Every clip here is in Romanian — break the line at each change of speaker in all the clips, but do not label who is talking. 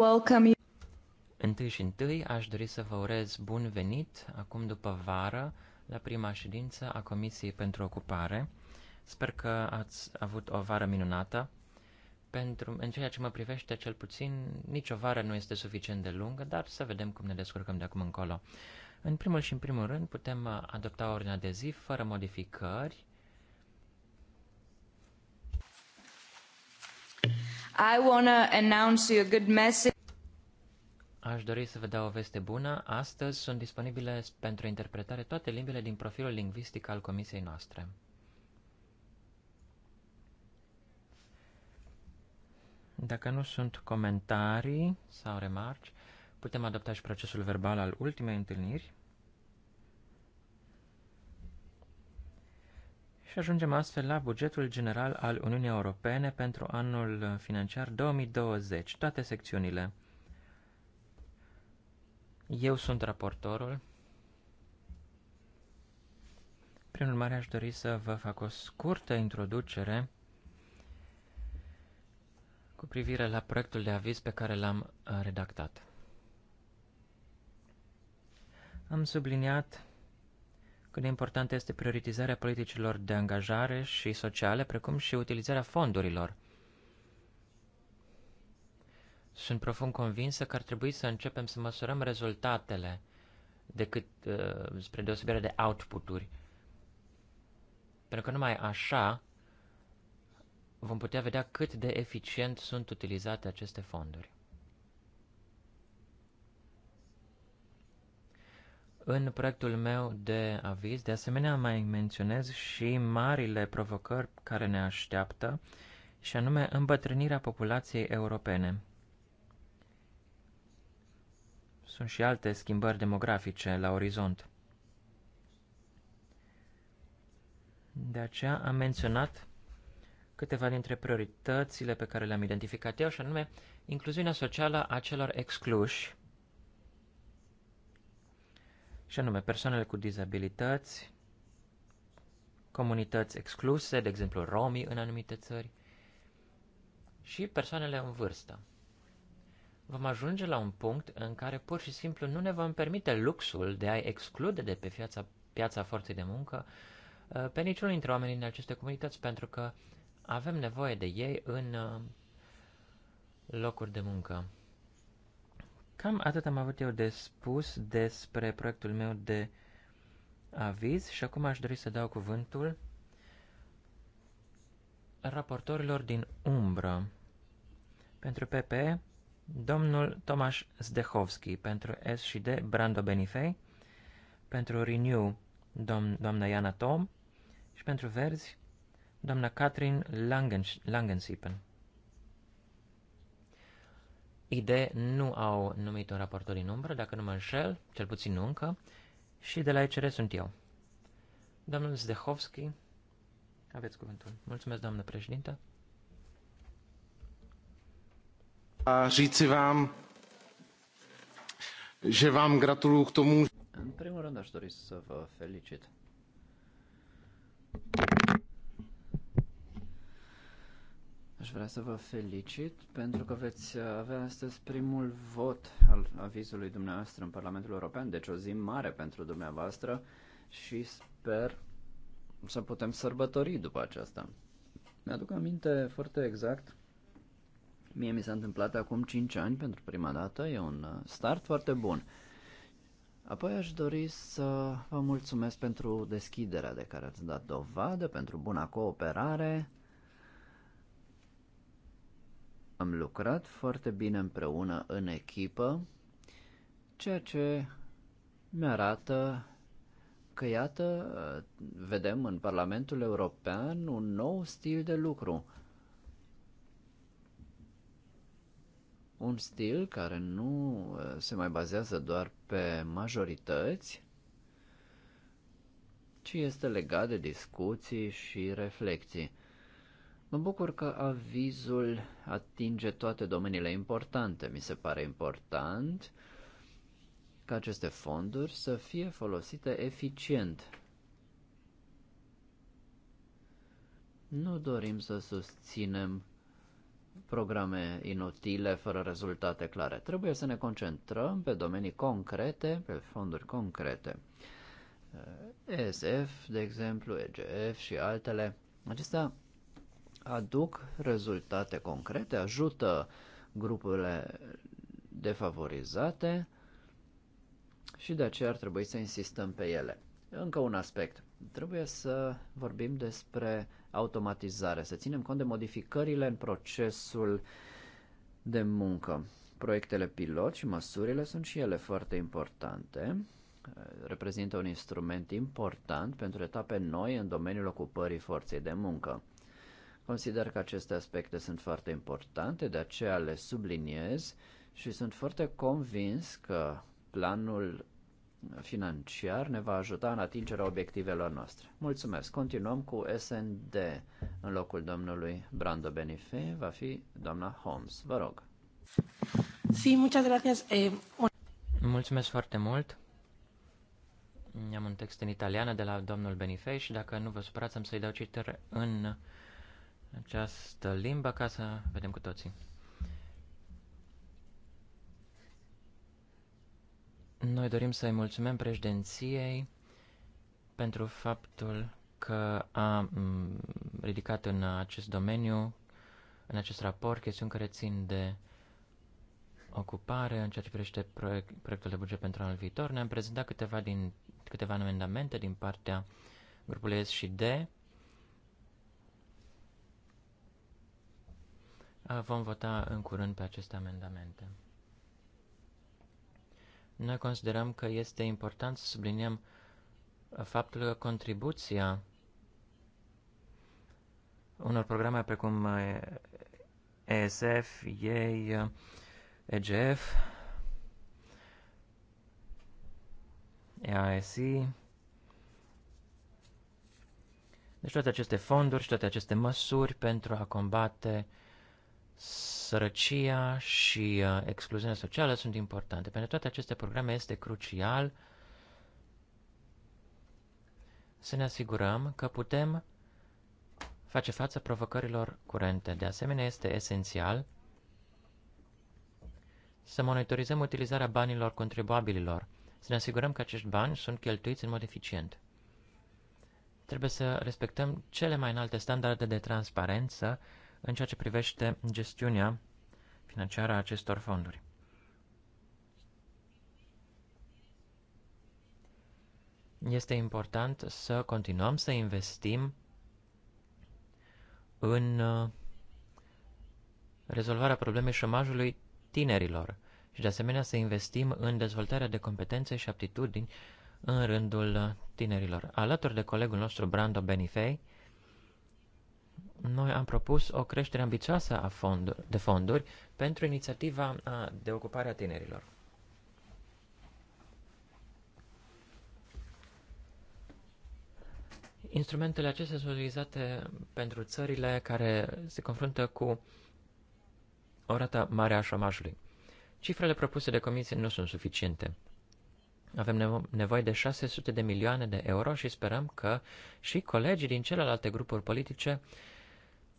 Welcome you.
Întâi și întâi aș dori să vă urez bun venit acum după vară la prima ședință a Comisiei pentru Ocupare. Sper că ați avut o vară minunată. Pentru, în ceea ce mă privește, cel puțin, nicio vară nu este suficient de lungă, dar să vedem cum ne descurcăm de acum încolo. În primul și în primul rând, putem adopta ordinea de zi fără modificări
I wanna announce you a good message.
Aș dori să vă dau o veste bună. Astăzi sunt disponibile pentru interpretare toate limbile din profilul lingvistic al comisiei noastre. Dacă nu sunt comentarii sau remarci, putem adopta și procesul verbal al ultimei întâlniri. Și ajungem astfel la bugetul general al Uniunii Europene pentru anul financiar 2020, toate secțiunile. Eu sunt raportorul. Prin urmare, aș dori să vă fac o scurtă introducere cu privire la proiectul de aviz pe care l-am redactat. Am subliniat cât de importantă este prioritizarea politicilor de angajare și sociale, precum și utilizarea fondurilor. Sunt profund convinsă că ar trebui să începem să măsurăm rezultatele decât uh, spre deosebire de outputuri. Pentru că numai așa vom putea vedea cât de eficient sunt utilizate aceste fonduri. În proiectul meu de aviz, de asemenea, mai menționez și marile provocări care ne așteaptă, și anume îmbătrânirea populației europene. Sunt și alte schimbări demografice la orizont. De aceea am menționat câteva dintre prioritățile pe care le-am identificat eu, și anume incluziunea socială a celor excluși, și anume persoanele cu dizabilități, comunități excluse, de exemplu romii în anumite țări, și persoanele în vârstă. Vom ajunge la un punct în care pur și simplu nu ne vom permite luxul de a exclude de pe piața, piața forței de muncă uh, pe niciunul dintre oamenii din aceste comunități, pentru că avem nevoie de ei în uh, locuri de muncă. Cam atât am avut eu de spus despre proiectul meu de aviz și acum aș dori să dau cuvântul raportorilor din umbră. Pentru PP, domnul Tomaș Zdehovski, pentru S și D, Brando Benifei, pentru Renew, dom doamna Iana Tom și pentru Verzi, doamna Catherine Langens Langensipen. ID nu au numit un raportor din umbră, dacă nu mă înșel, cel puțin nu încă, și de la ECR sunt eu. Domnul Zdehovski, aveți cuvântul. Mulțumesc, doamnă președintă. A říci vám, že vám gratuluju k tomu.
În primul rând aș dori să vă felicit Aș vrea să vă felicit pentru că veți uh, avea astăzi primul vot al avizului dumneavoastră în Parlamentul European, deci o zi mare pentru dumneavoastră și sper să putem sărbători după aceasta. Mi-aduc aminte foarte exact, mie mi s-a întâmplat acum 5 ani pentru prima dată, e un uh, start foarte bun. Apoi aș dori să vă mulțumesc pentru deschiderea de care ați dat dovadă, pentru buna cooperare, am lucrat foarte bine împreună în echipă, ceea ce mi-arată că, iată, vedem în Parlamentul European un nou stil de lucru. Un stil care nu uh, se mai bazează doar pe majorități, ci este legat de discuții și reflexii. Mă bucur că avizul atinge toate domeniile importante. Mi se pare important ca aceste fonduri să fie folosite eficient. Nu dorim să susținem programe inutile, fără rezultate clare. Trebuie să ne concentrăm pe domenii concrete, pe fonduri concrete. ESF, de exemplu, EGF și altele. Acestea aduc rezultate concrete, ajută grupurile defavorizate și de aceea ar trebui să insistăm pe ele. Încă un aspect. Trebuie să vorbim despre automatizare, să ținem cont de modificările în procesul de muncă. Proiectele pilot și măsurile sunt și ele foarte importante. Reprezintă un instrument important pentru etape noi în domeniul ocupării forței de muncă. Consider că aceste aspecte sunt foarte importante, de aceea le subliniez și sunt foarte convins că planul financiar ne va ajuta în atingerea obiectivelor noastre. Mulțumesc! Continuăm cu SND. În locul domnului Brando Benife va fi doamna Holmes. Vă rog!
Sí,
muchas gracias. Eh,
Mulțumesc foarte mult! Am un
text în italiană de la domnul Benifei și dacă nu vă supărați am să-i dau citere în această limbă ca să vedem cu toții. Noi dorim să-i mulțumim președinției pentru faptul că a mm, ridicat în acest domeniu, în acest raport, chestiuni care țin de ocupare în ceea ce privește proiect, proiectul de buget pentru anul viitor. Ne-am prezentat câteva, din, câteva amendamente din partea grupului S și D Vom vota în curând pe aceste amendamente. Noi considerăm că este important să subliniem faptul că contribuția unor programe precum ESF, EI, EGF, EASI, deci toate aceste fonduri și toate aceste măsuri pentru a combate uh, sărăcia și uh, excluziunea socială sunt importante. Pentru toate aceste programe este crucial să ne asigurăm că putem face față provocărilor curente. De asemenea, este esențial să monitorizăm utilizarea banilor contribuabililor, să ne asigurăm că acești bani sunt cheltuiți în mod eficient. Trebuie să respectăm cele mai înalte standarde de transparență în ceea ce privește gestiunea financiară a acestor fonduri. Este important să continuăm să investim în uh, rezolvarea problemei șomajului tinerilor și de asemenea să investim în dezvoltarea de competențe și aptitudini în rândul tinerilor. Alături de colegul nostru Brando Benifei, noi am propus o creștere ambițioasă a fonduri, de fonduri pentru inițiativa de ocupare a tinerilor. Instrumentele acestea sunt utilizate pentru țările care se confruntă cu o rată mare a șomajului. Cifrele propuse de comisie nu sunt suficiente. Avem nevoie de 600 de milioane de euro și sperăm că și colegii din celelalte grupuri politice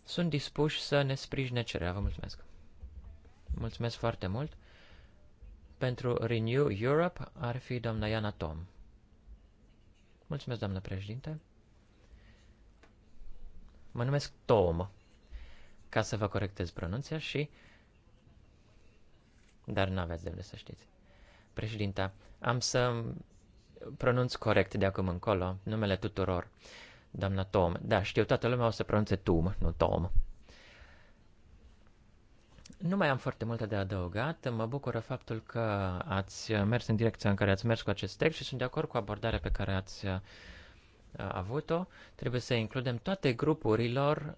sunt dispuși să ne sprijine cererea. Vă mulțumesc! Mulțumesc foarte mult! Pentru Renew Europe ar fi doamna Iana Tom. Mulțumesc, doamnă președinte. Mă numesc Tom, ca să vă corectez pronunția și... Dar nu aveți de unde să știți. Președinta, am să pronunț corect de acum încolo numele tuturor. Doamna Tom. Da, știu, toată lumea o să pronunțe Tom, nu Tom. Nu mai am foarte multe de adăugat. Mă bucură faptul că ați mers în direcția în care ați mers cu acest text și sunt de acord cu abordarea pe care ați uh, avut-o. Trebuie să includem toate grupurilor,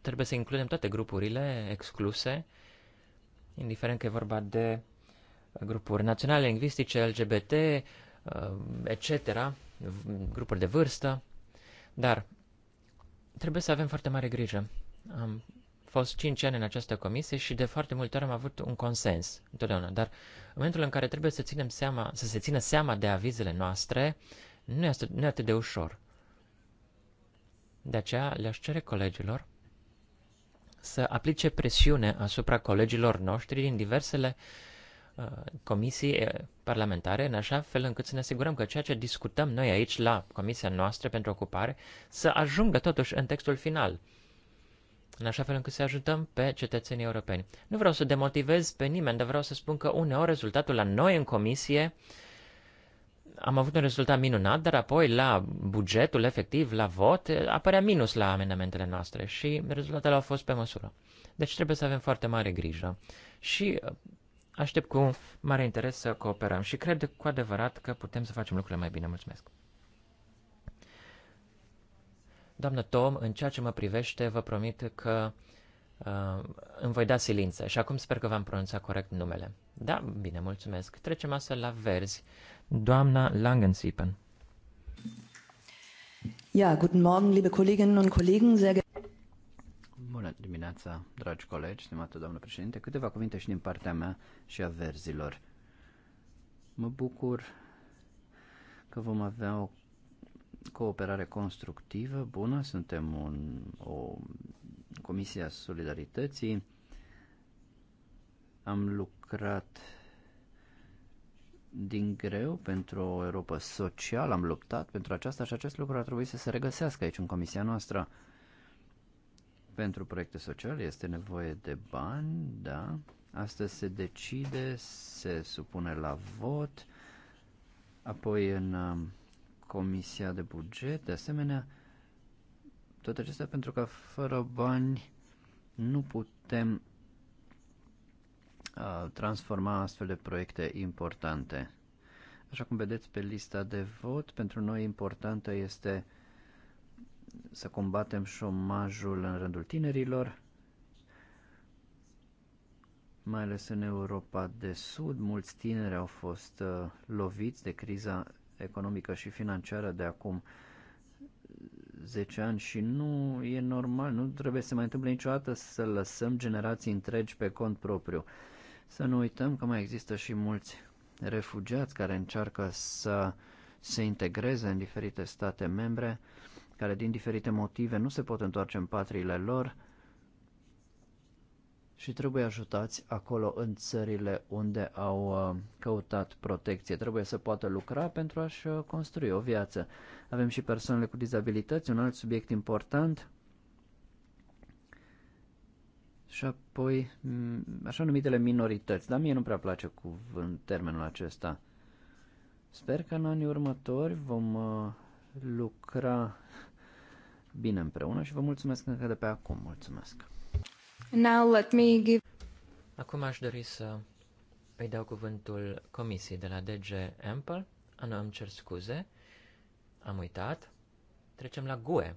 trebuie să includem toate grupurile excluse, indiferent că e vorba de grupuri naționale, lingvistice, LGBT, uh, etc., grupuri de vârstă, dar trebuie să avem foarte mare grijă. Am fost 5 ani în această comisie și de foarte multe ori am avut un consens întotdeauna, dar în momentul în care trebuie să, ținem seama, să se țină seama de avizele noastre, nu este, nu e atât de ușor. De aceea le-aș cere colegilor să aplice presiune asupra colegilor noștri din diversele uh, Uh, comisii uh, parlamentare în așa fel încât să ne asigurăm că ceea ce discutăm noi aici la Comisia noastră pentru ocupare să ajungă totuși în textul final, în așa fel încât să ajutăm pe cetățenii europeni. Nu vreau să demotivez pe nimeni, dar vreau să spun că uneori rezultatul la noi în comisie am avut un rezultat minunat, dar apoi la bugetul efectiv, la vot, apărea minus la amendamentele noastre și rezultatele au fost pe măsură. Deci trebuie să avem foarte mare grijă. Și Aștept cu mare interes să cooperăm și cred cu adevărat că putem să facem lucrurile mai bine. Mulțumesc! Doamnă Tom, în ceea ce mă privește, vă promit că uh, îmi voi da silință și acum sper că v-am pronunțat corect numele. Da, bine, mulțumesc. Trecem astfel la verzi. Doamna Langensiepen.
Ja, guten Morgen, liebe Kolleginnen und Kollegen, sehr
Bună dimineața, dragi colegi, stimată doamnă președinte. Câteva cuvinte și din partea mea și a verzilor. Mă bucur că vom avea o cooperare constructivă, bună. Suntem un, o comisie a solidarității. Am lucrat din greu pentru o Europa socială, am luptat pentru aceasta și acest lucru ar trebui să se regăsească aici în comisia noastră. Pentru proiecte sociale este nevoie de bani, da. Astăzi se decide, se supune la vot, apoi în um, Comisia de Buget, de asemenea, toate acestea pentru că fără bani nu putem uh, transforma astfel de proiecte importante. Așa cum vedeți pe lista de vot, pentru noi importantă este să combatem șomajul în rândul tinerilor, mai ales în Europa de Sud. Mulți tineri au fost uh, loviți de criza economică și financiară de acum 10 ani și nu e normal, nu trebuie să mai întâmple niciodată să lăsăm generații întregi pe cont propriu. Să nu uităm că mai există și mulți refugiați care încearcă să se integreze în diferite state membre care din diferite motive nu se pot întoarce în patriile lor și trebuie ajutați acolo în țările unde au uh, căutat protecție. Trebuie să poată lucra pentru a-și uh, construi o viață. Avem și persoanele cu dizabilități, un alt subiect important. Și apoi, mm, așa numitele minorități, dar mie nu prea place cuvânt, termenul acesta. Sper că în anii următori vom uh, lucra bine împreună și vă mulțumesc încă de pe acum. Mulțumesc!
Now let me give...
Acum aș dori să îi dau cuvântul comisiei de la DG Ample. Ana, îmi cer scuze, am uitat. Trecem la GUE.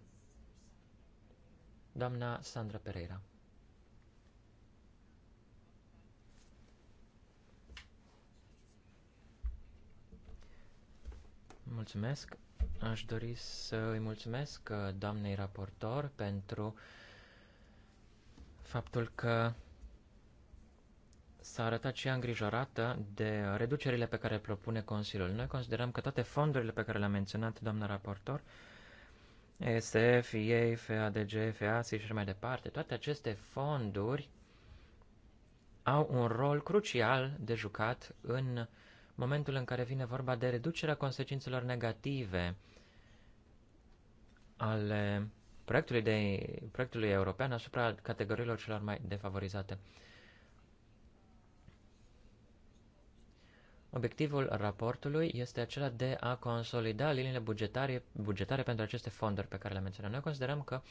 Doamna Sandra Pereira. Mulțumesc. Aș dori să îi mulțumesc uh, doamnei raportor pentru faptul că s-a arătat și îngrijorată de reducerile pe care le propune Consiliul. Noi considerăm că toate fondurile pe care le-a menționat doamna raportor, ESF, EA, FADG, FASI și mai departe, toate aceste fonduri au un rol crucial de jucat în momentul în care vine vorba de reducerea consecințelor negative ale proiectului, de, proiectului european asupra categoriilor celor mai defavorizate. Obiectivul raportului este acela de a consolida liniile bugetare, bugetare pentru aceste fonduri pe care le menționăm. Noi considerăm că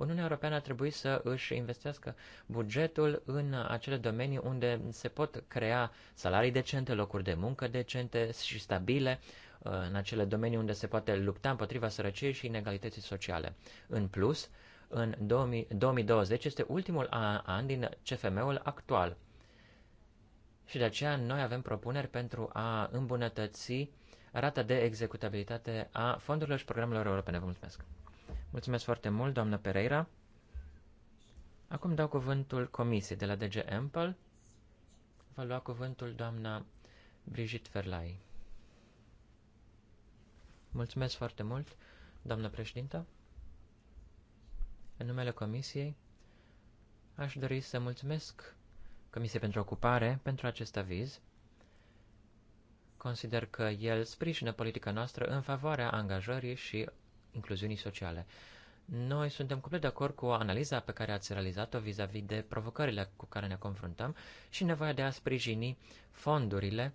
Uniunea Europeană ar trebui să își investească bugetul în acele domenii unde se pot crea salarii decente, locuri de muncă decente și stabile, în acele domenii unde se poate lupta împotriva sărăciei și inegalității sociale. În plus, în 2000, 2020 este ultimul an din CFM-ul actual. Și de aceea noi avem propuneri pentru a îmbunătăți rata de executabilitate a fondurilor și programelor europene. Vă mulțumesc! Mulțumesc foarte mult, doamnă Pereira. Acum dau cuvântul comisiei de la DG Ample. Va lua cuvântul doamna Brigitte Verlai. Mulțumesc foarte mult, doamnă președintă. În numele comisiei, aș dori să mulțumesc Comisiei pentru Ocupare pentru acest aviz. Consider că el sprijină politica noastră în favoarea angajării și incluziunii sociale. Noi suntem complet de acord cu analiza pe care ați realizat-o vis-a-vis de provocările cu care ne confruntăm și nevoia de a sprijini fondurile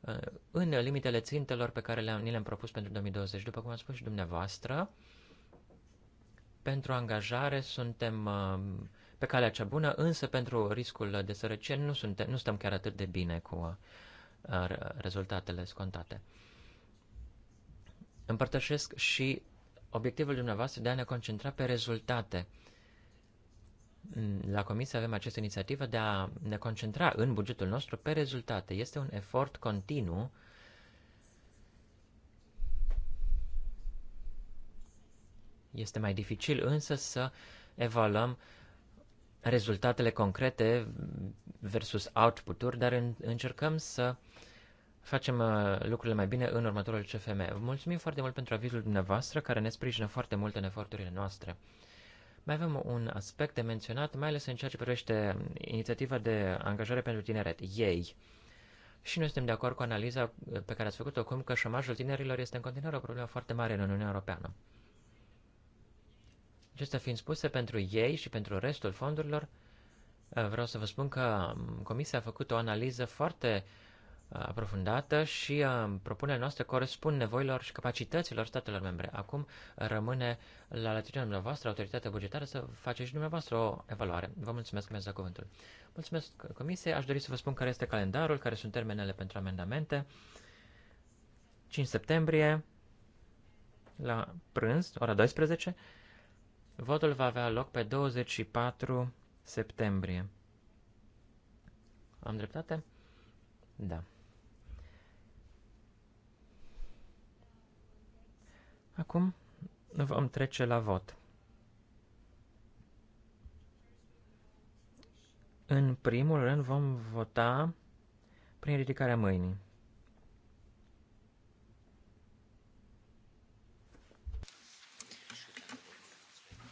uh, în limitele țintelor pe care le-am, ni le-am propus pentru 2020. După cum am spus și dumneavoastră, pentru angajare suntem uh, pe calea cea bună, însă pentru riscul de sărăcie nu, suntem, nu stăm chiar atât de bine cu uh, rezultatele scontate. Împărtășesc și obiectivul dumneavoastră de a ne concentra pe rezultate. La comisie avem această inițiativă de a ne concentra în bugetul nostru pe rezultate. Este un efort continuu Este mai dificil însă să evaluăm rezultatele concrete versus output-uri, dar încercăm să facem uh, lucrurile mai bine în următorul CFM. Vă mulțumim foarte mult pentru avizul dumneavoastră, care ne sprijină foarte mult în eforturile noastre. Mai avem un aspect de menționat, mai ales în ceea ce privește inițiativa de angajare pentru tineret, ei. Și noi suntem de acord cu analiza pe care ați făcut-o cum că șomajul tinerilor este în continuare o problemă foarte mare în Uniunea Europeană. Acestea fiind spuse, pentru ei și pentru restul fondurilor, uh, vreau să vă spun că um, Comisia a făcut o analiză foarte uh, Uh, aprofundată și uh, propunerea noastră corespund nevoilor și capacităților statelor membre. Acum rămâne la latitudinea dumneavoastră, autoritatea bugetară, să faceți și dumneavoastră o evaluare. Vă mulțumesc că mi-ați dat cuvântul. Mulțumesc, uh, Comisie. Aș dori să vă spun care este calendarul, care sunt termenele pentru amendamente. 5 septembrie, la prânz, ora 12. Votul va avea loc pe 24 septembrie. Am dreptate? Da. Acum vom trece la vot. În primul rând vom vota prin ridicarea mâinii.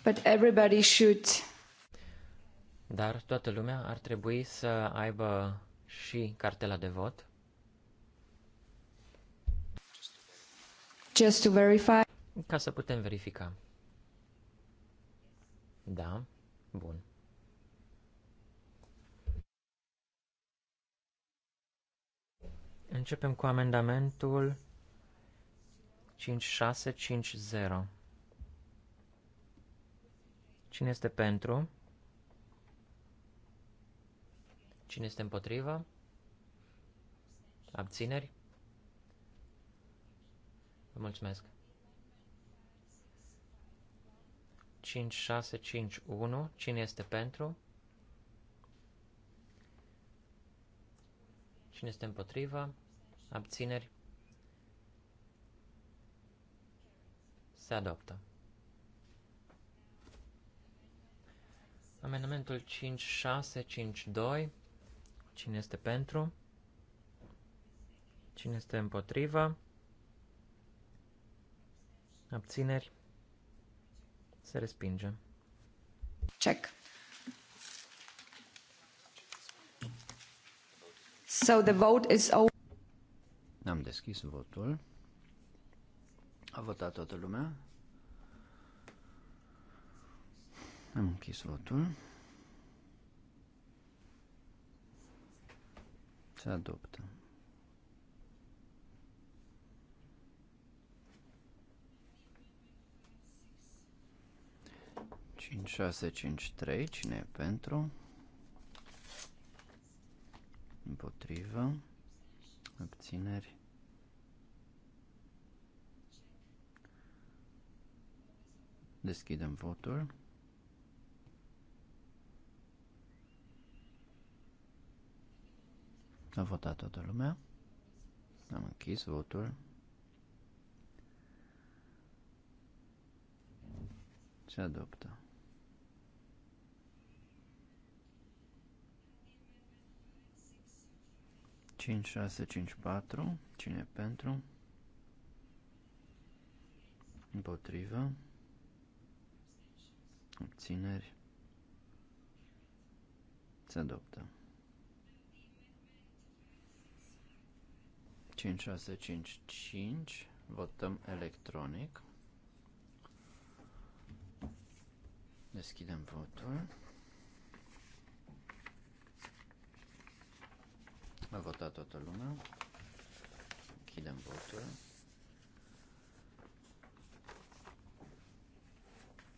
But everybody should.
Dar toată lumea ar trebui să aibă și cartela de vot.
Just to verify
ca să putem verifica. Da? Bun. Începem cu amendamentul 5650. Cine este pentru? Cine este împotriva? Abțineri? Vă mulțumesc. 1. Cine este pentru? Cine este împotriva? Abțineri? Se adoptă. Amendamentul 2. Cine este pentru? Cine este împotriva? Abțineri? Se respinge. Check.
So the vote is over.
Am deschis votul. A votat toată lumea. Am închis votul. Se adoptă. 5653, cine e pentru? Împotrivă. Abțineri. Deschidem votul. A votat toată lumea. Am închis votul. Se adoptă. 5, 6, 5, 4. Cine pentru? Împotrivă. Obțineri. Se adoptă. 5, 6, 5, 5. Votăm electronic. Deschidem votul. A votat toată lumea. Închidem votul.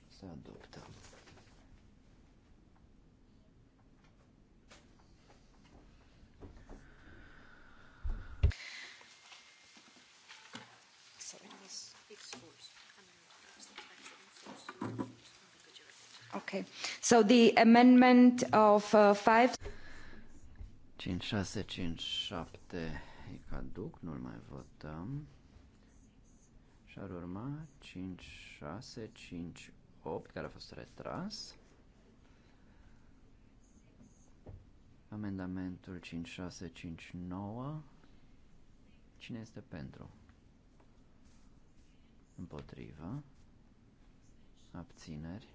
Se adoptă.
Okay. So the amendment of uh, five.
5, 6, 5, 7 e caduc, nu-l mai votăm. Și ar urma 5, 6, 5, 8, care a fost retras. Amendamentul 5, 6, 5, 9. Cine este pentru? Împotrivă. Abțineri.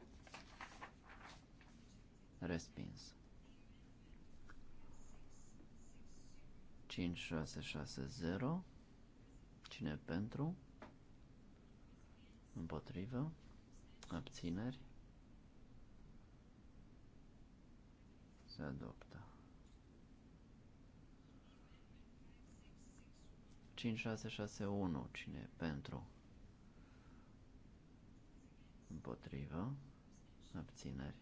Respins. 5-6-6-0 Cine pentru? Împotrivă. Abțineri. Se adoptă. 5-6-6-1 Cine pentru? Împotrivă. Abțineri.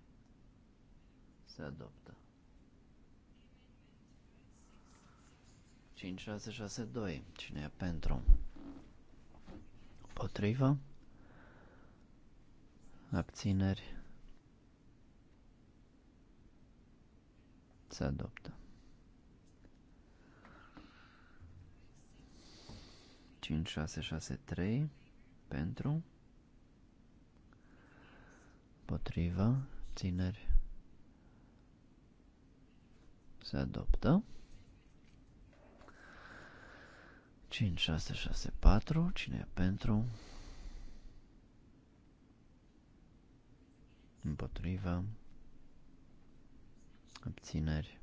Se adoptă. 5662. Cine e pentru? Potrivă? Abțineri? Se adoptă. 5663 pentru potrivă, țineri se adoptă 5, 6, 6, 4. Cine e pentru? Împotriva. Abțineri.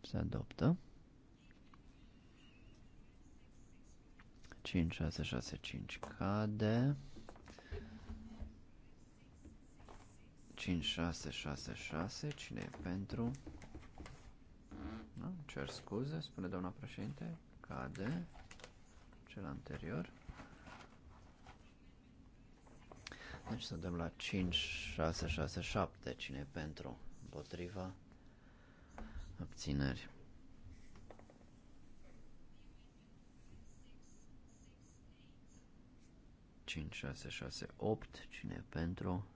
Se adoptă. 5, 6, 6, 5 cade. 5, 6, 6, 6. Cine e pentru? Pentru. Nu? Da, cer scuze, spune doamna președinte, cade cel anterior. Deci să dăm la 5, 6, 6, 7. Cine e pentru? Împotriva? Abțineri. Cinci, șase, șase, opt. Cine e pentru?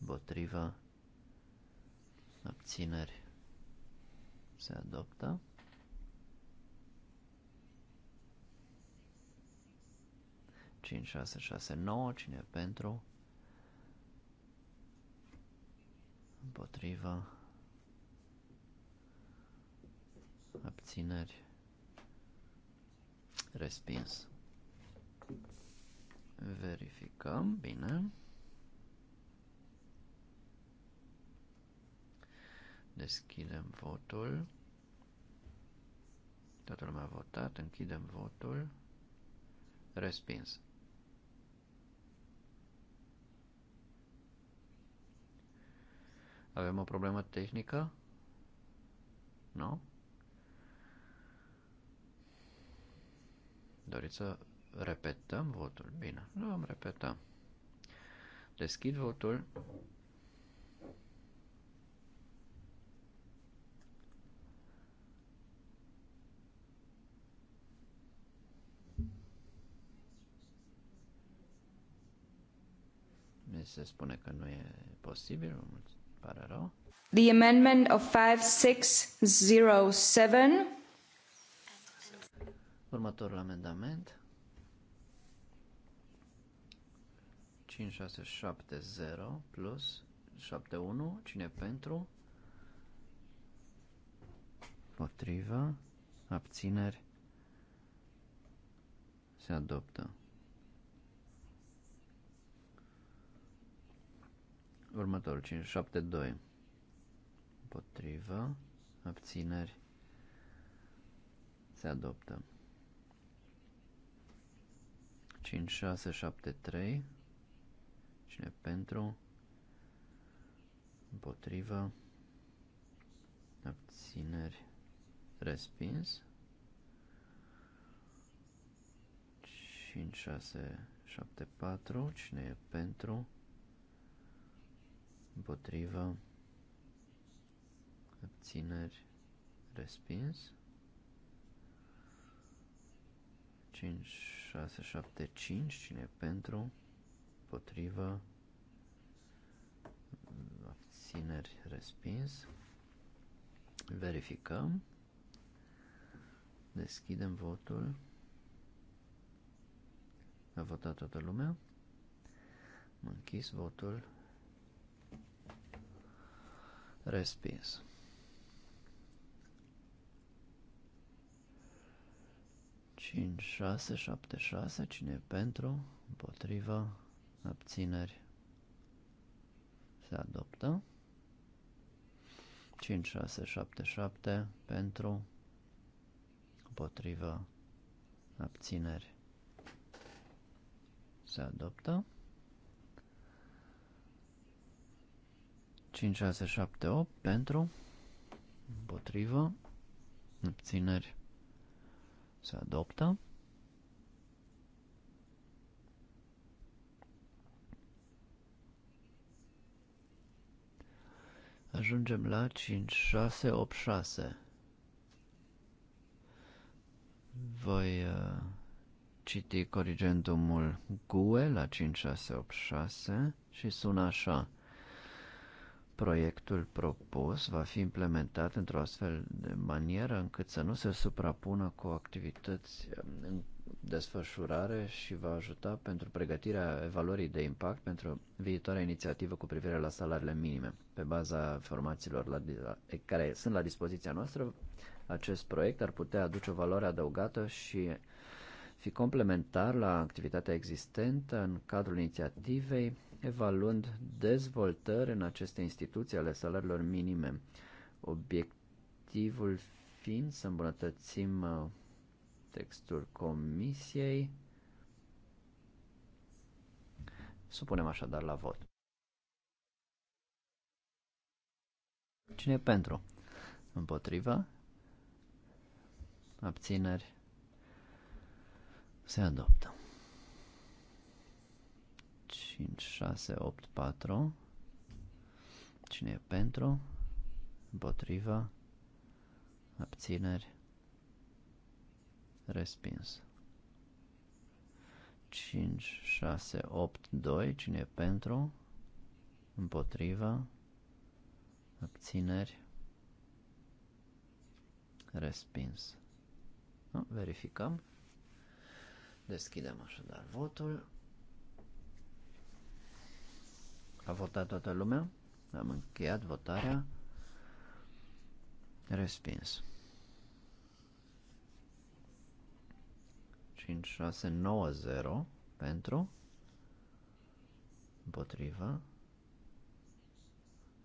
Împotriva? Abțineri se adoptă. Cinci, șase, șase, nouă, cine pentru? Împotriva. Abțineri. Respins. Verificăm, bine. Deschidem votul. Toată lumea a votat. Închidem votul. Respins. Avem o problemă tehnică? Nu? Doriți să repetăm votul? Bine, nu am repetat. Deschid votul. Mi se spune că nu e posibil, îmi pare rău.
The amendment of 5607.
Următorul amendament. 5670 plus 71. Cine pentru? Potriva. Abțineri. Se adoptă. Următorul 572. Împotrivă. Abțineri. Se adoptă. 5673. Cine pentru? Împotrivă. Abțineri. Respins. 5, 6, 7, 4, cine e pentru, împotrivă, abțineri, respins. 5, 6, 7, 5, cine e pentru, împotrivă, abțineri, respins. Verificăm. Deschidem votul. A votat toată lumea. Am închis votul. Respins. Cinci, șase, șapte, șase. Cine e pentru? împotrivă, Abțineri. Se adoptă. 5, 6, 7, 7 pentru, împotrivă, abțineri. Se adoptă. 5, 6, 7, 8 pentru, împotrivă, obțineri, se adoptă. Ajungem la 5, 6, 8, 6. Voi uh, citi corigentumul GUE la 5686 și sună așa. Proiectul propus va fi implementat într-o astfel de manieră încât să nu se suprapună cu activități um, în desfășurare și va ajuta pentru pregătirea evaluării de impact pentru viitoarea inițiativă cu privire la salariile minime. Pe baza informațiilor la, la, care sunt la dispoziția noastră, acest proiect ar putea aduce o valoare adăugată și fi complementar la activitatea existentă în cadrul inițiativei evaluând dezvoltări în aceste instituții ale salariilor minime. Obiectivul fiind să îmbunătățim uh, textul comisiei. Supunem așadar la vot. Cine e pentru? Împotrivă? Abțineri? Se adoptă. 5, 6, 8, 4. Cine e pentru? Împotriva? Abțineri? Respins. 5, 6, 8, 2. Cine e pentru? Împotriva? Abțineri? Respins. Verificăm. Deschidem așadar votul. A votat toată lumea? Am încheiat votarea. Respins. 5, 6, 9, 0 pentru. Împotriva.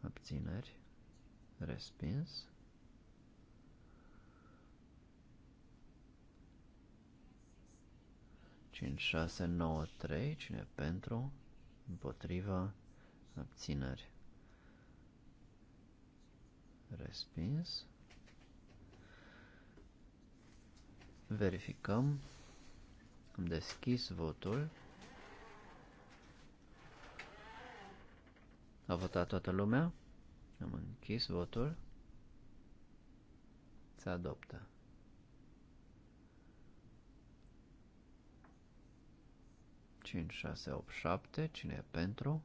Abțineri. Respins. Cinci, șase, cine pentru, împotriva, abțineri. Respins. Verificăm. Am deschis votul. A votat toată lumea. Am închis votul. Se adoptă. Cinci, șase, opt, șapte. Cine e pentru?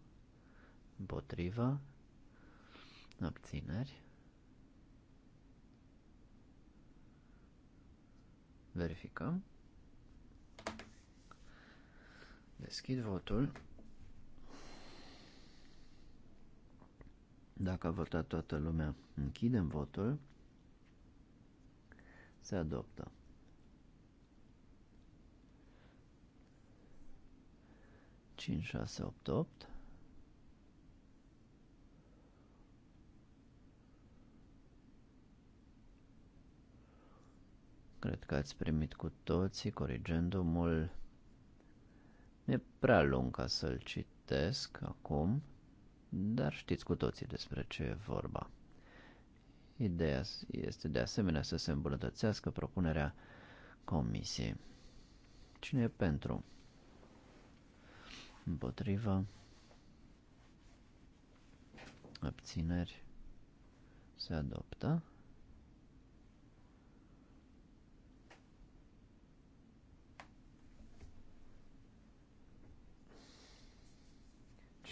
împotrivă, abțineri. Verificăm. Deschid votul. Dacă a votat toată lumea, închidem votul. Se adoptă. Cinci, șase, opt, opt. Cred că ați primit cu toții corigendumul. E prea lung ca să-l citesc acum, dar știți cu toții despre ce e vorba. Ideea este de asemenea să se îmbunătățească propunerea comisiei. Cine e pentru? Împotrivă. Abțineri? Se adoptă?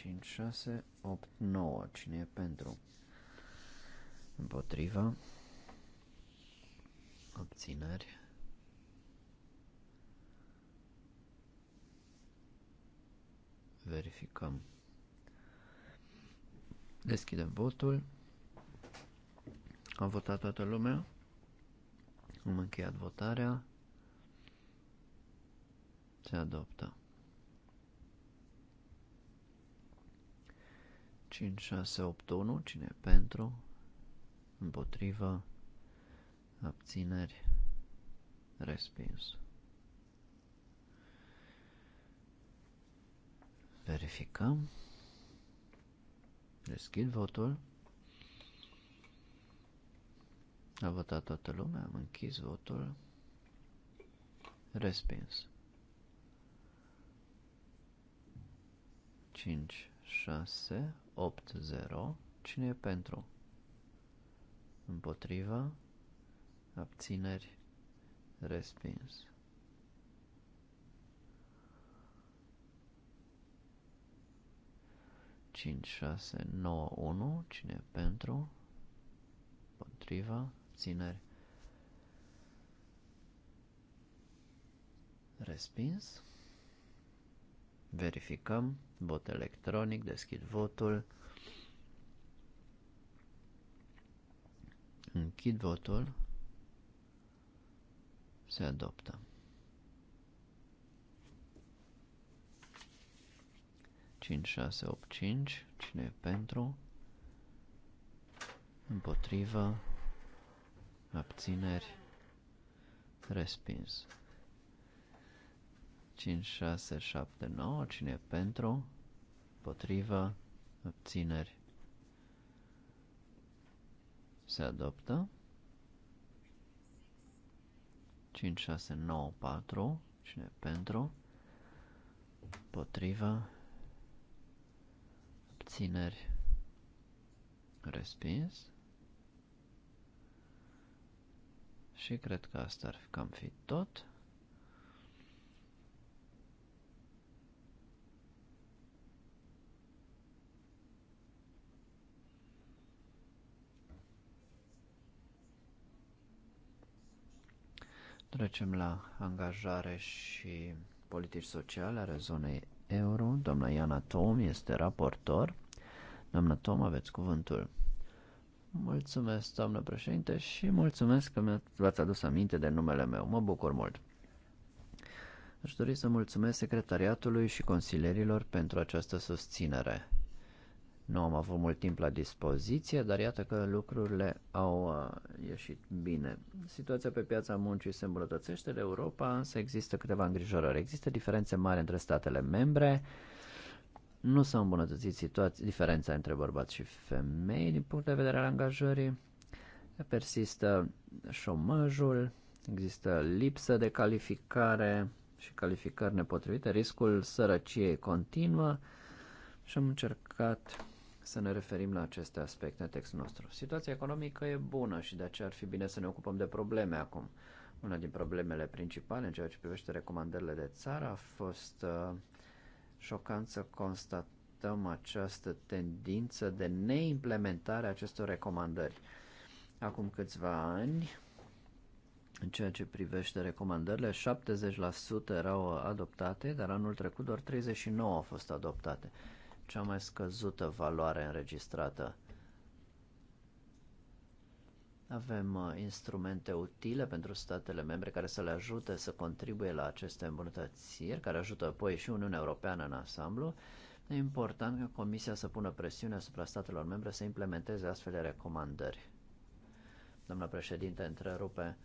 5, 6, 8, 9. Cine e pentru? Împotriva. Obțineri. Verificăm. Deschidem votul. A votat toată lumea. Am încheiat votarea. Se adoptă. 5, 6, 8, 1, cine e pentru, împotrivă, abțineri, respins. Verificăm. Deschid votul. A votat toată lumea, am închis votul. Respins. 5, 6, 8, 0. Cine e pentru? Împotriva? Abțineri? Respins. Cinci, șase, nouă, unu. Cine e pentru? Împotriva? Abțineri? Respins. Verificăm. Vot electronic. Deschid votul. Închid votul. Se adoptă. cinci șase, opt cinci Cine e pentru? Împotrivă. Abțineri. Respins. 5, 6, 7, 9. Cine e pentru? Potriva? Abțineri? Se adoptă. 5, 6, 9, 4. Cine e pentru? Potriva? Abțineri? Respins. Și cred că asta ar cam fi tot. Trecem la angajare și politici sociale ale zonei euro. Doamna Iana Tom este raportor. Doamna Tom, aveți cuvântul. Mulțumesc, doamnă președinte, și mulțumesc că v-ați adus aminte de numele meu. Mă bucur mult. Aș dori să mulțumesc secretariatului și consilierilor pentru această susținere. Nu am avut mult timp la dispoziție, dar iată că lucrurile au uh, ieșit bine. Situația pe piața muncii se îmbunătățește de Europa, însă există câteva îngrijorări. Există diferențe mari între statele membre, nu s au îmbunătățit situația, diferența între bărbați și femei din punct de vedere al angajării, persistă șomajul, există lipsă de calificare și calificări nepotrivite, riscul sărăciei continuă și am încercat să ne referim la aceste aspecte în textul nostru. Situația economică e bună și de aceea ar fi bine să ne ocupăm de probleme acum. Una din problemele principale în ceea ce privește recomandările de țară a fost uh, șocant să constatăm această tendință de neimplementare a acestor recomandări. Acum câțiva ani, în ceea ce privește recomandările, 70% erau adoptate, dar anul trecut doar 39 au fost adoptate cea mai scăzută valoare înregistrată. Avem uh, instrumente utile pentru statele membre care să le ajute să contribuie la aceste îmbunătățiri, care ajută apoi și Uniunea Europeană în ansamblu. E important ca Comisia să pună presiune asupra statelor membre să implementeze astfel de recomandări. Doamna președinte, întrerupe.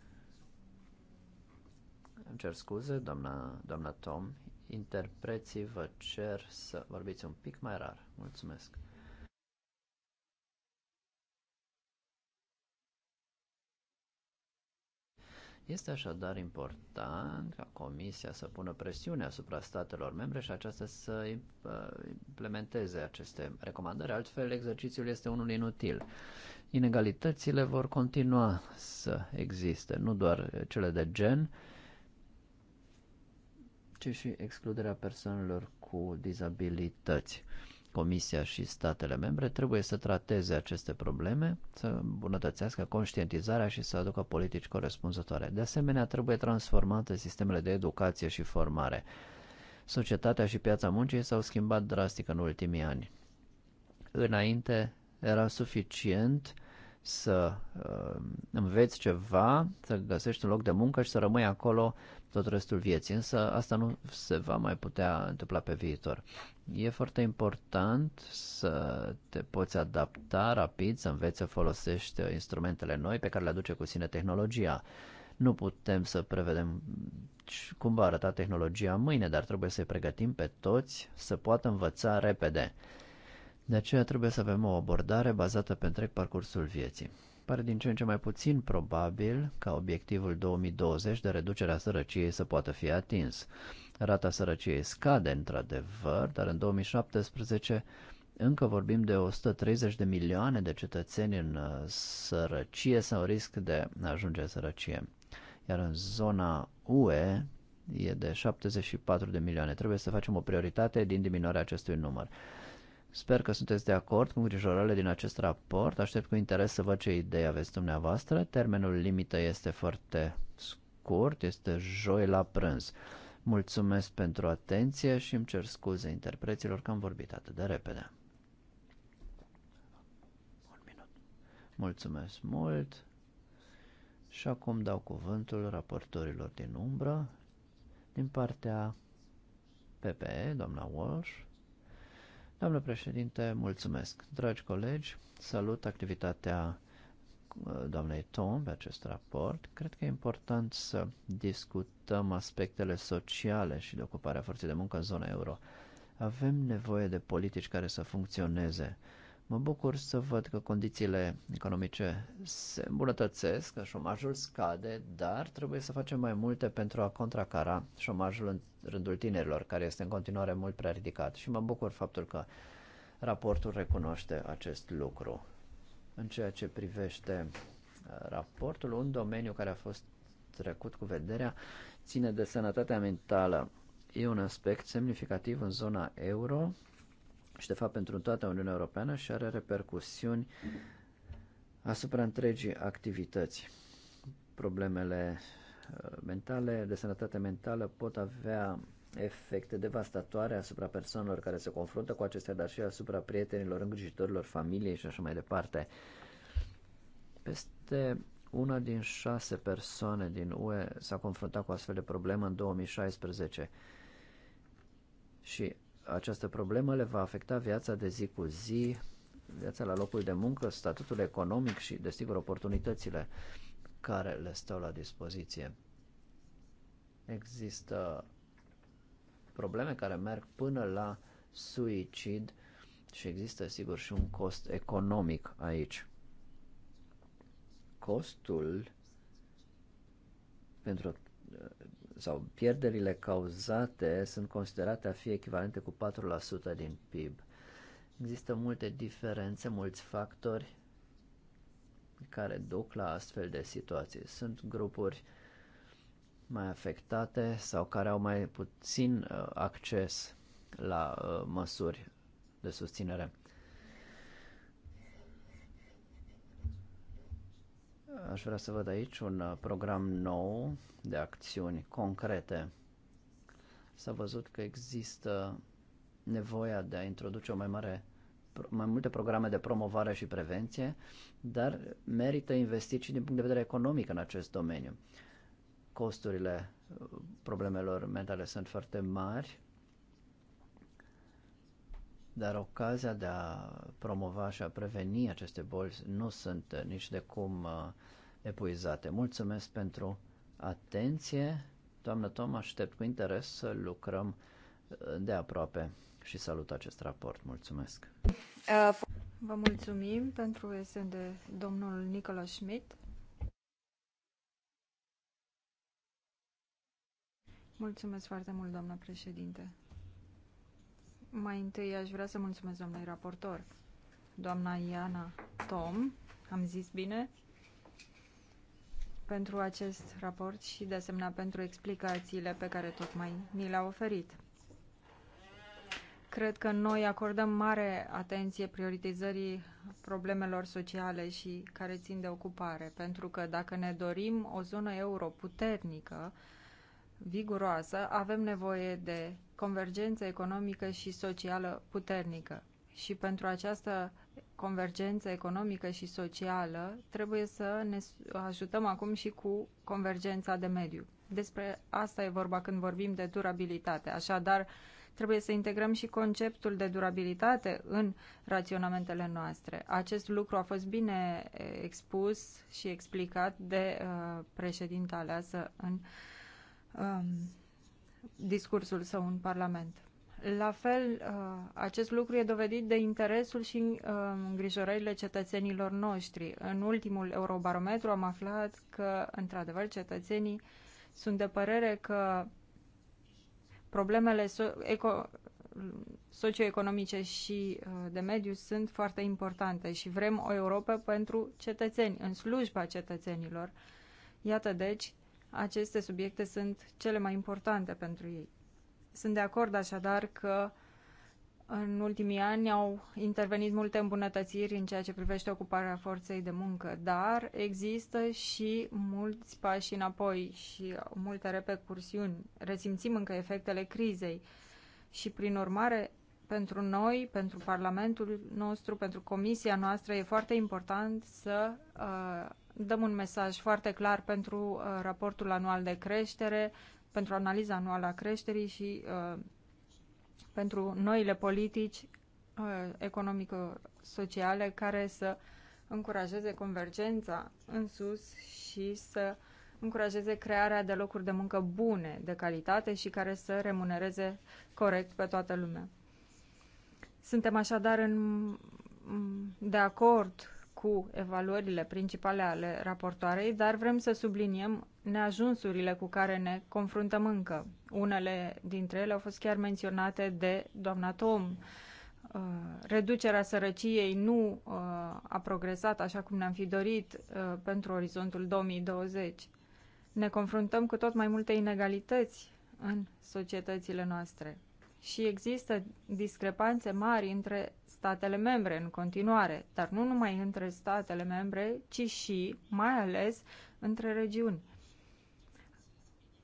Îmi cer scuze, doamna, doamna Tom Interpreții vă cer să vorbiți un pic mai rar. Mulțumesc! Este așadar important ca Comisia să pună presiune asupra statelor membre și aceasta să uh, implementeze aceste recomandări, altfel exercițiul este unul inutil. Inegalitățile vor continua să existe, nu doar cele de gen, ci și excluderea persoanelor cu dizabilități. Comisia și statele membre trebuie să trateze aceste probleme, să îmbunătățească conștientizarea și să aducă politici corespunzătoare. De asemenea, trebuie transformate sistemele de educație și formare. Societatea și piața muncii s-au schimbat drastic în ultimii ani. Înainte era suficient uh, să uh, înveți ceva, să găsești un loc de muncă și să rămâi acolo tot restul vieții. Însă asta nu se va mai putea întâmpla pe viitor. E foarte important să te poți adapta rapid, să înveți să folosești instrumentele noi pe care le aduce cu sine tehnologia. Nu putem să prevedem cum va arăta tehnologia mâine, dar trebuie să-i pregătim pe toți să poată învăța repede. De aceea trebuie să avem o abordare bazată pe întreg parcursul vieții. Pare din ce în ce mai puțin probabil ca obiectivul 2020 de reducerea sărăciei să poată fi atins. Rata sărăciei scade într-adevăr, dar în 2017 încă vorbim de 130 de milioane de cetățeni în uh, sărăcie sau risc de a ajunge în sărăcie. Iar în zona UE e de 74 de milioane. Trebuie să facem o prioritate din diminuarea acestui număr. Sper că sunteți de acord cu îngrijorările din acest raport. Aștept cu interes să văd ce idei aveți dumneavoastră. Termenul limită este foarte scurt, este joi la prânz. Mulțumesc pentru atenție și îmi cer scuze interpreților că am vorbit atât de repede. Un minut. Mulțumesc mult. Și acum dau cuvântul raportorilor din umbră din partea PPE, doamna Walsh. Doamnă președinte, mulțumesc. Dragi colegi, salut activitatea uh, doamnei Tom pe acest raport. Cred că e important să discutăm aspectele sociale și de ocuparea forței de muncă în zona euro. Avem nevoie de politici care să funcționeze Mă bucur să văd că condițiile economice se îmbunătățesc, că șomajul scade, dar trebuie să facem mai multe pentru a contracara șomajul în rândul tinerilor, care este în continuare mult prea ridicat. Și mă bucur faptul că raportul recunoaște acest lucru. În ceea ce privește uh, raportul, un domeniu care a fost trecut cu vederea ține de sănătatea mentală. E un aspect semnificativ în zona euro, și de fapt pentru toată Uniunea Europeană și are repercusiuni asupra întregii activități. Problemele uh, mentale, de sănătate mentală pot avea efecte devastatoare asupra persoanelor care se confruntă cu acestea, dar și asupra prietenilor, îngrijitorilor, familiei și așa mai departe. Peste una din șase persoane din UE s-a confruntat cu astfel de problemă în 2016 și această problemă le va afecta viața de zi cu zi, viața la locul de muncă, statutul economic și, desigur, oportunitățile care le stau la dispoziție. Există probleme care merg până la suicid și există, sigur, și un cost economic aici. Costul pentru sau pierderile cauzate sunt considerate a fi echivalente cu 4% din PIB. Există multe diferențe, mulți factori care duc la astfel de situații. Sunt grupuri mai afectate sau care au mai puțin uh, acces la uh, măsuri de susținere. Aș vrea să văd aici un uh, program nou de acțiuni concrete. S-a văzut că există nevoia de a introduce o mai mare mai multe programe de promovare și prevenție, dar merită investit și din punct de vedere economic în acest domeniu. Costurile uh, problemelor mentale sunt foarte mari dar ocazia de a promova și a preveni aceste boli nu sunt uh, nici de cum uh, epuizate. Mulțumesc pentru atenție. Doamnă Tom, aștept cu interes să lucrăm uh, de aproape și salut acest raport. Mulțumesc!
Vă mulțumim pentru de domnul Nicola Schmidt. Mulțumesc foarte mult, doamnă președinte. Mai întâi aș vrea să mulțumesc doamnei raportor, doamna Iana Tom, am zis bine, pentru acest raport și de asemenea pentru explicațiile pe care tocmai ni le-a oferit. Cred că noi acordăm mare atenție prioritizării problemelor sociale și care țin de ocupare, pentru că dacă ne dorim o zonă euro puternică, viguroasă, avem nevoie de convergență economică și socială puternică. Și pentru această convergență economică și socială trebuie să ne ajutăm acum și cu convergența de mediu. Despre asta e vorba când vorbim de durabilitate. Așadar, trebuie să integrăm și conceptul de durabilitate în raționamentele noastre. Acest lucru a fost bine expus și explicat de uh, președinta aleasă în uh, Um, discursul său în Parlament. La fel, uh, acest lucru e dovedit de interesul și uh, îngrijorările cetățenilor noștri. În ultimul eurobarometru am aflat că, într-adevăr, cetățenii sunt de părere că problemele so- eco- socioeconomice și uh, de mediu sunt foarte importante și vrem o Europa pentru cetățeni, în slujba cetățenilor. Iată, deci, aceste subiecte sunt cele mai importante pentru ei. Sunt de acord așadar că în ultimii ani au intervenit multe îmbunătățiri în ceea ce privește ocuparea forței de muncă, dar există și mulți pași înapoi și multe repercursiuni. Resimțim încă efectele crizei și, prin urmare, pentru noi, pentru Parlamentul nostru, pentru Comisia noastră, e foarte important să uh, dăm un mesaj foarte clar pentru uh, raportul anual de creștere, pentru analiza anuală a creșterii și uh, pentru noile politici uh, economico-sociale care să încurajeze convergența în sus și să încurajeze crearea de locuri de muncă bune, de calitate și care să remunereze corect pe toată lumea. Suntem așadar în, de acord cu evaluările principale ale raportoarei, dar vrem să subliniem neajunsurile cu care ne confruntăm încă. Unele dintre ele au fost chiar menționate de doamna Tom. Uh, reducerea sărăciei nu uh, a progresat așa cum ne-am fi dorit uh, pentru orizontul 2020. Ne confruntăm cu tot mai multe inegalități în societățile noastre și există discrepanțe mari între statele membre în continuare, dar nu numai între statele membre, ci și, mai ales, între regiuni.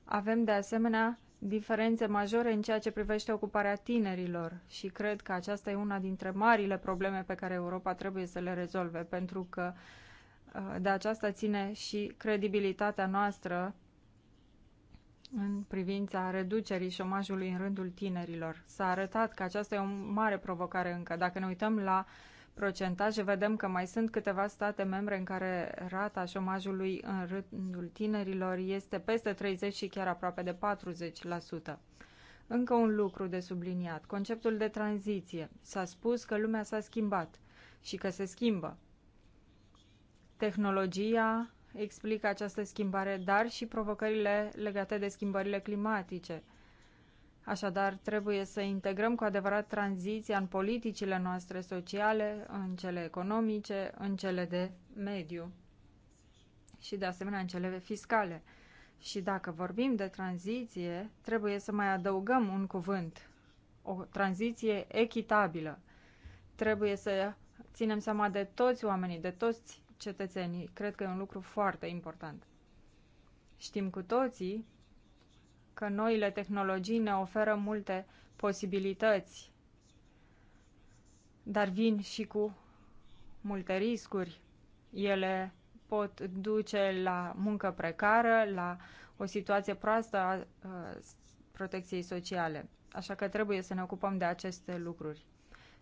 Avem, de asemenea, diferențe majore în ceea ce privește ocuparea tinerilor și cred că aceasta e una dintre marile probleme pe care Europa trebuie să le rezolve, pentru că uh, de aceasta ține și credibilitatea noastră în privința reducerii șomajului în rândul tinerilor. S-a arătat că aceasta e o mare provocare încă. Dacă ne uităm la procentaje, vedem că mai sunt câteva state membre în care rata șomajului în rândul tinerilor este peste 30 și chiar aproape de 40%. Încă un lucru de subliniat, conceptul de tranziție. S-a spus că lumea s-a schimbat și că se schimbă. Tehnologia, explică această schimbare, dar și provocările legate de schimbările climatice. Așadar, trebuie să integrăm cu adevărat tranziția în politicile noastre sociale, în cele economice, în cele de mediu și, de asemenea, în cele fiscale. Și dacă vorbim de tranziție, trebuie să mai adăugăm un cuvânt, o tranziție echitabilă. Trebuie să ținem seama de toți oamenii, de toți cetățenii. Cred că e un lucru foarte important. Știm cu toții că noile tehnologii ne oferă multe posibilități, dar vin și cu multe riscuri. Ele pot duce la muncă precară, la o situație proastă a, protecției sociale. Așa că trebuie să ne ocupăm de aceste lucruri.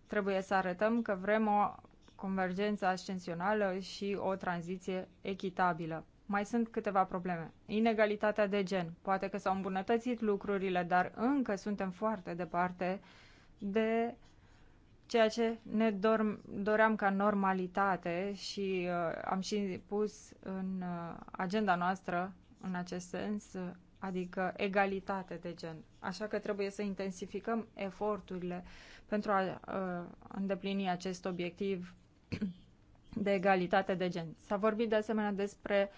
Trebuie să arătăm că vrem o convergență ascensională și o tranziție echitabilă. Mai sunt câteva probleme. Inegalitatea de gen. Poate că s-au îmbunătățit lucrurile, dar încă suntem foarte departe de ceea ce ne dorm, doream ca normalitate și uh, am și pus în uh, agenda noastră în acest sens, uh, adică egalitate de gen. Așa că trebuie să intensificăm eforturile pentru a uh, îndeplini acest obiectiv de egalitate de gen. S-a vorbit de asemenea despre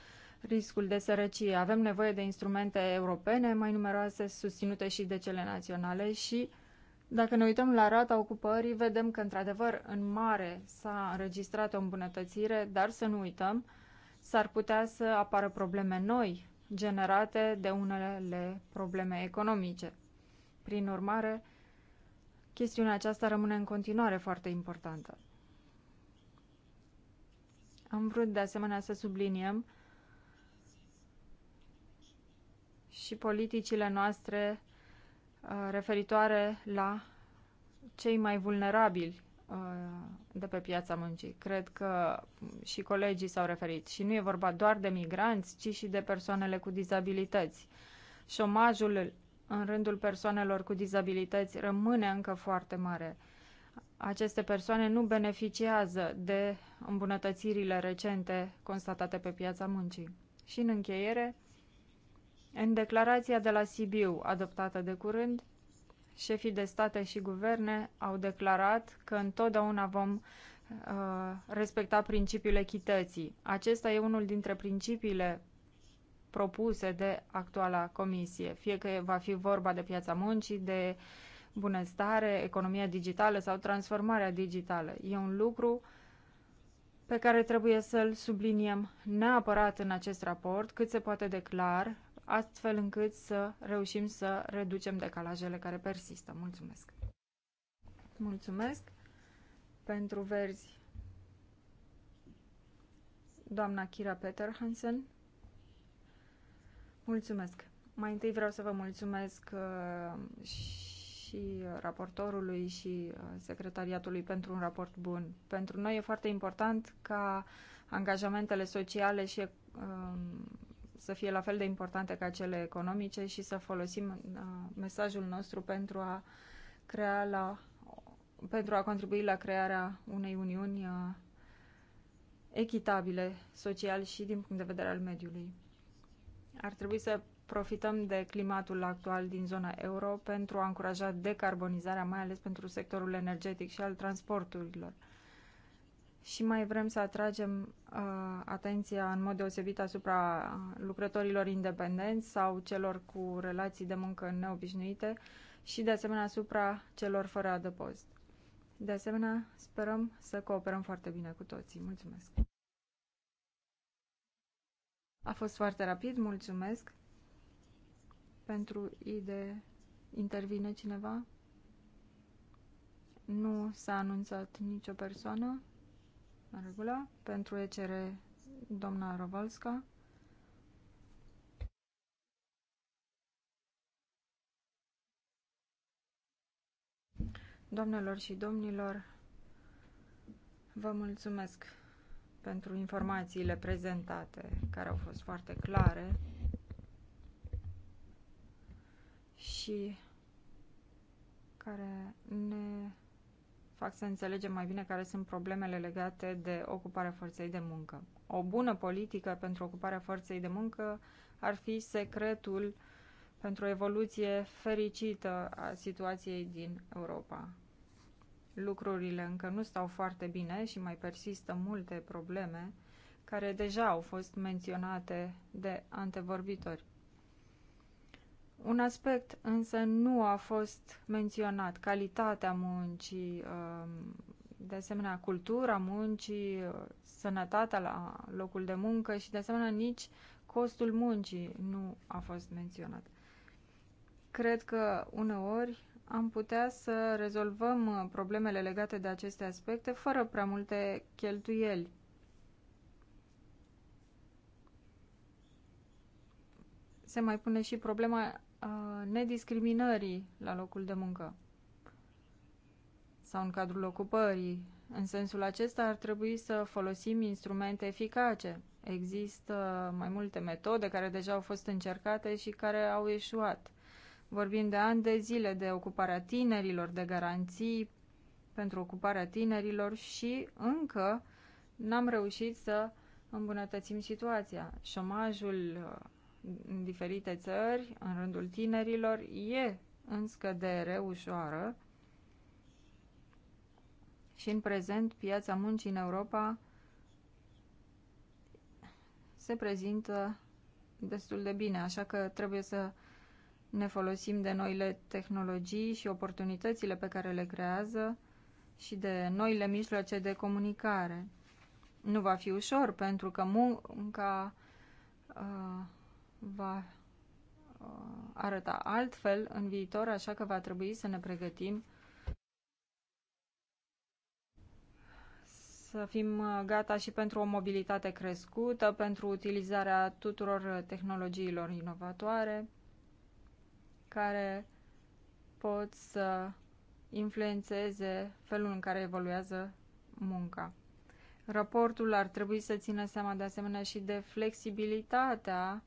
riscul de sărăcie. Avem nevoie de instrumente europene mai numeroase, susținute și de cele naționale și dacă ne uităm la rata ocupării, vedem că, într-adevăr, în mare s-a înregistrat o îmbunătățire, dar să nu uităm, s-ar putea să apară probleme noi generate de unele probleme economice. Prin urmare, chestiunea aceasta rămâne în continuare foarte importantă. Am vrut de asemenea să subliniem și politicile noastre uh, referitoare la cei mai vulnerabili uh, de pe piața muncii. Cred că și colegii s-au referit. Și nu e vorba doar de migranți, ci și de persoanele cu dizabilități. Șomajul în rândul persoanelor cu dizabilități rămâne încă foarte mare aceste persoane nu beneficiază de îmbunătățirile recente constatate pe piața muncii. Și în încheiere, în declarația de la Sibiu, adoptată de curând, șefii de state și guverne au declarat că întotdeauna vom uh, respecta principiul echității. Acesta e unul dintre principiile propuse de actuala comisie, fie că va fi vorba de piața muncii, de uh, bunăstare, economia digitală sau transformarea digitală. E un lucru pe care trebuie să-l subliniem neapărat în acest raport, cât se poate de clar, astfel încât să reușim să reducem decalajele care persistă. Mulțumesc! Mulțumesc pentru verzi doamna Kira Peter Hansen. Mulțumesc! Mai întâi vreau să vă mulțumesc uh, și și raportorului și uh, secretariatului pentru un raport bun. Pentru noi e foarte important ca angajamentele sociale și uh, să fie la fel de importante ca cele economice și să folosim uh, mesajul nostru pentru a crea la pentru a contribui la crearea unei uniuni echitabile social și din punct de vedere al mediului. Ar trebui să profităm de climatul actual din zona euro pentru a încuraja decarbonizarea, mai ales pentru sectorul energetic și al transporturilor. Și mai vrem să atragem uh, atenția în mod deosebit asupra lucrătorilor independenți sau celor cu relații de muncă neobișnuite și de asemenea asupra celor fără adăpost. De asemenea, sperăm să cooperăm foarte bine cu toții. Mulțumesc! A fost foarte rapid, mulțumesc! Pentru ID intervine cineva? Nu s-a anunțat nicio persoană. În regulă. Pentru ECR, doamna Rovalska. Doamnelor și domnilor, vă mulțumesc pentru informațiile prezentate, care au fost foarte clare. și care ne fac să înțelegem mai bine care sunt problemele legate de ocuparea forței de muncă. O bună politică pentru ocuparea forței de muncă ar fi secretul pentru o evoluție fericită a situației din Europa. Lucrurile încă nu stau foarte bine și mai persistă multe probleme care deja au fost menționate de antevorbitori. Un aspect însă nu a fost menționat, calitatea muncii, um, de asemenea cultura muncii, sănătatea la locul de muncă și de asemenea nici costul muncii nu a fost menționat. Cred că uneori am putea să rezolvăm uh, problemele legate de aceste aspecte fără prea multe cheltuieli. Se mai pune și problema nediscriminării la locul de muncă sau în cadrul ocupării. În sensul acesta ar trebui să folosim instrumente eficace. Există mai multe metode care deja au fost încercate și care au eșuat. Vorbim de ani de zile de ocuparea tinerilor, de garanții pentru ocuparea tinerilor și încă n-am reușit să îmbunătățim situația. Șomajul în diferite țări, în rândul tinerilor, e în scădere ușoară și în prezent piața muncii în Europa se prezintă destul de bine, așa că trebuie să ne folosim de noile tehnologii și oportunitățile pe care le creează și de noile mijloace de comunicare. Nu va fi ușor pentru că munca uh, va uh, arăta altfel în viitor, așa că va trebui să ne pregătim să fim uh, gata și pentru o mobilitate crescută, pentru utilizarea tuturor tehnologiilor inovatoare care pot să influențeze felul în care evoluează munca. Raportul ar trebui să țină seama de asemenea și de flexibilitatea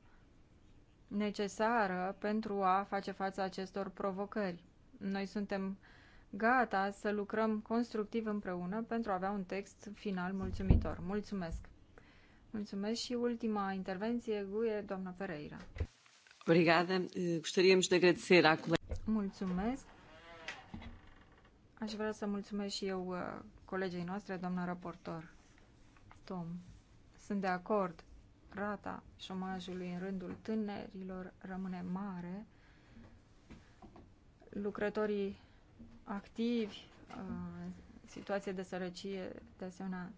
necesară pentru a face față acestor provocări. Noi suntem gata să lucrăm constructiv împreună pentru a avea un text final mulțumitor. Mulțumesc! Mulțumesc și ultima intervenție, Guie, doamna Pereira. Obrigada. Eh, gostaríamos de agradecer à Mulțumesc. Aș vrea să mulțumesc și eu eh, colegei noastre, doamna raportor. Tom, sunt de acord rata șomajului în rândul tinerilor rămâne mare, lucrătorii activi, uh, situație de sărăcie, de asemenea,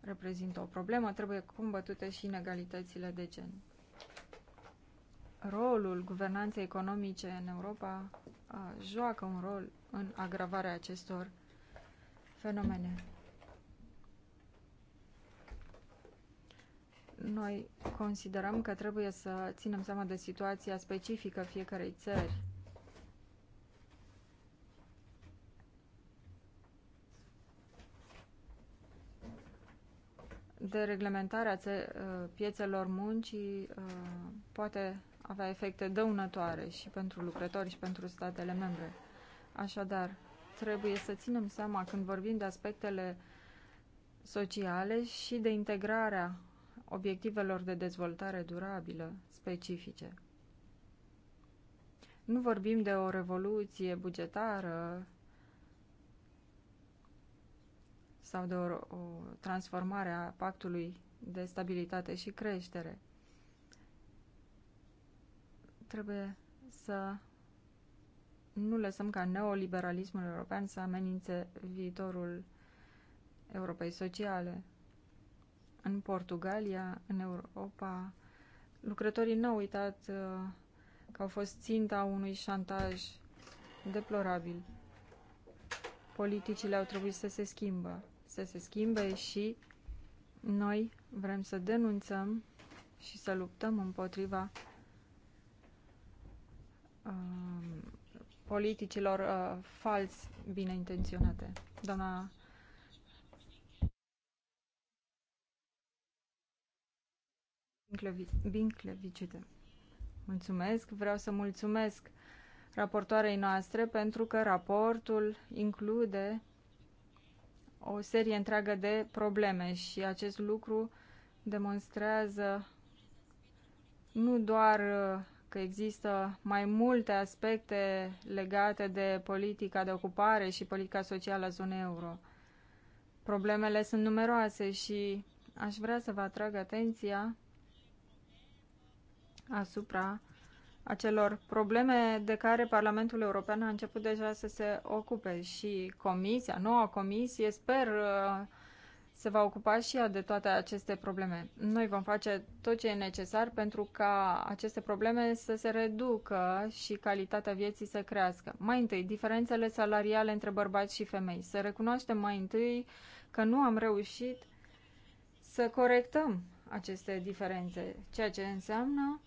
reprezintă o problemă, trebuie combătute și inegalitățile de gen. Rolul guvernanței economice în Europa uh, joacă un rol în agravarea acestor fenomene. Noi considerăm că trebuie să ținem seama de situația specifică fiecarei țări. De reglementarea uh, piețelor muncii uh, poate avea efecte dăunătoare și pentru lucrători și pentru statele membre. Așadar, trebuie să ținem seama când vorbim de aspectele sociale și de integrarea obiectivelor de dezvoltare durabilă specifice. Nu vorbim de o revoluție bugetară sau de o, o transformare a pactului de stabilitate și creștere. Trebuie să nu lăsăm ca neoliberalismul european să amenințe viitorul Europei sociale în Portugalia, în Europa, lucrătorii n-au uitat uh, că au fost ținta unui șantaj deplorabil. Politicile au trebuit să se schimbă, să se schimbe și noi vrem să denunțăm și să luptăm împotriva um, politicilor uh, fals bine intenționate. Doamna Binklevicite. Mulțumesc, vreau să mulțumesc raportoarei noastre pentru că raportul include o serie întreagă de probleme și acest lucru demonstrează nu doar că există mai multe aspecte legate de politica de ocupare și politica socială a zonei euro. Problemele sunt numeroase și aș vrea să vă atrag atenția asupra acelor probleme de care Parlamentul European a început deja să se ocupe și comisia, noua comisie, sper uh, se va ocupa și ea de toate aceste probleme. Noi vom face tot ce e necesar pentru ca aceste probleme să se reducă și calitatea vieții să crească. Mai întâi, diferențele salariale între bărbați și femei. Să recunoaștem mai întâi că nu am reușit să corectăm aceste diferențe, ceea ce înseamnă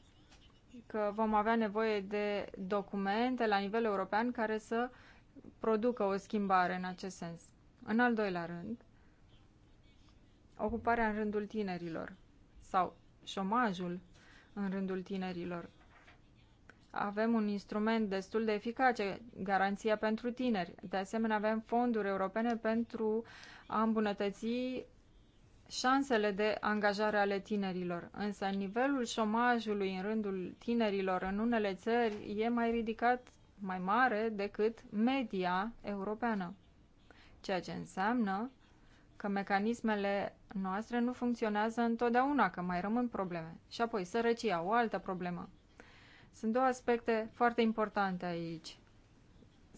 că vom avea nevoie de documente la nivel european care să producă o schimbare în acest sens. În al doilea rând, ocuparea în rândul tinerilor sau șomajul în rândul tinerilor. Avem un instrument destul de eficace, garanția pentru tineri. De asemenea, avem fonduri europene pentru a îmbunătăți șansele de angajare ale tinerilor. Însă nivelul șomajului în rândul tinerilor în unele țări e mai ridicat, mai mare decât media europeană. Ceea ce înseamnă că mecanismele noastre nu funcționează întotdeauna, că mai rămân probleme. Și apoi sărăcia, o altă problemă. Sunt două aspecte foarte importante aici.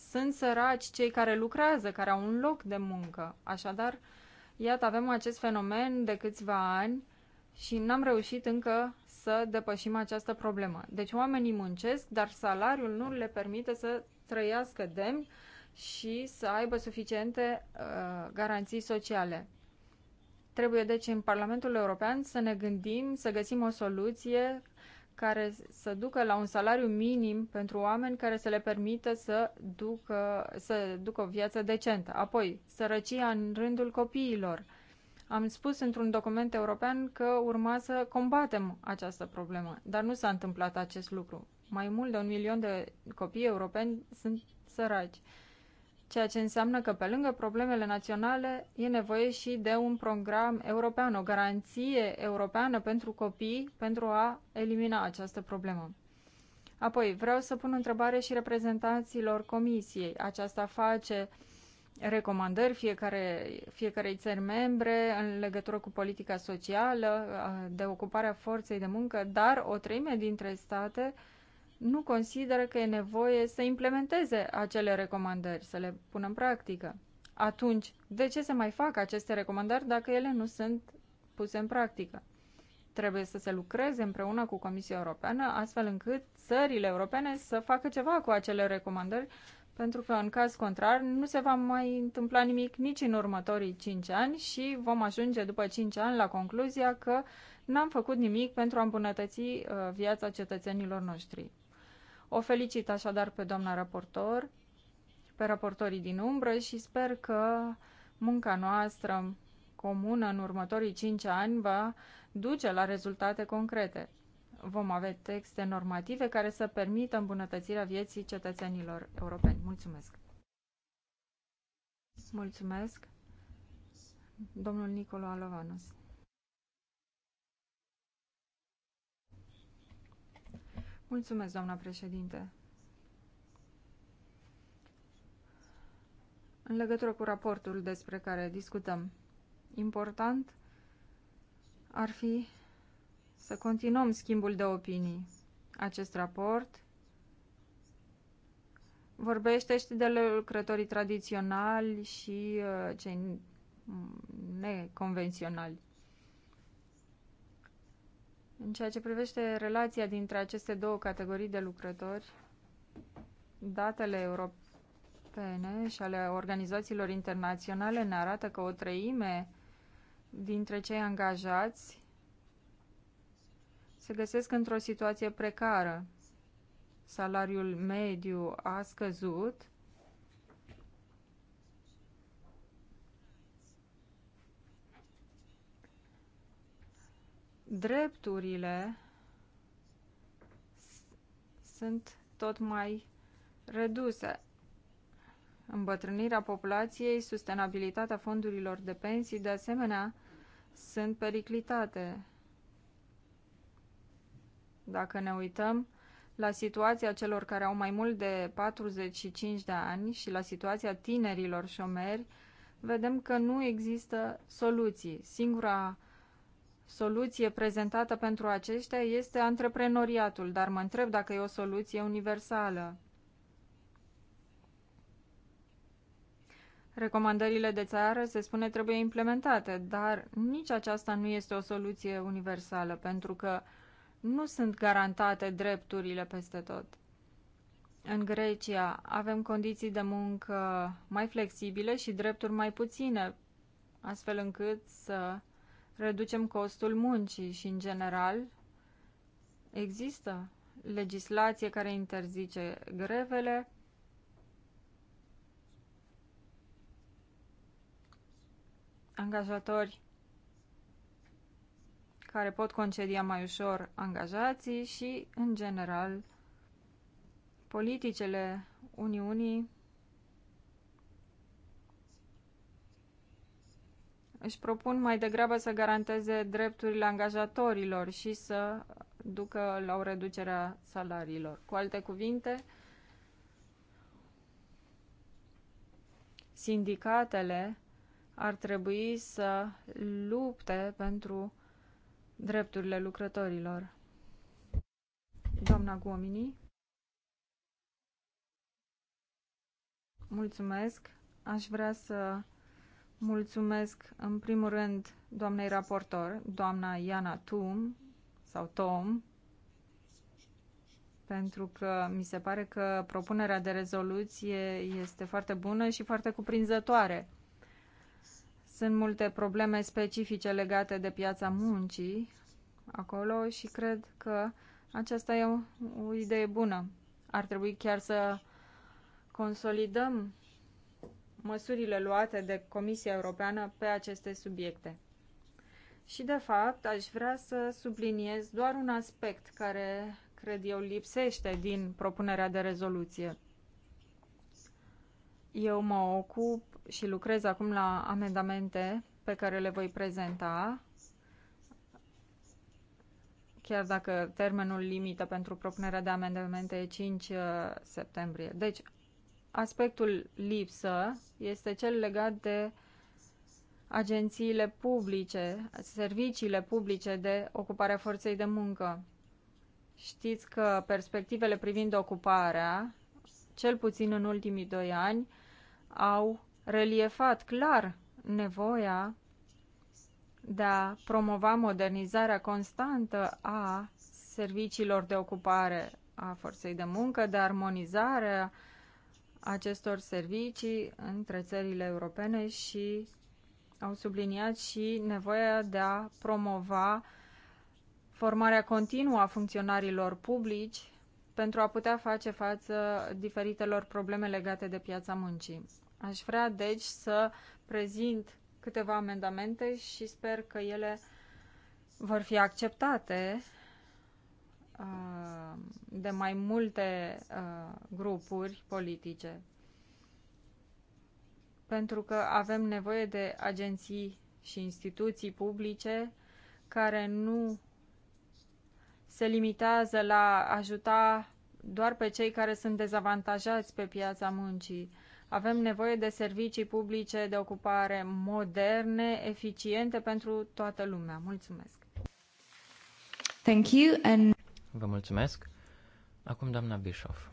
Sunt săraci cei care lucrează, care au un loc de muncă. Așadar, Iată, avem acest fenomen de câțiva ani și n-am reușit încă să depășim această problemă. Deci oamenii muncesc, dar salariul nu le permite să trăiască demn și să aibă suficiente uh, garanții sociale. Trebuie deci în Parlamentul European să ne gândim, să găsim o soluție care să ducă la un salariu minim pentru oameni care să le permită să ducă, să ducă o viață decentă. Apoi, sărăcia în rândul copiilor. Am spus într-un document european că urma să combatem această problemă, dar nu s-a întâmplat acest lucru. Mai mult de un milion de copii europeni sunt săraci ceea ce înseamnă că pe lângă problemele naționale e nevoie și de un program european, o garanție europeană pentru copii pentru a elimina această problemă. Apoi, vreau să pun o întrebare și reprezentanților comisiei. Aceasta face recomandări fiecare, fiecarei țări membre în legătură cu politica socială, de ocuparea forței de muncă, dar o treime dintre state uh, nu consideră că e nevoie să implementeze acele recomandări, să le pună în practică. Atunci, de ce se mai fac aceste recomandări dacă ele nu sunt puse în practică? Trebuie să se lucreze împreună cu Comisia Europeană, astfel încât țările europene să facă ceva cu acele recomandări, pentru că, în caz contrar, nu se va mai întâmpla nimic nici în următorii 5 ani și vom ajunge după 5 ani la concluzia că n-am făcut nimic pentru a îmbunătăți uh, viața cetățenilor noștri. O felicit așadar pe doamna raportor, pe raportorii din umbră și sper că munca noastră comună în următorii 5 ani va duce la rezultate concrete. Vom avea texte normative care să permită îmbunătățirea vieții cetățenilor europeni. Mulțumesc! Mulțumesc! Domnul Nicolo Alovanos. Mulțumesc, doamna președinte. În legătură cu raportul despre care discutăm, important ar fi să continuăm schimbul de opinii. Acest raport vorbește și de lucrătorii tradiționali și uh, cei neconvenționali. În ceea ce privește relația dintre aceste două categorii de lucrători, datele europene și ale organizațiilor internaționale ne arată că o treime dintre cei angajați se găsesc într-o situație precară. Salariul mediu a scăzut drepturile sunt tot mai reduse. Îmbătrânirea populației, sustenabilitatea fondurilor de pensii, de asemenea, sunt periclitate. Dacă ne uităm la situația celor care au mai mult de 45 de ani și la situația tinerilor șomeri, vedem că nu există soluții. Singura soluție prezentată pentru aceștia este antreprenoriatul, dar mă întreb dacă e o soluție universală. Recomandările de țară, se spune, trebuie implementate, dar nici aceasta nu este o soluție universală, pentru că nu sunt garantate drepturile peste tot. În Grecia avem condiții de muncă mai flexibile și drepturi mai puține, astfel încât să reducem costul muncii și, în general, există legislație care interzice grevele. Angajatori care pot concedia mai ușor angajații și, în general, politicele Uniunii își propun mai degrabă să garanteze drepturile angajatorilor și să ducă la o reducere a salariilor. Cu alte cuvinte, sindicatele ar trebui să lupte pentru drepturile lucrătorilor. Doamna Guomini. Mulțumesc. Aș vrea să Mulțumesc în primul rând doamnei raportor, doamna Iana Tum sau Tom, pentru că mi se pare că propunerea de rezoluție este foarte bună și foarte cuprinzătoare. Sunt multe probleme specifice legate de piața muncii acolo și cred că aceasta e o, o idee bună. Ar trebui chiar să consolidăm măsurile luate de Comisia Europeană pe aceste subiecte. Și, de fapt, aș vrea să subliniez doar un aspect care, cred eu, lipsește din propunerea de rezoluție. Eu mă ocup și lucrez acum la amendamente pe care le voi prezenta, chiar dacă termenul limită pentru propunerea de amendamente e 5 uh, septembrie. Deci, aspectul lipsă este cel legat de agențiile publice, serviciile publice de ocupare a forței de muncă. Știți că perspectivele privind ocuparea, cel puțin în ultimii doi ani, au reliefat clar nevoia de a promova modernizarea constantă a serviciilor de ocupare a forței de muncă, de armonizarea acestor servicii între țările europene și au subliniat și nevoia de a promova formarea continuă a funcționarilor publici pentru a putea face față diferitelor probleme legate de piața muncii. Aș vrea, deci, să prezint câteva amendamente și sper că ele vor fi acceptate Uh, de mai multe uh, grupuri politice. Pentru că avem nevoie de agenții și instituții publice care nu se limitează la ajuta doar pe cei care sunt dezavantajați pe piața muncii. Avem nevoie de servicii publice de ocupare moderne, eficiente pentru toată lumea. Mulțumesc! Thank you and... Vă
mulțumesc. Acum doamna Bischoff.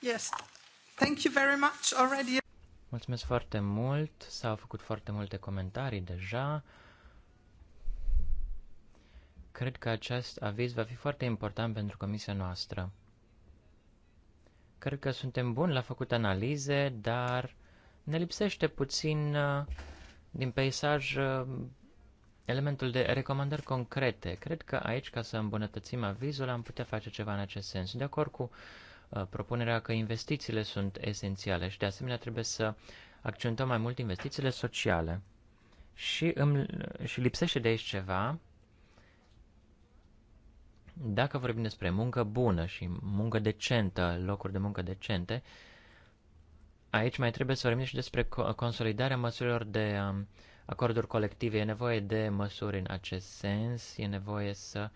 Yes. Thank you very much already.
Mulțumesc foarte mult. S-au făcut foarte multe comentarii deja. Cred că acest aviz va fi foarte important pentru comisia noastră. Cred că suntem buni la făcut analize, dar ne lipsește puțin uh, din peisaj uh, elementul de recomandări concrete. Cred că aici, ca să îmbunătățim avizul, am putea face ceva în acest sens. De acord cu uh, propunerea că investițiile sunt esențiale și, de asemenea, trebuie să accentăm mai mult investițiile sociale. Și, îmi, și lipsește de aici ceva. Dacă vorbim despre muncă bună și muncă decentă, locuri de muncă decente, aici mai trebuie să vorbim și despre consolidarea măsurilor de um, uh, acorduri colective. E nevoie de măsuri în acest sens, e nevoie să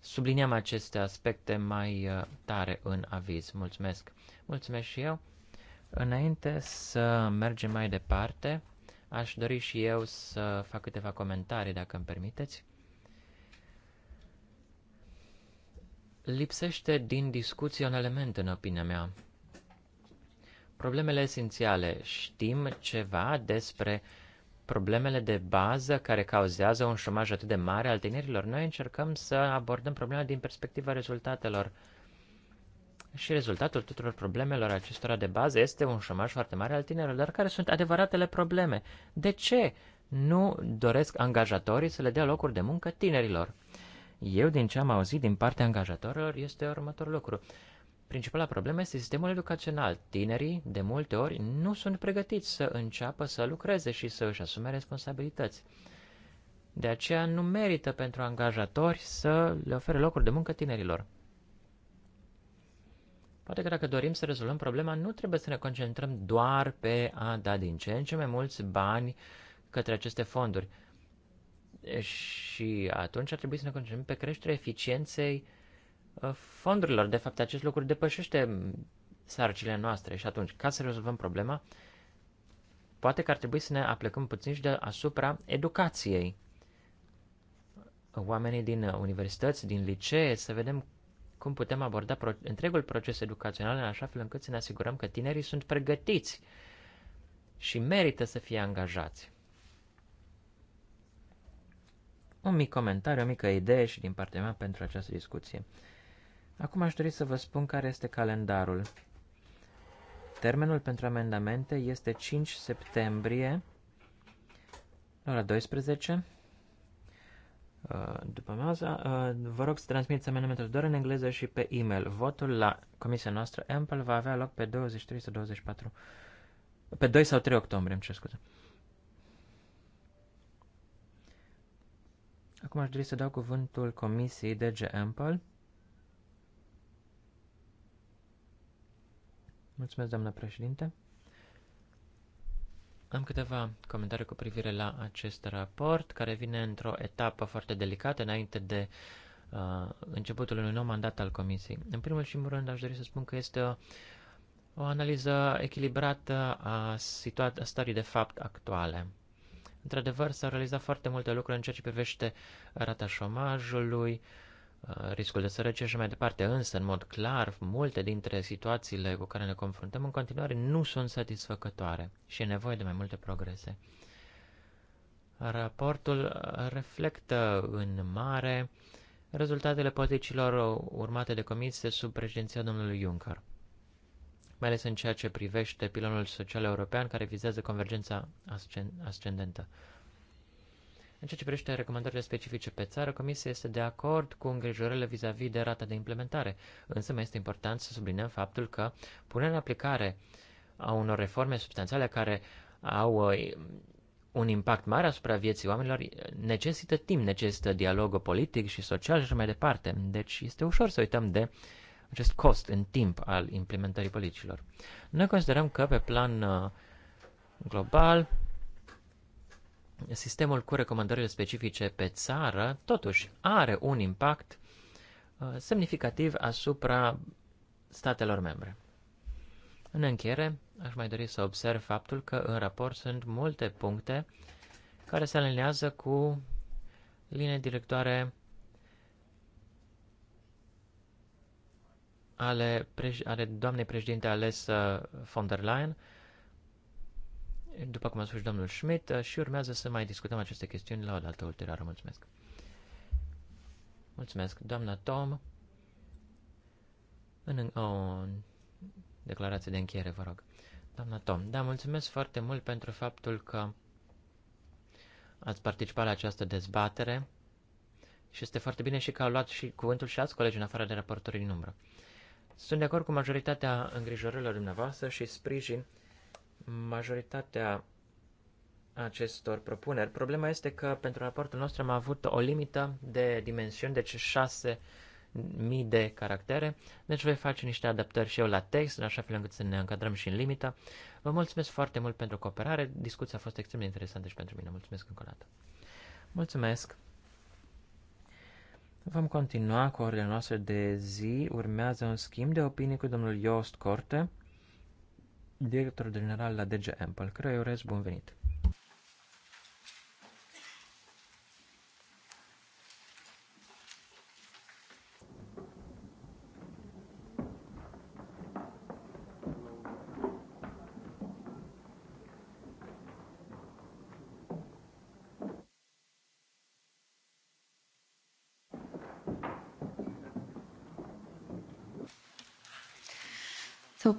subliniem aceste aspecte mai uh, tare în aviz. Mulțumesc! Mulțumesc și eu! Înainte să mergem mai departe, aș dori și eu să fac câteva comentarii, dacă îmi permiteți. Lipsește din discuție un element, în opinia mea. Problemele esențiale. Știm ceva despre uh, problemele de bază care cauzează un șomaj atât de mare al tinerilor, noi încercăm să abordăm problema din perspectiva rezultatelor. Și rezultatul tuturor problemelor acestora de bază este un șomaj foarte mare al tinerilor, dar care sunt adevăratele probleme. De ce nu doresc angajatorii să le dea locuri de muncă tinerilor? Eu, din ce am auzit din partea angajatorilor, este următorul lucru. Principala problemă este sistemul educațional. Tinerii, de multe ori, nu sunt pregătiți să înceapă să lucreze și să își asume responsabilități. De aceea nu merită pentru angajatori să le ofere locuri de muncă tinerilor. Poate că dacă dorim să rezolvăm problema, nu trebuie să ne concentrăm doar pe a da din ce în ce mai mulți bani către aceste fonduri. Și atunci ar trebui să ne concentrăm pe creșterea eficienței uh, Uh, fondurilor. De fapt, acest lucru depășește sarcile noastre și atunci, ca să rezolvăm problema, poate că ar trebui să ne aplicăm puțin și de asupra educației. Oamenii din universități, din licee, să vedem cum putem aborda pro- întregul proces educațional în așa fel încât să ne asigurăm că tinerii sunt pregătiți și merită să fie angajați. Un mic comentariu, o mică idee și din partea mea pentru această discuție. Acum aș dori să vă spun care este calendarul. Termenul pentru amendamente este 5 septembrie, ora 12. Uh, după masa, uh, vă rog să transmiteți amendamentul doar în engleză și pe e-mail. Votul la comisia noastră Ample va avea loc pe 23 sau 24, pe 2 sau 3 octombrie, îmi cer scuze. Acum aș dori să dau cuvântul comisiei DG Ample. Mulțumesc, doamnă președinte. Am câteva comentarii cu privire la acest raport, care vine într-o etapă foarte delicată, înainte de uh, începutul unui nou mandat al Comisiei. În primul și în rând, aș dori să spun că este o, o analiză echilibrată a, situa- a stării de fapt actuale. Într-adevăr, s-au realizat foarte multe lucruri în ceea ce privește rata șomajului, uh, Uh, riscul de sărăcie și mai departe, însă, în mod clar, multe dintre situațiile cu care ne confruntăm în continuare nu sunt satisfăcătoare și e nevoie de mai multe progrese. Raportul reflectă în mare rezultatele politicilor urmate de comisie sub președinția domnului Juncker, mai ales în ceea ce privește pilonul social european care vizează convergența ascendentă. În ceea ce privește recomandările specifice pe țară, Comisia este de acord cu îngrijorările vis-a-vis de rata de implementare, însă mai este important să subliniem faptul că punerea în aplicare a unor reforme substanțiale care au uh, un impact mare asupra vieții oamenilor necesită timp, necesită dialog politic și social și mai departe. Deci este ușor să uităm de acest cost în timp al implementării politicilor. Noi considerăm că pe plan uh, global sistemul cu recomandările specifice pe țară, totuși, are un impact uh, semnificativ asupra statelor membre. În încheiere, aș mai dori să observ faptul că în raport sunt multe puncte care se alinează cu linii directoare ale, ale doamnei președinte ales uh, von der Leyen, după cum a spus domnul Schmidt, uh, și urmează să mai discutăm aceste chestiuni la o dată ulterioară. Mulțumesc! Mulțumesc, doamna Tom. În o declarație de încheiere, vă rog. Doamna Tom, da, mulțumesc foarte mult pentru faptul că ați participat la această dezbatere și este foarte bine și că au luat și cuvântul și alți colegi în afară de raportorii în umbră. Sunt de acord cu majoritatea îngrijorilor dumneavoastră și sprijin majoritatea acestor propuneri. Problema este că pentru raportul nostru am avut o limită de dimensiuni, deci 6000 de caractere, deci voi face niște adaptări și eu la text, în așa fel încât să ne încadrăm și în limită. Vă mulțumesc foarte mult pentru cooperare, discuția a fost extrem de interesantă și pentru mine. Mulțumesc încă o dată. Mulțumesc! Vom continua cu orele noastre de zi. Urmează un schimb de opinii cu domnul Joost Corte, director general la DG Ample, căruia bun venit.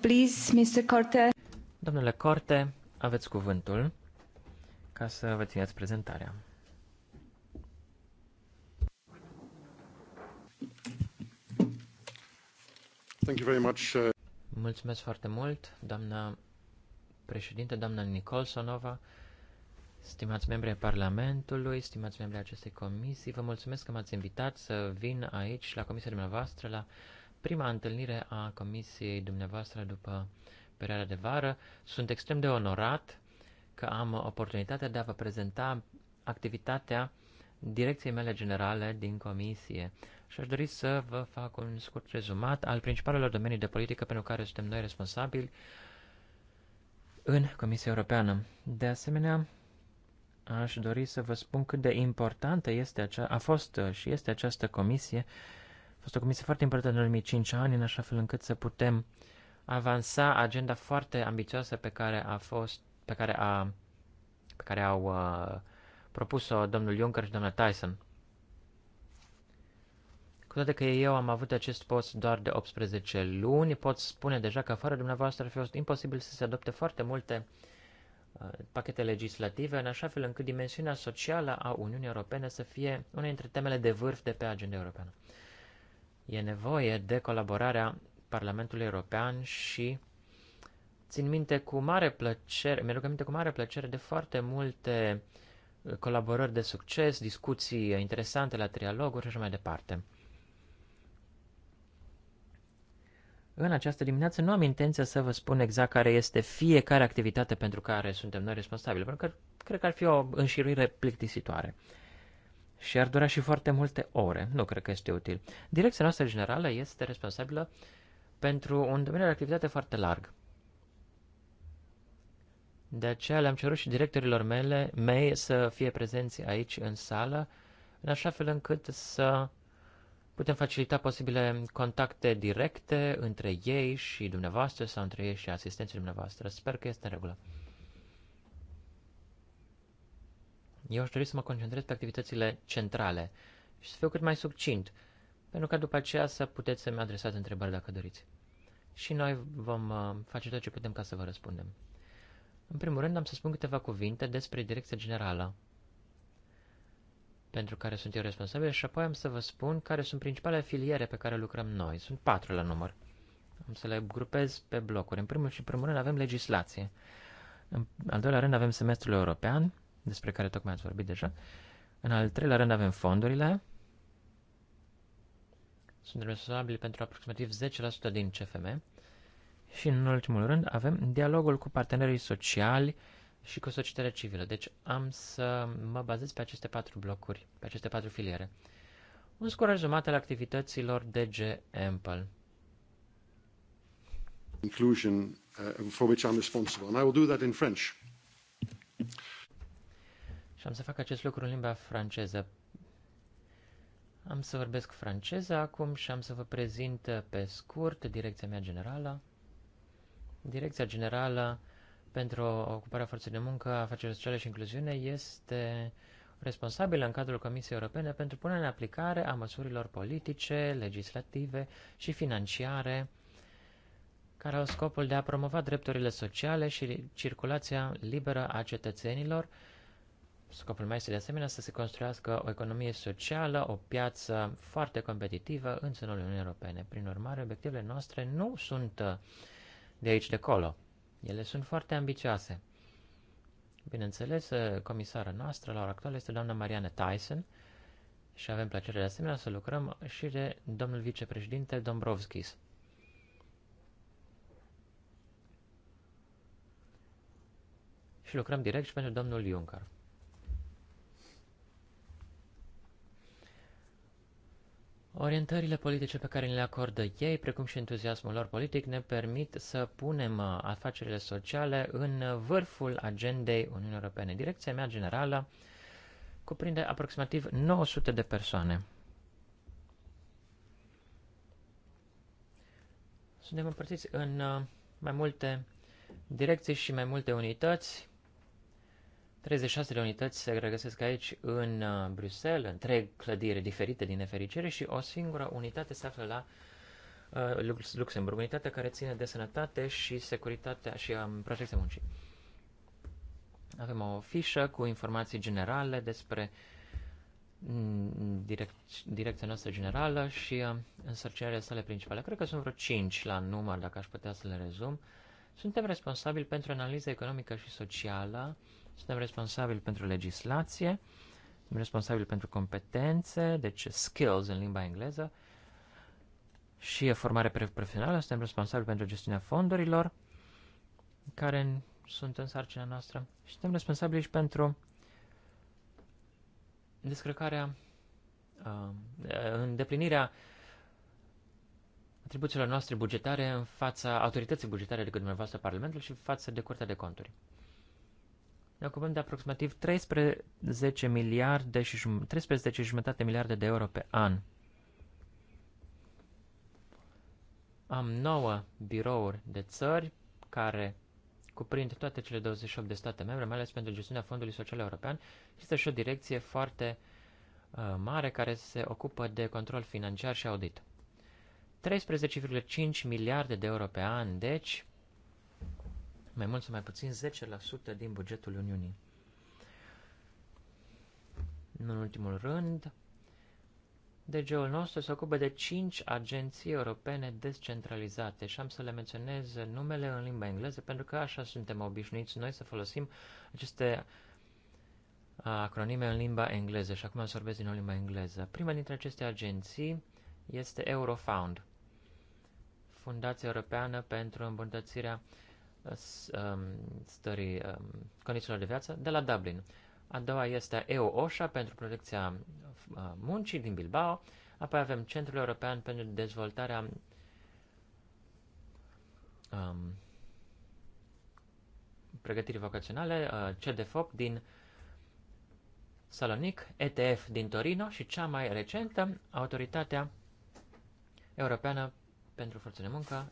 please, Mr. Corte.
Domnule Corte, aveți cuvântul ca să vă țineți prezentarea.
Thank you very much. Uh,
mulțumesc foarte mult, doamna președinte, doamna Nicolsonova, stimați membri ai Parlamentului, stimați membri ai acestei comisii, vă mulțumesc că m-ați invitat să vin aici la comisia dumneavoastră la prima întâlnire a comisiei dumneavoastră după perioada de vară. Sunt extrem de onorat că am oportunitatea de a vă prezenta activitatea direcției mele generale din comisie și aș dori să vă fac un scurt rezumat al principalelor domenii de politică pentru care suntem noi responsabili în Comisia Europeană. De asemenea, aș dori să vă spun cât de importantă este acea, a fost și este această comisie fost o comisie foarte importantă în ultimii 5 ani, în așa fel încât să putem avansa agenda foarte ambițioasă pe care a fost, pe care a, pe care au uh, propus-o domnul Juncker și domnul Tyson. Cu toate că eu am avut acest post doar de 18 luni, pot spune deja că fără dumneavoastră ar fi fost imposibil să se adopte foarte multe uh, pachete legislative, în așa fel încât dimensiunea socială a Uniunii Europene să fie una dintre temele de vârf de pe agenda europeană. E nevoie de colaborarea Parlamentului European și țin minte cu mare plăcere, mi-aduc aminte cu mare plăcere de foarte multe uh, colaborări de succes, discuții interesante la trialoguri și așa mai departe. În această dimineață nu am intenția să vă spun exact care este fiecare activitate pentru care suntem noi responsabili, pentru că cred că ar fi o înșiruire plictisitoare și ar dura și foarte multe ore. Nu cred că este util. Direcția noastră generală este responsabilă pentru un domeniu de activitate foarte larg. De aceea le-am cerut și directorilor mele, mei să fie prezenți aici în sală, în așa fel încât să putem facilita posibile contacte directe între ei și dumneavoastră sau între ei și asistenții dumneavoastră. Sper că este în regulă. Eu aș dori să mă concentrez pe activitățile centrale și să fiu cât mai succint, pentru ca după aceea să puteți să-mi adresați întrebări dacă doriți. Și noi vom uh, face tot ce putem ca să vă răspundem. În primul rând am să spun câteva cuvinte despre direcția generală pentru care sunt eu responsabil și apoi am să vă spun care sunt principalele filiere pe care lucrăm noi. Sunt patru la număr. Am să le grupez pe blocuri. În primul și primul rând avem legislație. În al doilea rând avem semestrul european, despre care tocmai ați vorbit deja. În al treilea rând avem fondurile. Sunt responsabili pentru aproximativ 10% din CFM. Și în ultimul rând avem dialogul cu partenerii sociali și cu societatea civilă. Deci am să mă bazez pe aceste patru blocuri, pe aceste patru filiere. Un scor rezumat al activităților DG Ample.
Inclusion uh, for which I'm responsible. And I will do that in French
am să fac acest lucru în limba franceză. Am să vorbesc franceză acum și am să vă prezint uh, pe scurt direcția mea generală. Direcția generală pentru ocuparea forței de muncă, afaceri sociale și incluziune este responsabilă în cadrul Comisiei Europene pentru punerea în aplicare a măsurilor politice, legislative și financiare care au scopul de a promova drepturile sociale și circulația liberă a cetățenilor Scopul meu este de asemenea să se construiască o economie socială, o piață foarte competitivă în sânul Uniunii Europene. Prin urmare, obiectivele noastre nu sunt uh, de aici de acolo. Ele sunt foarte ambicioase. Bineînțeles, uh, comisara noastră la ora actuală este doamna Marianne Tyson și avem plăcerea de asemenea să lucrăm și de domnul vicepreședinte Dombrovskis. Și lucrăm direct și pentru domnul Juncker. Orientările politice pe care le acordă ei, precum și entuziasmul lor politic, ne permit să punem uh, afacerile sociale în vârful agendei Uniunii Europene. Direcția mea generală cuprinde aproximativ 900 de persoane. Suntem împărțiți în uh, mai multe direcții și mai multe unități 36 de unități se regăsesc aici în uh, Bruxelles, întreg clădire diferite din nefericire și o singură unitate se află la uh, Luxemburg, unitatea care ține de sănătate și securitatea și um, protecția muncii. Avem o fișă cu informații generale despre mm, direct, direcția noastră generală și uh, însărcinarea sale principale. Cred că sunt vreo 5 la număr, dacă aș putea să le rezum. Suntem responsabili pentru analiza economică și socială, uh, suntem responsabili pentru legislație, suntem responsabili pentru competențe, deci skills în limba engleză, și formare profesională, suntem responsabili pentru gestiunea fondurilor, care sunt în sarcina noastră, și suntem responsabili și pentru descărcarea, uh, îndeplinirea atribuțiilor noastre bugetare în fața autorității bugetare decât dumneavoastră Parlamentul și față de Curtea de Conturi. Ne ocupăm de aproximativ 13 miliarde și 13 și jumătate miliarde de euro pe an. Am 9 birouri de țări care cuprind toate cele 28 de state membre, mai ales pentru gestiunea Fondului Social European. Există și o direcție foarte uh, mare care se ocupă de control financiar și audit. 13,5 miliarde de euro pe an, deci mai mult sau mai puțin 10% din bugetul Uniunii. În ultimul rând, DG-ul nostru se ocupă de 5 agenții europene descentralizate și am să le menționez numele în limba engleză pentru că așa suntem obișnuiți noi să folosim aceste acronime în limba engleză și acum să vorbesc din limba engleză. Prima dintre aceste agenții este Eurofound, Fundația Europeană pentru îmbunătățirea uh, Um, stării um, condițiilor de viață de la Dublin. A doua este EU OSHA pentru protecția uh, muncii din Bilbao. Apoi avem Centrul European pentru dezvoltarea um, pregătirii vocaționale, uh, CDFOP din Salonic, ETF din Torino și cea mai recentă, Autoritatea Europeană pentru Forță de Muncă,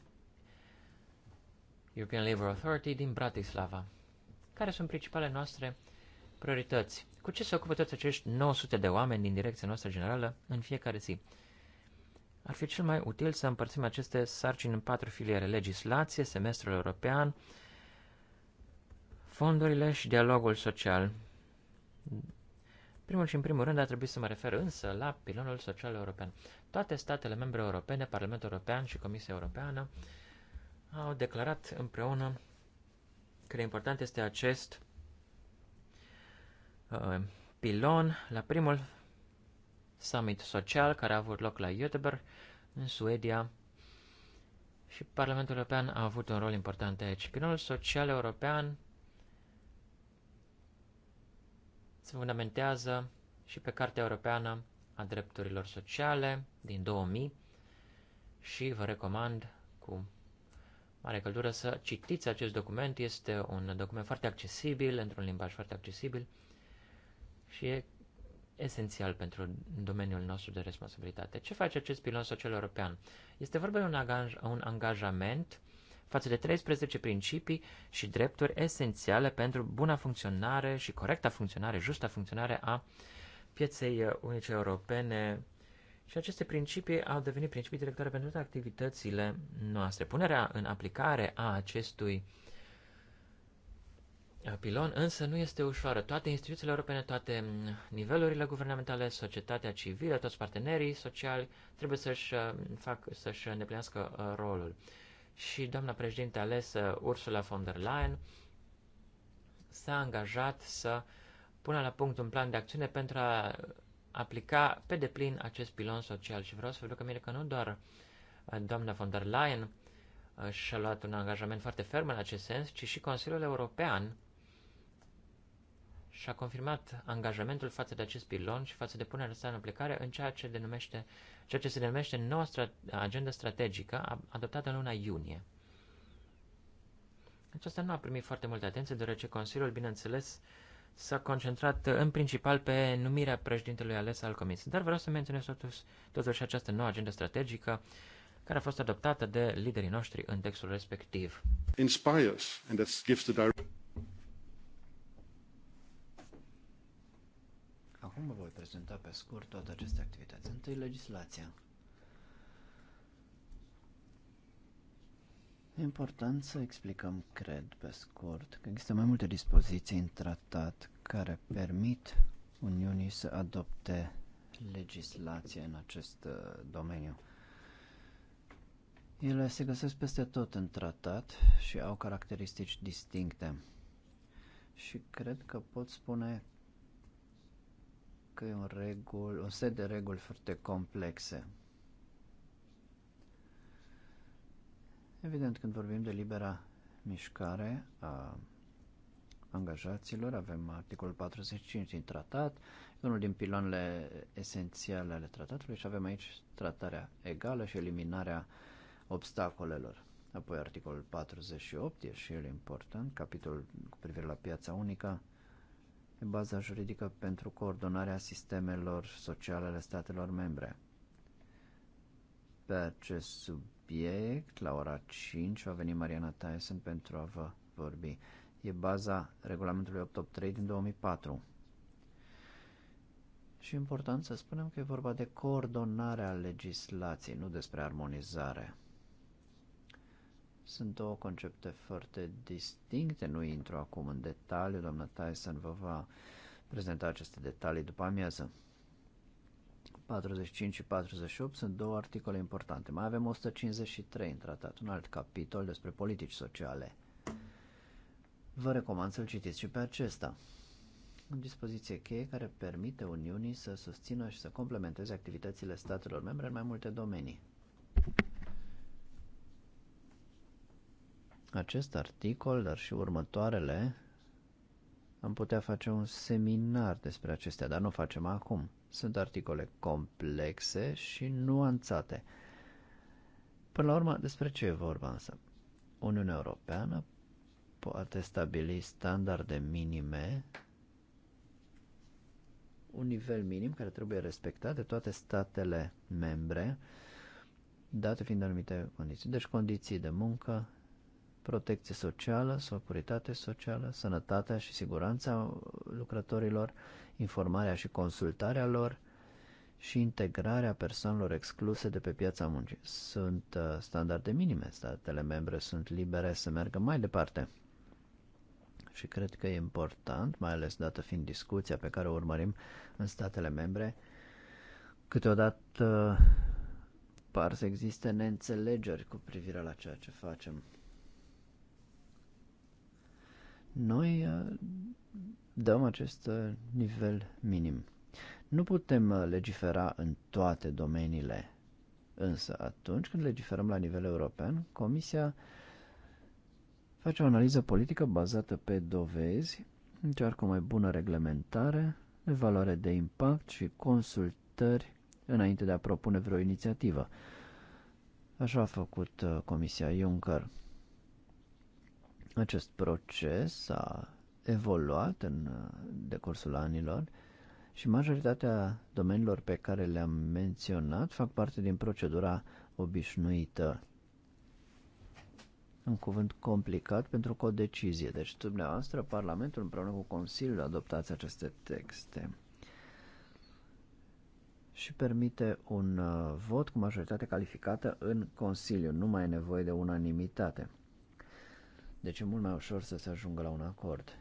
European Labour Authority din Bratislava. Care sunt principalele noastre priorități? Cu ce se ocupă toți acești 900 de oameni din direcția noastră generală în fiecare zi? Ar fi cel mai util să împărțim aceste sarcini în patru filiere, legislație, semestrul european, fondurile și dialogul social. Primul și în primul rând ar trebui să mă refer însă la pilonul social european. Toate statele membre europene, Parlamentul European și Comisia Europeană au declarat împreună cât de important este acest uh, pilon la primul summit social care a avut loc la Göteborg, în Suedia, și Parlamentul European a avut un rol important aici. Pilonul social european se fundamentează și pe Cartea Europeană a Drepturilor Sociale din 2000 și vă recomand cu mare căldură să citiți acest document. Este un document foarte accesibil, într-un limbaj foarte accesibil și e esențial pentru domeniul nostru de responsabilitate. Ce face acest pilon social european? Este vorba de un, agaj, un angajament față de 13 principii și drepturi esențiale pentru buna funcționare și corecta funcționare, justa funcționare a pieței unice europene și aceste principii au devenit principii directoare pentru toate activitățile noastre. Punerea în aplicare a acestui pilon însă nu este ușoară. Toate instituțiile europene, toate nivelurile guvernamentale, societatea civilă, toți partenerii sociali trebuie să-și, uh, să îndeplinească uh, rolul. Și doamna președinte alesă Ursula von der Leyen s-a angajat să pună la punct un plan de acțiune pentru a aplica pe deplin acest pilon social. Și vreau să vă duc mine că nu doar uh, doamna von der Leyen uh, și-a luat un angajament foarte ferm în acest sens, ci și Consiliul European și-a confirmat angajamentul față de acest pilon și față de punerea sa în aplicare în ceea ce, denumește, ceea ce se denumește noua strat- agenda strategică adoptată în luna iunie. Aceasta nu a primit foarte multă atenție, deoarece Consiliul, bineînțeles, uh, s-a concentrat uh, în principal pe numirea președintelui ales al comisiei, dar vreau să menționez totuși, totuși această nouă agendă strategică care a fost adoptată de liderii noștri în textul respectiv.
Inspires, and that gives the direct...
Acum vă voi prezenta pe scurt toate aceste activități. Întâi legislația. E important să explicăm, cred, pe scurt, că există mai multe dispoziții în tratat care permit Uniunii să adopte legislație în acest uh, domeniu. Ele se găsesc peste tot în tratat și au caracteristici distincte. Și cred că pot spune că e un, regul, un set de reguli foarte complexe Evident, când vorbim de libera mișcare a angajaților, avem articolul 45 din tratat, unul din piloanele esențiale ale tratatului și avem aici tratarea egală și eliminarea obstacolelor. Apoi articolul 48 e și el important, capitolul cu privire la piața unică, e baza juridică pentru coordonarea sistemelor sociale ale statelor membre. Pe acest sub subiect. La ora 5 va veni Mariana Tyson pentru a vă vorbi. E baza regulamentului 883 din 2004. Și important să spunem că e vorba de coordonarea legislației, nu despre armonizare. Sunt două concepte foarte distincte, nu intru acum în detaliu, doamna Tyson vă va prezenta aceste detalii după amiază. 45 și 48 sunt două articole importante. Mai avem 153 în tratat, un alt capitol despre politici sociale. Vă recomand să-l citiți și pe acesta. O dispoziție cheie care permite Uniunii să susțină și să complementeze activitățile statelor membre în mai multe domenii. Acest articol, dar și următoarele, am putea face un seminar despre acestea, dar nu o facem acum. Sunt articole complexe și nuanțate. Până la urmă, despre ce e vorba însă? Uniunea Europeană poate stabili standarde minime, un nivel minim care trebuie respectat de toate statele membre, date fiind anumite condiții. Deci condiții de muncă, protecție socială, securitate socială, sănătatea și siguranța lucrătorilor, informarea și consultarea lor și integrarea persoanelor excluse de pe piața muncii. Sunt uh, standarde minime, statele membre sunt libere să meargă mai departe. Și cred că e important, mai ales dată fiind discuția pe care o urmărim în statele membre, câteodată par să existe neînțelegeri cu privire la ceea ce facem noi uh, dăm acest uh, nivel minim. Nu putem uh, legifera în toate domeniile, însă atunci când legiferăm la nivel european, Comisia face o analiză politică bazată pe dovezi, încearcă o mai bună reglementare, evaluare de impact și consultări înainte de a propune vreo inițiativă. Așa a făcut Comisia Juncker. Acest proces a evoluat în uh, decursul anilor și majoritatea domeniilor pe care le-am menționat fac parte din procedura obișnuită. Un cuvânt complicat pentru că o decizie. Deci, dumneavoastră, Parlamentul împreună cu Consiliul adoptați aceste texte și permite un uh, vot cu majoritate calificată în Consiliu. Nu mai e nevoie de unanimitate. Deci e mult mai ușor să se ajungă la un acord.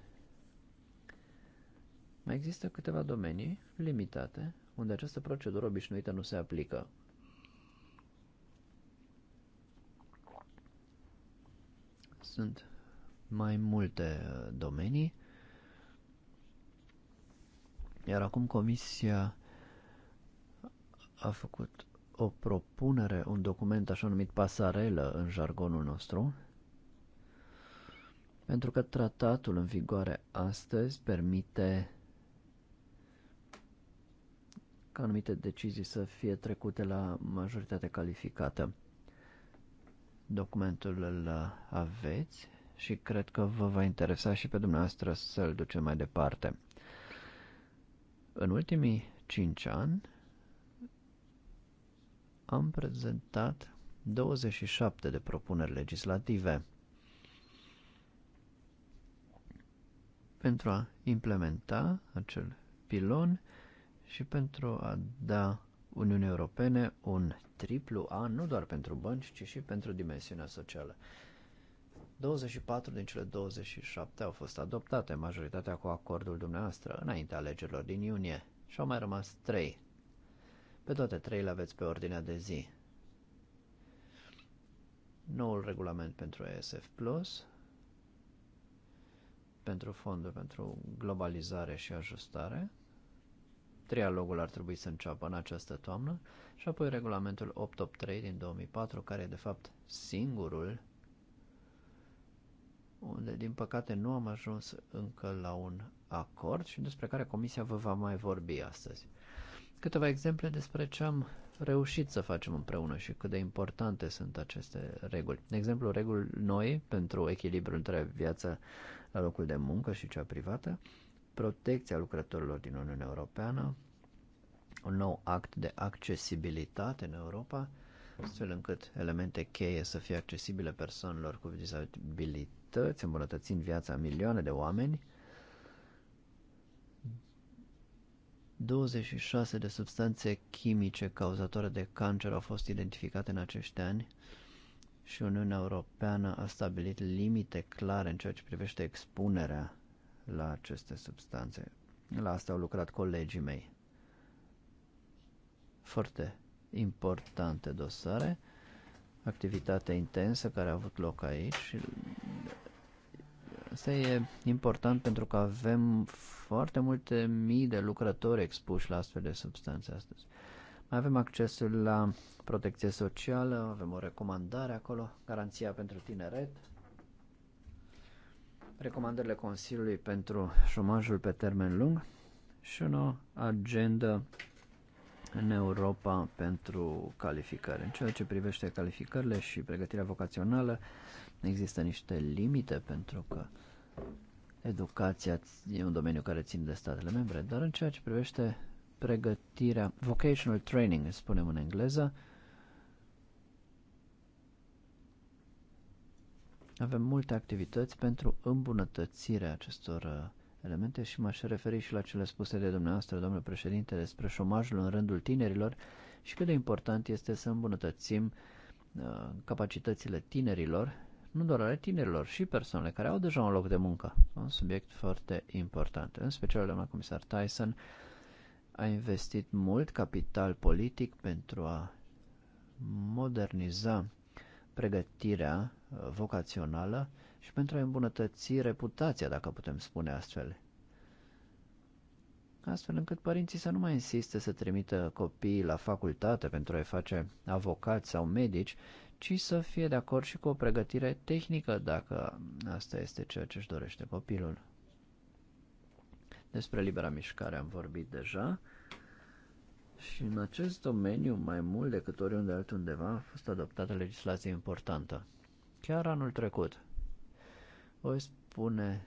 Mai există câteva domenii limitate unde această procedură obișnuită nu se aplică. Sunt mai multe uh, domenii, iar acum Comisia a făcut o propunere, un document așa numit pasarelă în jargonul nostru, pentru că tratatul în vigoare astăzi permite ca anumite decizii să fie trecute la majoritate calificată. Documentul îl aveți și cred că vă va interesa și pe dumneavoastră să-l ducem mai departe. În ultimii 5 ani am prezentat 27 de propuneri legislative. pentru a implementa acel pilon și pentru a da Uniunii Europene un triplu A, nu doar pentru bănci, ci și pentru dimensiunea socială. 24 din cele 27 au fost adoptate, majoritatea cu acordul dumneavoastră, înaintea alegerilor din iunie, și au mai rămas 3. Pe toate 3 le aveți pe ordinea de zi. Noul regulament pentru ESF Plus, pentru fondul pentru globalizare și ajustare. Trialogul ar trebui să înceapă în această toamnă și apoi regulamentul 883 din 2004, care e de fapt singurul unde din păcate nu am ajuns încă la un acord și despre care comisia vă va mai vorbi astăzi. Câteva exemple despre ce am reușit să facem împreună și cât de importante sunt aceste reguli. De exemplu, reguli noi pentru echilibru între viața la locul de muncă și cea privată, protecția lucrătorilor din Uniunea Europeană, un nou act de accesibilitate în Europa, astfel încât elemente cheie să fie accesibile persoanelor cu dizabilități, îmbunătățind viața milioane de oameni, 26 de substanțe chimice cauzatoare de cancer au fost identificate în acești ani, și Uniunea Europeană a stabilit limite clare în ceea ce privește expunerea la aceste substanțe. La asta au lucrat colegii mei. Foarte importante dosare, activitate intensă care a avut loc aici. Asta e important pentru că avem foarte multe mii de lucrători expuși la astfel de substanțe astăzi. Mai avem accesul la protecție socială, avem o recomandare acolo, garanția pentru tineret, recomandările Consiliului pentru șomajul pe termen lung și o agendă în Europa pentru calificări. În ceea ce privește calificările și pregătirea vocațională, există niște limite pentru că educația e un domeniu care ține de statele membre, dar în ceea ce privește pregătirea, vocational training, spunem în engleză, Avem multe activități pentru îmbunătățirea acestor uh, elemente și m-aș referi și la cele spuse de dumneavoastră, domnule președinte, despre șomajul în rândul tinerilor și cât de important este să îmbunătățim uh, capacitățile tinerilor, nu doar ale tinerilor, și persoanele care au deja un loc de muncă. Un subiect foarte important. În special, doamna comisar Tyson a investit mult capital politic pentru a moderniza pregătirea uh, vocațională și pentru a îmbunătăți reputația, dacă putem spune astfel. Astfel încât părinții să nu mai insiste să trimită copiii la facultate pentru a-i face avocați sau medici, ci să fie de acord și cu o pregătire tehnică, dacă asta este ceea ce își dorește copilul. Despre libera mișcare am vorbit deja. Și în acest domeniu, mai mult decât oriunde altundeva, a fost adoptată legislație importantă. Chiar anul trecut. Voi spune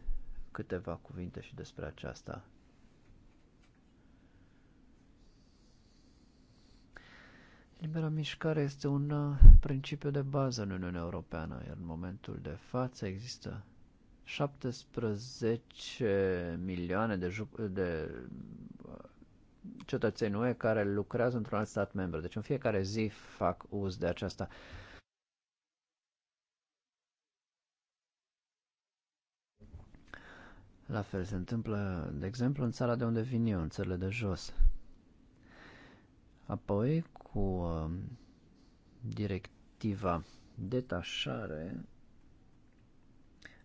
câteva cuvinte și despre aceasta. Libera mișcare este un uh, principiu de bază în Uniunea Europeană, iar în momentul de față există 17 milioane de, de uh, cetățeni UE care lucrează într-un alt stat membru. Deci în fiecare zi fac uz de aceasta. La fel se întâmplă, de exemplu, în țara de unde vin eu, în țările de jos. Apoi, cu uh, directiva detașare,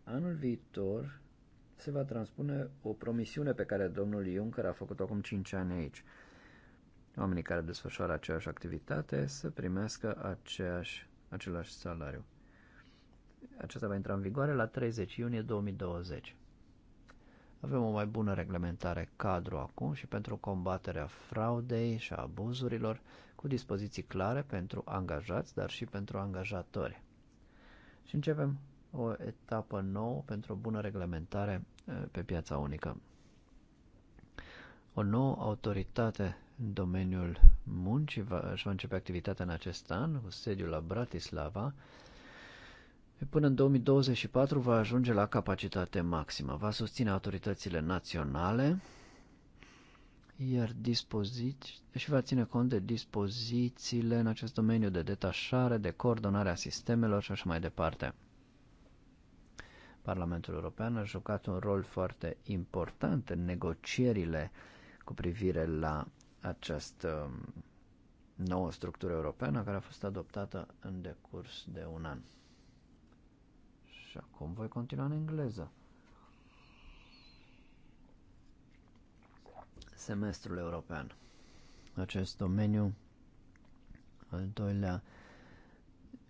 anul viitor se va transpune o promisiune pe care domnul Juncker a făcut-o acum 5 ani aici. Oamenii care desfășoară aceeași activitate să primească aceeași, același salariu. Acesta va intra în vigoare la 30 iunie 2020. Avem o mai bună reglementare cadru acum și pentru combaterea fraudei și a abuzurilor, cu dispoziții clare pentru angajați, dar și pentru angajatori. Și începem o etapă nouă pentru o bună reglementare eh, pe piața unică. O nouă autoritate în domeniul muncii va, își va începe activitatea în acest an, cu sediul la Bratislava. Până în 2024 va ajunge la capacitate maximă. Va susține autoritățile naționale iar dispoziți și va ține cont de dispozițiile în acest domeniu de detașare, de coordonare a sistemelor și așa mai departe. Parlamentul European a jucat un rol foarte important în negocierile cu privire la această um, nouă structură europeană care a fost adoptată în decurs de un an. Și acum voi continua în engleză. Semestrul european. Acest domeniu al doilea.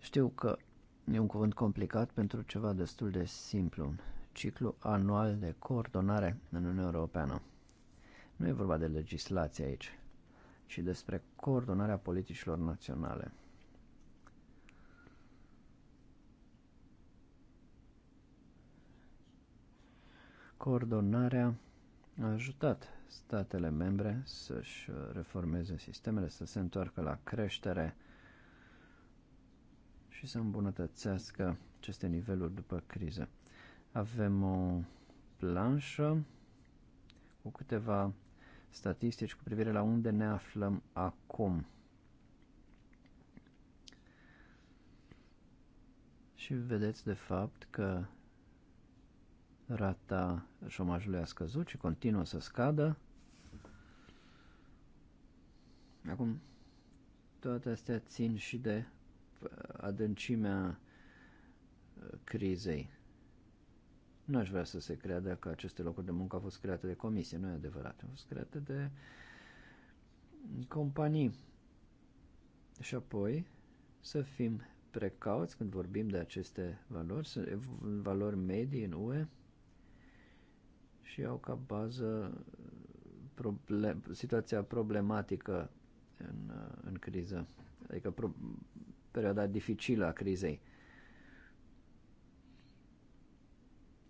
Știu că E un cuvânt complicat pentru ceva destul de simplu. Un ciclu anual de coordonare în Uniunea Europeană. Nu e vorba de legislație aici, ci despre coordonarea politicilor naționale. Coordonarea a ajutat statele membre să-și reformeze sistemele, să se întoarcă la creștere, și să îmbunătățească aceste niveluri după criză. Avem o planșă cu câteva statistici cu privire la unde ne aflăm acum. Și vedeți de fapt că rata șomajului a scăzut și continuă să scadă. Acum, toate astea țin și de adâncimea uh, crizei. Nu aș vrea să se creadă că aceste locuri de muncă au fost create de comisie, nu e adevărat, au fost create de companii. Și apoi să fim precauți când vorbim de aceste valori, sunt valori medii în UE și au ca bază uh, problem, situația problematică în, uh, în criză, adică pro, perioada dificilă a crizei.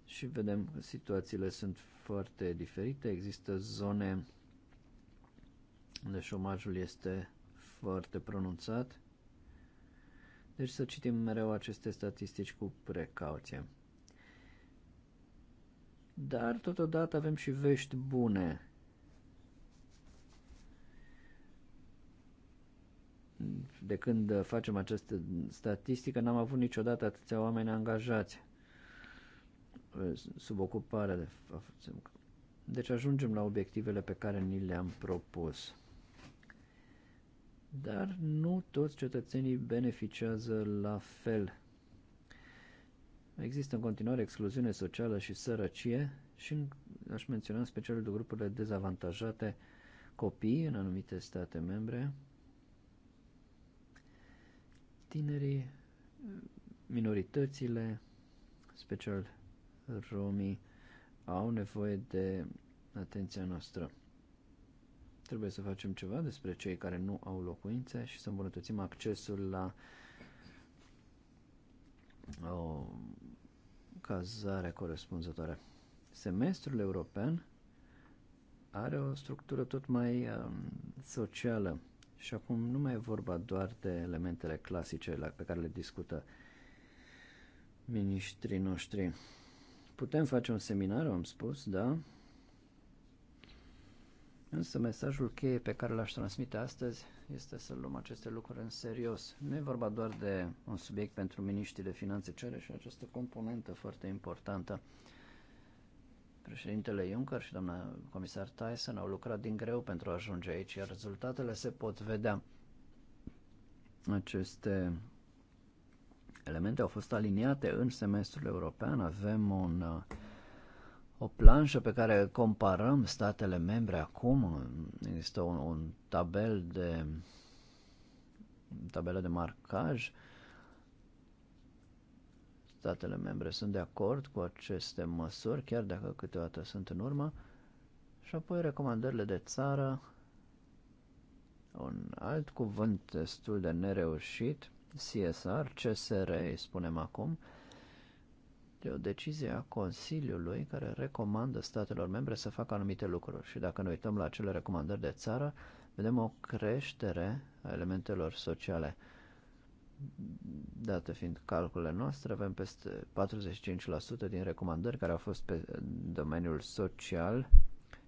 Și vedem că situațiile sunt foarte diferite. Există zone unde șomajul este foarte pronunțat. Deci să citim mereu aceste statistici cu precauție. Dar totodată avem și vești bune de când uh, facem această statistică, n-am avut niciodată atâția oameni angajați uh, sub ocupare. De deci ajungem la obiectivele pe care ni le-am propus. Dar nu toți cetățenii beneficiază la fel. Există în continuare excluziune socială și sărăcie și aș menționa în special de grupurile dezavantajate copii în anumite state membre, tinerii, minoritățile, special romii, au nevoie de atenția noastră. Trebuie să facem ceva despre cei care nu au locuințe și să îmbunătățim accesul la o cazare corespunzătoare. Semestrul european are o structură tot mai um, socială și acum nu mai e vorba doar de elementele clasice pe care le discută ministrii noștri. Putem face un seminar, am spus, da? Însă mesajul cheie pe care l-aș transmite astăzi este să luăm aceste lucruri în serios. Nu e vorba doar de un subiect pentru miniștrii de finanțe cere și această componentă foarte importantă. Președintele Juncker și doamna comisar Tyson au lucrat din greu pentru a ajunge aici, iar rezultatele se pot vedea. Aceste elemente au fost aliniate în semestrul european. Avem un, uh, o planșă pe care comparăm statele membre acum. Există un, un tabel de tabelă de marcaj statele membre sunt de acord cu aceste măsuri, chiar dacă câteodată sunt în urmă, și apoi recomandările de țară, un alt cuvânt destul de nereușit, CSR, CSR îi spunem acum, de o decizie a Consiliului care recomandă statelor membre să facă anumite lucruri. Și dacă ne uităm la acele recomandări de țară, vedem o creștere a elementelor sociale date fiind calculele noastre, avem peste 45% din recomandări care au fost pe domeniul social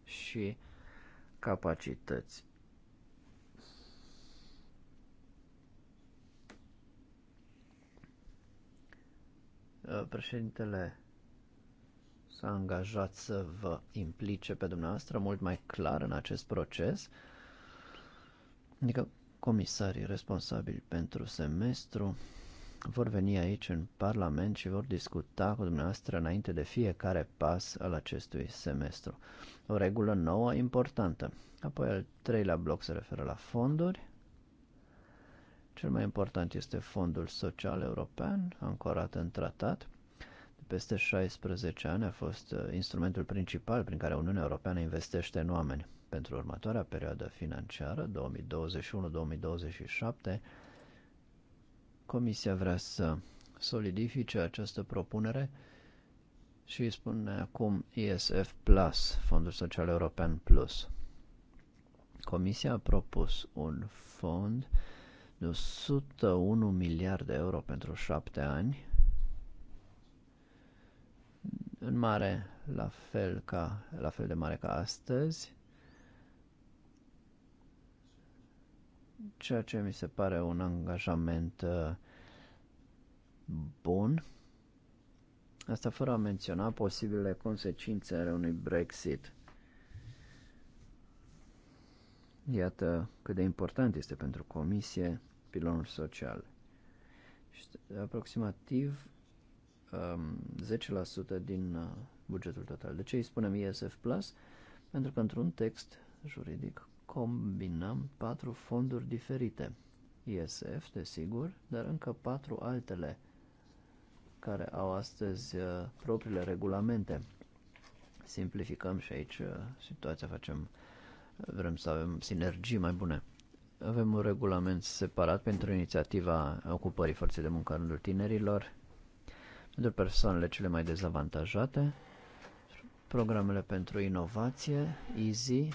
și capacități. Uh, președintele s-a angajat să vă implice pe dumneavoastră mult mai clar în acest proces. Adică Comisarii responsabili pentru semestru vor veni aici în Parlament și vor discuta cu dumneavoastră înainte de fiecare pas al acestui semestru. O regulă nouă importantă. Apoi al treilea bloc se referă la fonduri. Cel mai important este Fondul Social European, ancorat în tratat. De peste 16 ani a fost uh, instrumentul principal prin care Uniunea Europeană investește în oameni pentru următoarea perioadă financiară, 2021-2027, Comisia vrea să solidifice această propunere și spune acum ESF Plus, Fondul Social European Plus. Comisia a propus un fond de 101 miliarde de euro pentru șapte ani, în mare la fel, ca, la fel de mare ca astăzi, ceea ce mi se pare un angajament uh, bun. Asta fără a menționa posibilele consecințe ale unui Brexit. Iată cât de important este pentru Comisie pilonul social. Și aproximativ um, 10% din uh, bugetul total. De ce îi spunem ISF Plus? Pentru că într-un text juridic combinăm patru fonduri diferite. ISF, desigur, dar încă patru altele care au astăzi uh, propriile regulamente. Simplificăm și aici uh, situația, facem, uh, vrem să avem sinergii mai bune. Avem un regulament separat pentru inițiativa ocupării forței de muncă în rândul tinerilor, pentru persoanele cele mai dezavantajate, programele pentru inovație, EASY,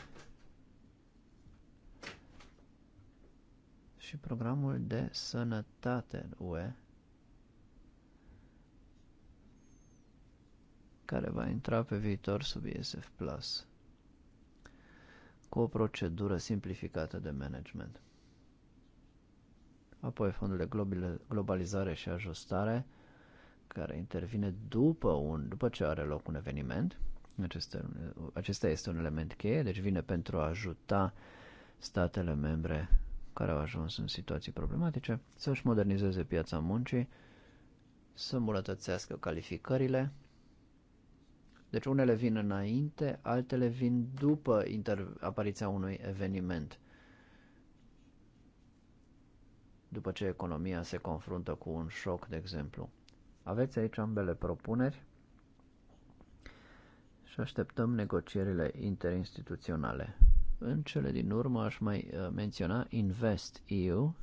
și programul de sănătate UE care va intra pe viitor sub ISF Plus cu o procedură simplificată de management. Apoi fondul de globalizare și ajustare care intervine după, un, după ce are loc un eveniment. Acesta, acesta este un element cheie, deci vine pentru a ajuta statele membre care au ajuns în situații problematice, să-și modernizeze piața muncii, să îmbunătățească calificările. Deci unele vin înainte, altele vin după apariția unui eveniment. După ce economia se confruntă cu un șoc, de exemplu. Aveți aici ambele propuneri și așteptăm negocierile interinstituționale. În cele din urmă aș mai uh, menționa Invest EU.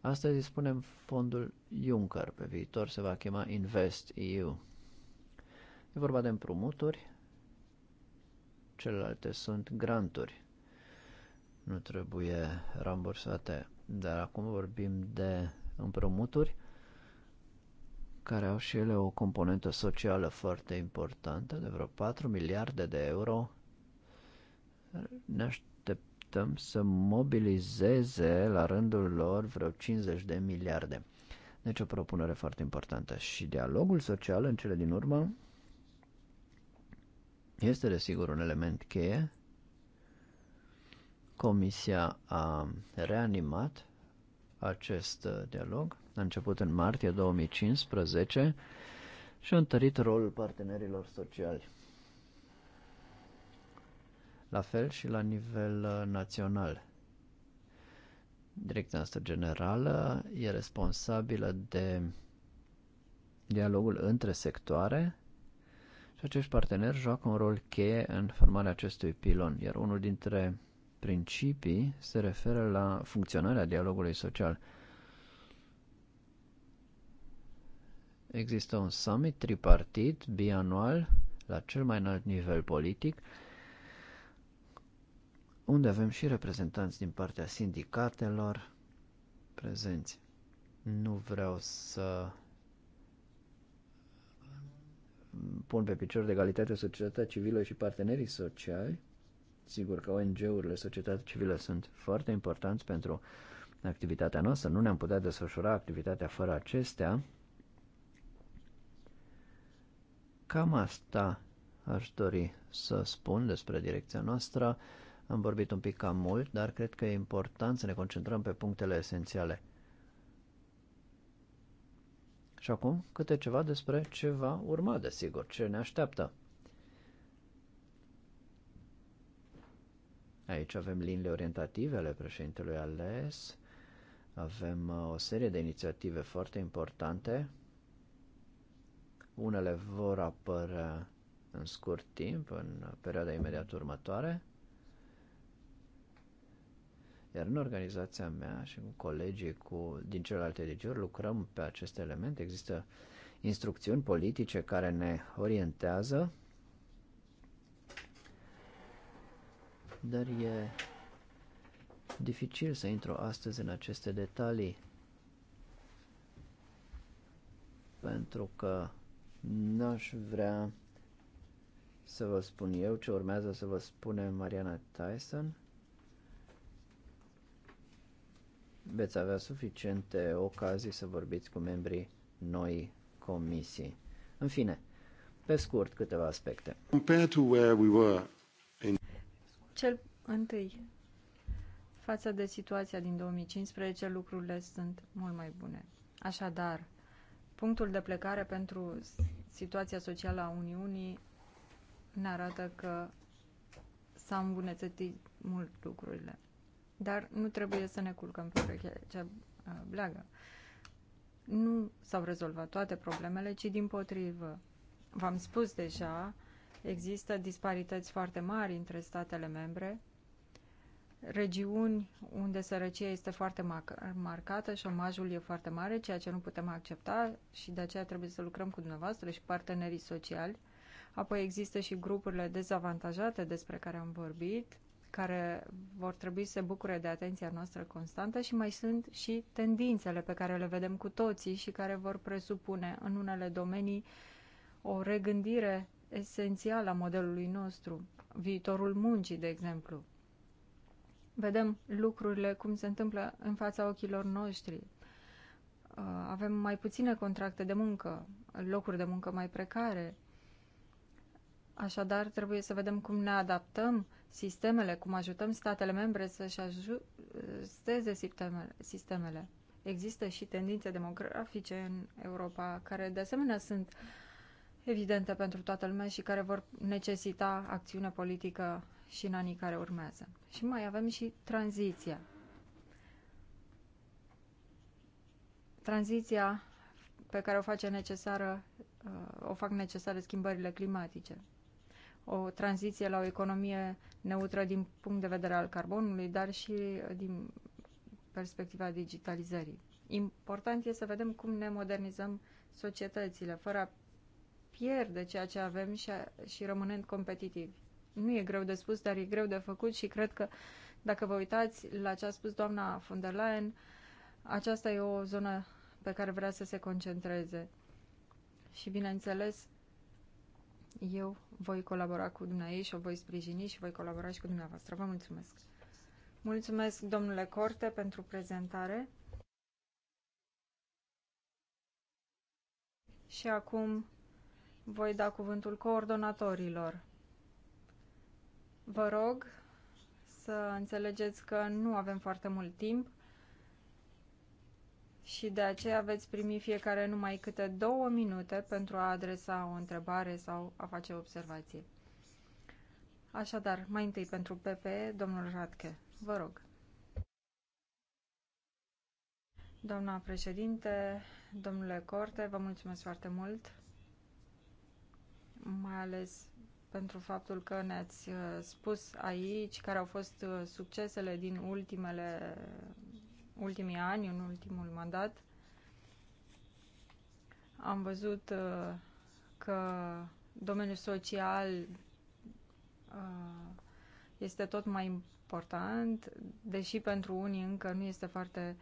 Astăzi spunem fondul Juncker, pe viitor se va chema Invest EU. E vorba de împrumuturi, celelalte sunt granturi. Nu trebuie rambursate, dar acum vorbim de împrumuturi care au și ele o componentă socială foarte importantă, de vreo 4 miliarde de euro ne așteptăm să mobilizeze la rândul lor vreo 50 de miliarde. Deci o propunere foarte importantă. Și dialogul social, în cele din urmă, este desigur un element cheie. Comisia a reanimat acest uh, dialog. A început în martie 2015 și a întărit rolul partenerilor sociali la fel și la nivel uh, național. Direcția noastră generală e responsabilă de dialogul între sectoare și acești parteneri joacă un rol cheie în formarea acestui pilon, iar unul dintre principii se referă la funcționarea dialogului social. Există un summit tripartit bianual la cel mai înalt nivel politic unde avem și reprezentanți din partea sindicatelor prezenți. Nu vreau să pun pe picior de egalitate societatea civilă și partenerii sociali. Sigur că ONG-urile, societatea civilă sunt foarte importanți pentru activitatea noastră. Nu ne-am putea desfășura activitatea fără acestea. Cam asta aș dori să spun despre direcția noastră. Am vorbit un pic cam mult, dar cred că e important să ne concentrăm pe punctele esențiale. Și acum câte ceva despre ce va urma, desigur, ce ne așteaptă. Aici avem liniile orientative ale președintelui ales, avem uh, o serie de inițiative foarte importante. Unele vor apărea în scurt timp, în perioada imediat următoare. Iar în organizația mea și cu colegii cu, din celelalte regiuni lucrăm pe acest element. Există instrucțiuni politice care ne orientează, dar e dificil să intru astăzi în aceste detalii pentru că n-aș vrea să vă spun eu ce urmează să vă spune Mariana Tyson. veți avea suficiente ocazii să vorbiți cu membrii noi comisii. În fine, pe scurt câteva aspecte.
Cel întâi, față de situația din 2015, lucrurile sunt mult mai bune. Așadar, punctul de plecare pentru situația socială a Uniunii ne arată că s-au îmbunătățit mult lucrurile dar nu trebuie să ne culcăm pe urechea cea uh, bleagă. Nu s-au rezolvat toate problemele, ci din potrivă. V-am spus deja, există disparități foarte mari între statele membre, regiuni unde sărăcia este foarte marcată, șomajul e foarte mare, ceea ce nu putem accepta și de aceea trebuie să lucrăm cu dumneavoastră și partenerii sociali. Apoi există și grupurile dezavantajate despre care am vorbit, care vor trebui să se bucure de atenția noastră constantă și mai sunt și tendințele pe care le vedem cu toții și care vor presupune în unele domenii o regândire esențială a modelului nostru, viitorul muncii, de exemplu. Vedem lucrurile cum se întâmplă în fața ochilor noștri. Uh, avem mai puține contracte de muncă, locuri de muncă mai precare. Așadar, trebuie să vedem cum ne adaptăm sistemele, cum ajutăm statele membre să-și ajusteze sistemele, sistemele. Există și tendințe demografice în Europa, care de asemenea sunt evidente pentru toată lumea și care vor necesita acțiune politică și în anii care urmează. Și mai avem și tranziția. Tranziția pe care o face necesară, uh, o fac necesare schimbările climatice o tranziție la o economie neutră din punct de vedere al carbonului, dar și din perspectiva digitalizării. Important este să vedem cum ne modernizăm societățile, fără a pierde ceea ce avem și, a, și rămânând competitivi. Nu e greu de spus, dar e greu de făcut și cred că, dacă vă uitați la ce a spus doamna von der Leyen, aceasta e o zonă pe care vrea să se concentreze. Și, bineînțeles, eu voi colabora cu dumneavoastră și o voi sprijini și voi colabora și cu dumneavoastră. Vă mulțumesc! Mulțumesc, domnule Corte, pentru prezentare. Și acum voi da cuvântul coordonatorilor. Vă rog să înțelegeți că nu avem foarte mult timp și de aceea veți primi fiecare numai câte două minute pentru a adresa o întrebare sau a face observație. Așadar, mai întâi pentru PPE, domnul Radke. Vă rog. Doamna președinte, domnule Corte, vă mulțumesc foarte mult, mai ales pentru faptul că ne-ați uh, spus aici care au fost uh, succesele din ultimele ultimii ani, în ultimul mandat, am văzut uh, că domeniul social uh, este tot mai important, deși pentru unii încă nu este foarte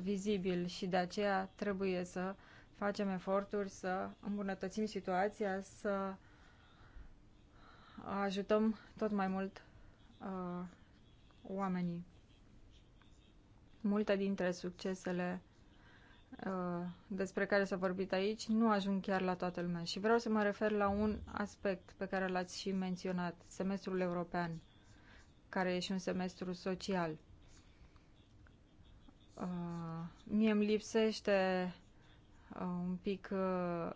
vizibil și de aceea trebuie să facem eforturi să îmbunătățim situația, să ajutăm tot mai mult uh, oamenii multe dintre succesele uh, despre care s-a vorbit aici nu ajung chiar la toată lumea. Și vreau să mă refer la un aspect pe care l-ați și menționat, semestrul european, care e și un semestru social. Uh, mie îmi lipsește uh, un pic uh,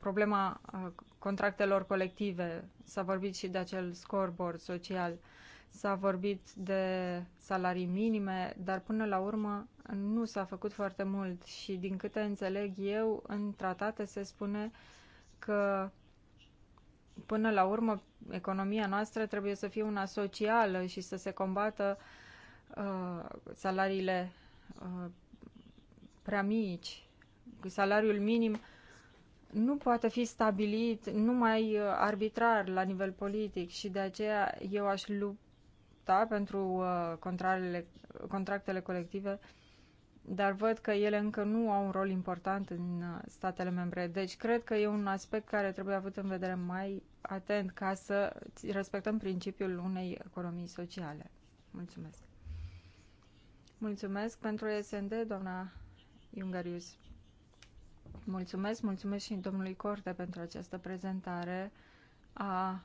problema uh, contractelor colective. S-a vorbit și de acel scoreboard social. Uh, S-a vorbit de salarii minime, dar până la urmă nu s-a făcut foarte mult și din câte înțeleg eu, în tratate se spune că până la urmă economia noastră trebuie să fie una socială și să se combată uh, salariile uh, prea mici. Salariul minim nu poate fi stabilit numai uh, arbitrar la nivel politic și de aceea eu aș lupta lupta pentru uh, contractele, contractele colective, dar văd că ele încă nu au un rol important în uh, statele membre. Deci cred că e un aspect care trebuie avut în vedere mai atent ca să respectăm principiul unei economii sociale. Mulțumesc. Mulțumesc pentru SND, doamna Iungarius. Mulțumesc, mulțumesc și domnului Corte pentru această prezentare a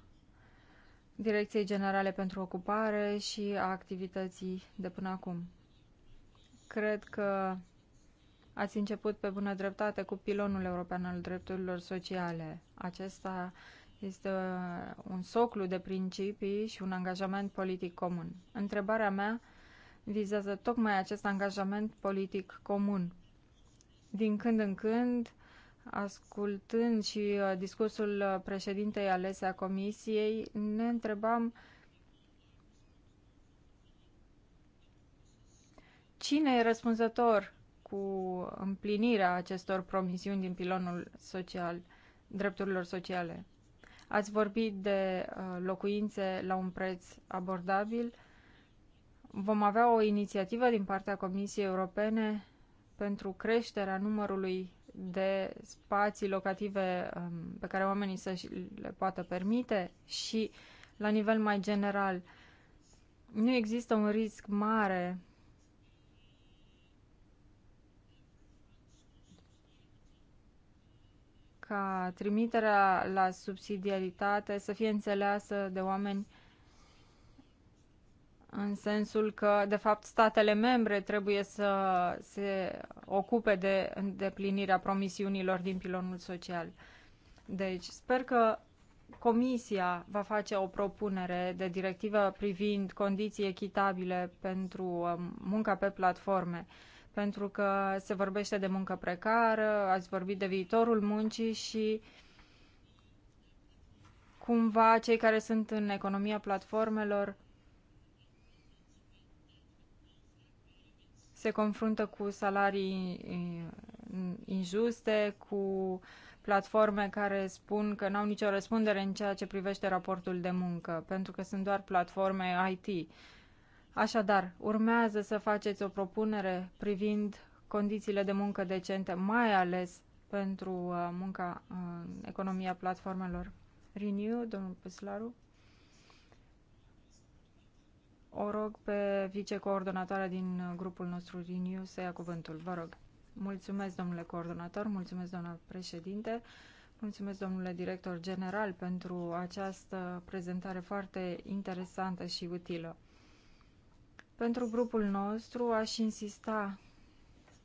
Direcției Generale pentru Ocupare și a activității de până acum. Cred că ați început pe bună dreptate cu pilonul european al drepturilor sociale. Acesta este un soclu de principii și un angajament politic comun. Întrebarea mea vizează tocmai acest angajament politic comun. Din când în când ascultând și uh, discursul uh, președintei alese a Comisiei, ne întrebam cine e răspunzător cu împlinirea acestor promisiuni din pilonul social, drepturilor sociale. Ați vorbit de uh, locuințe la un preț abordabil. Vom avea o inițiativă din partea Comisiei Europene pentru creșterea numărului de spații locative um, pe care oamenii să le poată permite și, la nivel mai general, nu există un risc mare ca trimiterea la subsidiaritate să fie înțeleasă de oameni în sensul că, de fapt, statele membre trebuie să se ocupe de îndeplinirea promisiunilor din pilonul social. Deci, sper că Comisia va face o propunere de directivă privind condiții echitabile pentru um, munca pe platforme, pentru că se vorbește de muncă precară, ați vorbit de viitorul muncii și cumva cei care sunt în economia platformelor se confruntă cu salarii eh, injuste, cu platforme care spun că n-au nicio răspundere în ceea ce privește raportul de muncă, pentru că sunt doar platforme IT. Așadar, urmează să faceți o propunere privind condițiile de muncă decente, mai ales pentru eh, munca eh, în economia platformelor. Renew, domnul Păslaru. O rog pe vicecoordonatoarea din grupul nostru Renew să ia cuvântul. Vă rog. Mulțumesc, domnule coordonator, mulțumesc, doamna președinte, mulțumesc, domnule director general, pentru această prezentare foarte interesantă și utilă. Pentru grupul nostru aș insista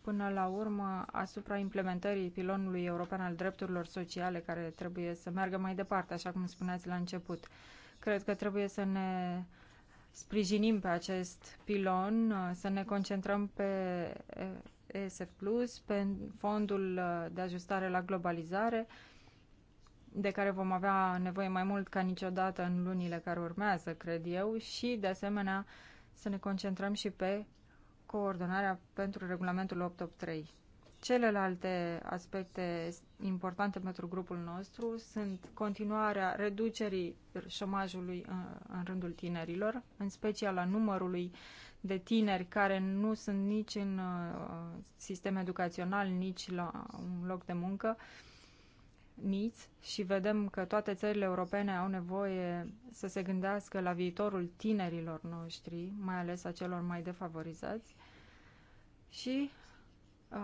până la urmă asupra implementării pilonului european al drepturilor sociale care trebuie să meargă mai departe, așa cum spuneați la început. Cred că trebuie să ne sprijinim pe acest pilon, uh, să ne concentrăm pe uh, ESF+, Plus, pe fondul uh, de ajustare la globalizare, de care vom avea nevoie mai mult ca niciodată în lunile care urmează, cred eu, și, de asemenea, să ne concentrăm și pe coordonarea pentru regulamentul 883. Celelalte aspecte importante pentru grupul nostru sunt continuarea reducerii șomajului uh, în rândul tinerilor, în special a numărului de tineri care nu sunt nici în uh, sistem educațional, nici la un loc de muncă, niți și vedem că toate țările europene au nevoie să se gândească la viitorul tinerilor noștri, mai ales a celor mai defavorizați, și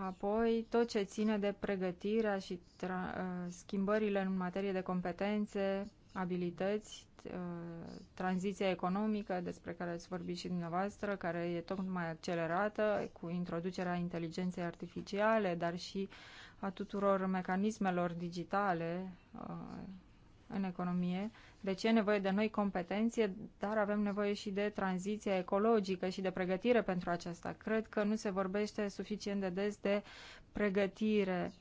Apoi, tot ce ține de pregătirea și uh, schimbările în materie de competențe, abilități, uh, tranziția economică, despre care ați vorbit și dumneavoastră, care e tocmai accelerată cu introducerea inteligenței artificiale, dar și a tuturor mecanismelor digitale uh, în economie, deci e nevoie de noi competențe, dar avem nevoie și de tranziție ecologică și de pregătire pentru aceasta. Cred că nu se vorbește suficient de des de pregătire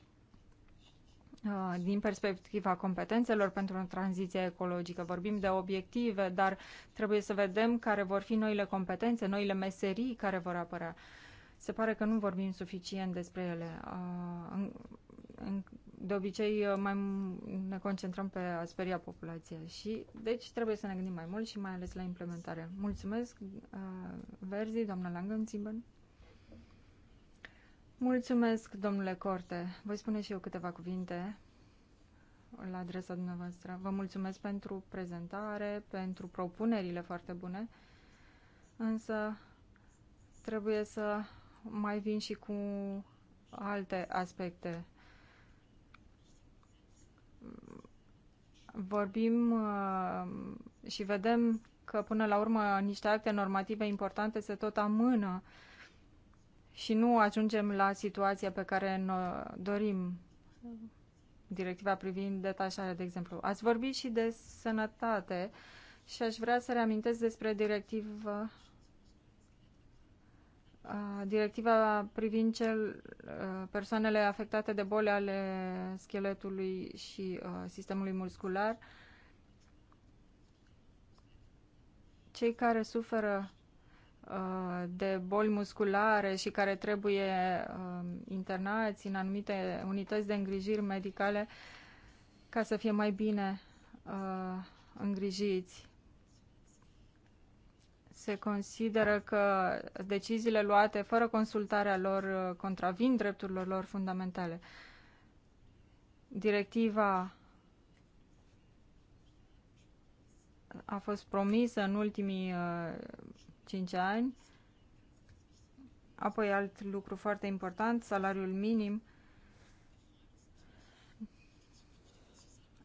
uh, din perspectiva competențelor pentru o tranziție ecologică. Vorbim de obiective, dar trebuie să vedem care vor fi noile competențe, noile meserii care vor apărea. Se pare că nu vorbim suficient despre ele. Uh, de obicei uh, mai ne concentrăm pe a speria populația și deci trebuie să ne gândim mai mult și mai ales la implementare. Mulțumesc, uh, Verzi, doamna Langenziben. Mulțumesc, domnule Corte. Voi spune și eu câteva cuvinte la adresa dumneavoastră. Vă mulțumesc pentru prezentare, pentru propunerile foarte bune, însă trebuie să mai vin și cu alte aspecte vorbim uh, și vedem că până la urmă niște acte normative importante se tot amână și nu ajungem la situația pe care ne dorim. Directiva privind detașarea, de exemplu. Ați vorbit și de sănătate și aș vrea să reamintesc despre directiva Directiva privind cel, persoanele afectate de boli ale scheletului și sistemului muscular, cei care suferă de boli musculare și care trebuie internați în anumite unități de îngrijiri medicale ca să fie mai bine îngrijiți se consideră că deciziile luate fără consultarea lor uh, contravin drepturilor lor fundamentale. Directiva a fost promisă în ultimii uh, cinci ani. Apoi alt lucru foarte important, salariul minim.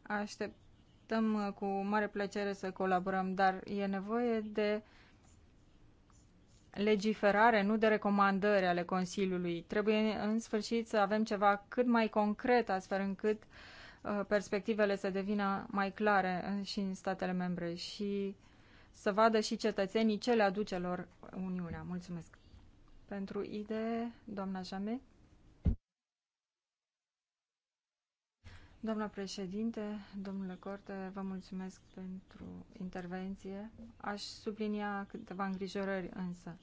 Aștept așteptăm uh, cu mare plăcere să colaborăm, dar e nevoie de legiferare, nu de recomandări ale Consiliului. Trebuie în sfârșit să avem ceva cât mai concret, astfel încât uh, perspectivele să devină mai clare uh, și în statele membre și să vadă și cetățenii ce le aduce lor Uniunea. Mulțumesc! Pentru idee, doamna Jame. Doamna președinte, domnule Corte, vă mulțumesc pentru intervenție. Aș sublinia câteva îngrijorări însă.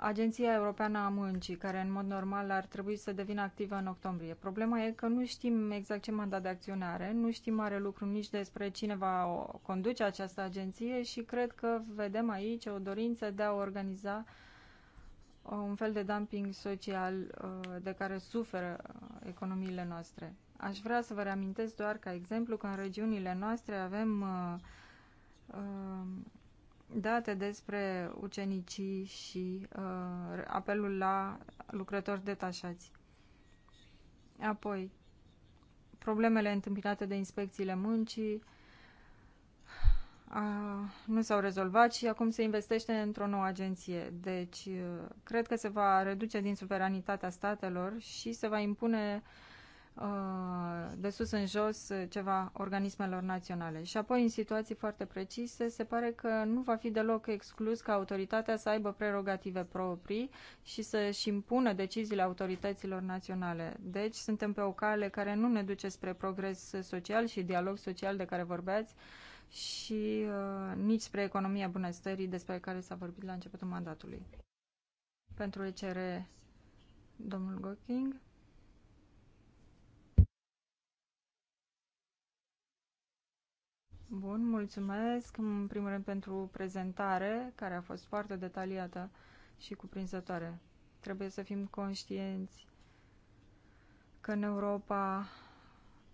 Agenția Europeană a Muncii, care în mod normal ar trebui să devină activă în octombrie. Problema e că nu știm exact ce mandat de acțiune are, nu știm mare lucru nici despre cine va conduce această agenție și cred că vedem aici o dorință de a organiza uh, un fel de dumping social uh, de care suferă uh, economiile noastre. Aș vrea să vă reamintesc doar ca exemplu că în regiunile noastre avem date despre ucenicii și uh, apelul la lucrători detașați. Apoi, problemele întâmpinate de inspecțiile muncii uh, nu s-au rezolvat și acum se investește într-o nouă agenție. Deci, uh, cred că se va reduce din suveranitatea statelor și se va impune uh, de sus în jos ceva organismelor naționale. Și apoi, în situații foarte precise, se pare că nu va fi deloc exclus ca autoritatea să aibă prerogative proprii și să-și impună deciziile autorităților naționale. Deci, suntem pe o cale care nu ne duce spre progres social și dialog social de care vorbeați și uh, nici spre economia bunăstării despre care s-a vorbit la începutul mandatului. Pentru ECR, domnul Goking. Bun, mulțumesc în primul rând pentru prezentare, care a fost foarte detaliată și cuprinzătoare. Trebuie să fim conștienți că în Europa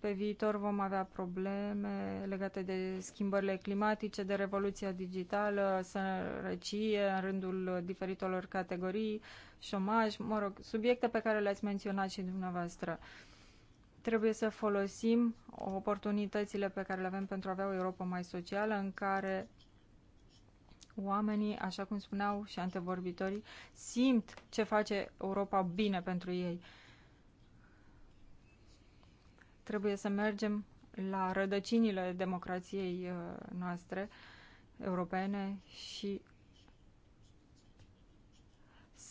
pe viitor vom avea probleme legate de schimbările climatice, de revoluția digitală, sărăcie în rândul diferitelor categorii, șomaj, mă rog, subiecte pe care le-ați menționat și dumneavoastră. Uh, Trebuie să folosim oportunitățile pe care le avem pentru a avea o Europa mai socială, în care oamenii, așa cum spuneau și antevorbitorii, simt ce face Europa bine pentru ei. Trebuie să mergem la rădăcinile democrației uh, noastre europene și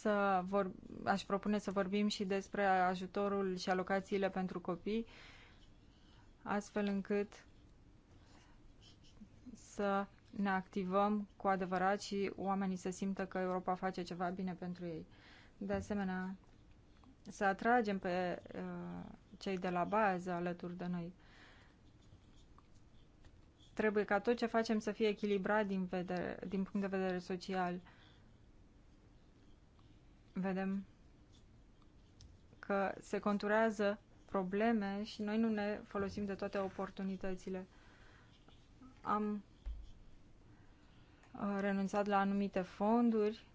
să vor, aș propune să vorbim și despre ajutorul și alocațiile pentru copii, astfel încât să ne activăm cu adevărat și oamenii să simtă că Europa face ceva bine pentru ei. De asemenea, să atragem pe uh, cei de la bază alături de noi. Trebuie ca tot ce facem să fie echilibrat din, vedere, din punct de vedere social. Uh, vedem că se conturează probleme și noi nu ne folosim de toate oportunitățile. Am uh, renunțat la anumite fonduri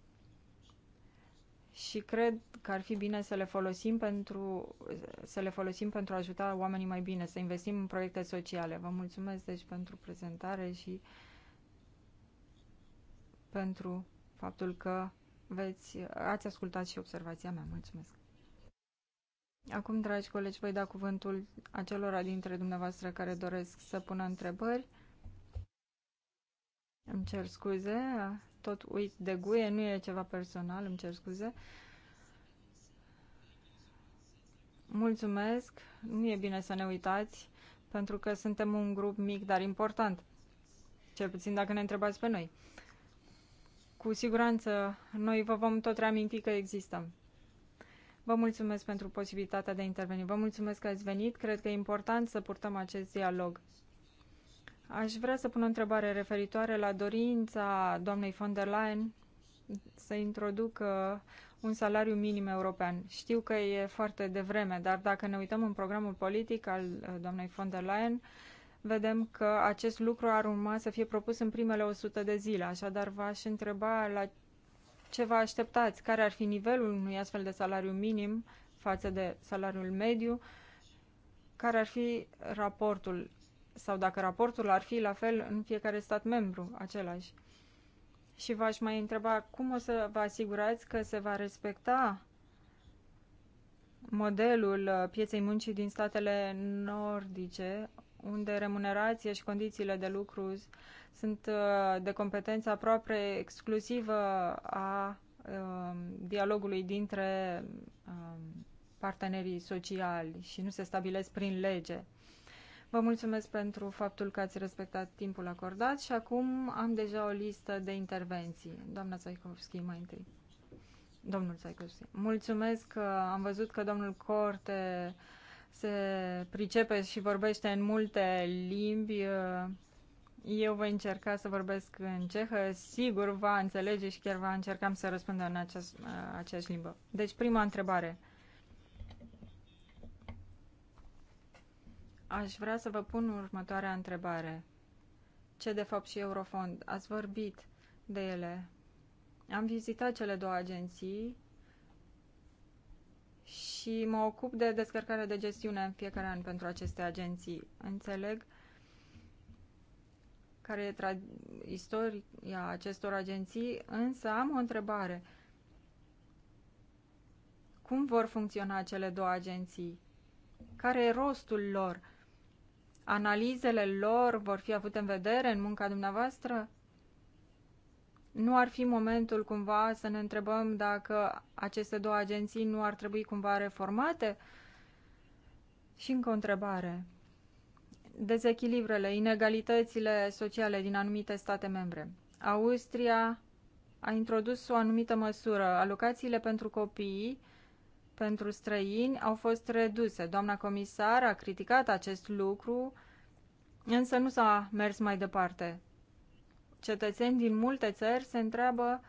și cred că ar fi bine să le folosim pentru, să le folosim pentru a ajuta oamenii mai bine, să investim în proiecte sociale. Vă mulțumesc deci pentru prezentare și pentru faptul că veți, ați ascultat și observația mea. Mulțumesc! Acum, dragi colegi, voi da cuvântul acelora dintre dumneavoastră care doresc să pună întrebări. Îmi cer scuze, tot uit de guie, nu e ceva personal, îmi cer scuze. Mulțumesc, nu e bine să ne uitați, pentru că suntem un grup mic, dar important. Cel puțin dacă ne întrebați pe noi cu siguranță noi vă vom tot reaminti că există. Vă mulțumesc pentru posibilitatea de a interveni. Vă mulțumesc că ați venit. Cred că e important să purtăm acest dialog. Aș vrea să pun o întrebare referitoare la dorința doamnei von der Leyen să introducă un salariu minim european. Știu că e foarte devreme, dar dacă ne uităm în programul politic al doamnei von der Leyen, vedem că acest lucru ar urma să fie propus în primele 100 de zile. Așadar, v-aș întreba la ce vă așteptați, care ar fi nivelul unui astfel de salariu minim față de salariul mediu, care ar fi raportul sau dacă raportul ar fi la fel în fiecare stat membru același. Și v-aș mai întreba cum o să vă asigurați că se va respecta modelul uh, pieței muncii din statele nordice, unde remunerația și condițiile de lucru sunt uh, de competență aproape exclusivă a um, dialogului dintre um, partenerii sociali și nu se stabilesc prin lege. Vă mulțumesc pentru faptul că ați respectat timpul acordat și acum am deja o listă de intervenții. Doamna Zaikovski, mai întâi. Domnul Zaikovski. Mulțumesc că am văzut că domnul Corte se pricepe și vorbește în multe limbi. Eu voi încerca să vorbesc în cehă, sigur va înțelege și chiar va încercam să răspundă în aceast, aceeași limbă. Deci, prima întrebare. Aș vrea să vă pun următoarea întrebare. Ce de fapt și Eurofond? Ați vorbit de ele. Am vizitat cele două agenții și mă ocup de descărcarea de gestiune în fiecare an pentru aceste agenții. Înțeleg care e tra- istoria acestor agenții, însă am o întrebare. Cum vor funcționa cele două agenții? Care e rostul lor? Analizele lor vor fi avute în vedere în munca dumneavoastră? nu ar fi momentul cumva să ne întrebăm dacă aceste două agenții nu ar trebui cumva reformate? Și încă o întrebare. Dezechilibrele, inegalitățile sociale din anumite state membre. Austria a introdus o anumită măsură. Alocațiile pentru copii, pentru străini, au fost reduse. Doamna comisar a criticat acest lucru, însă nu s-a mers mai departe cetățeni din multe țări se întreabă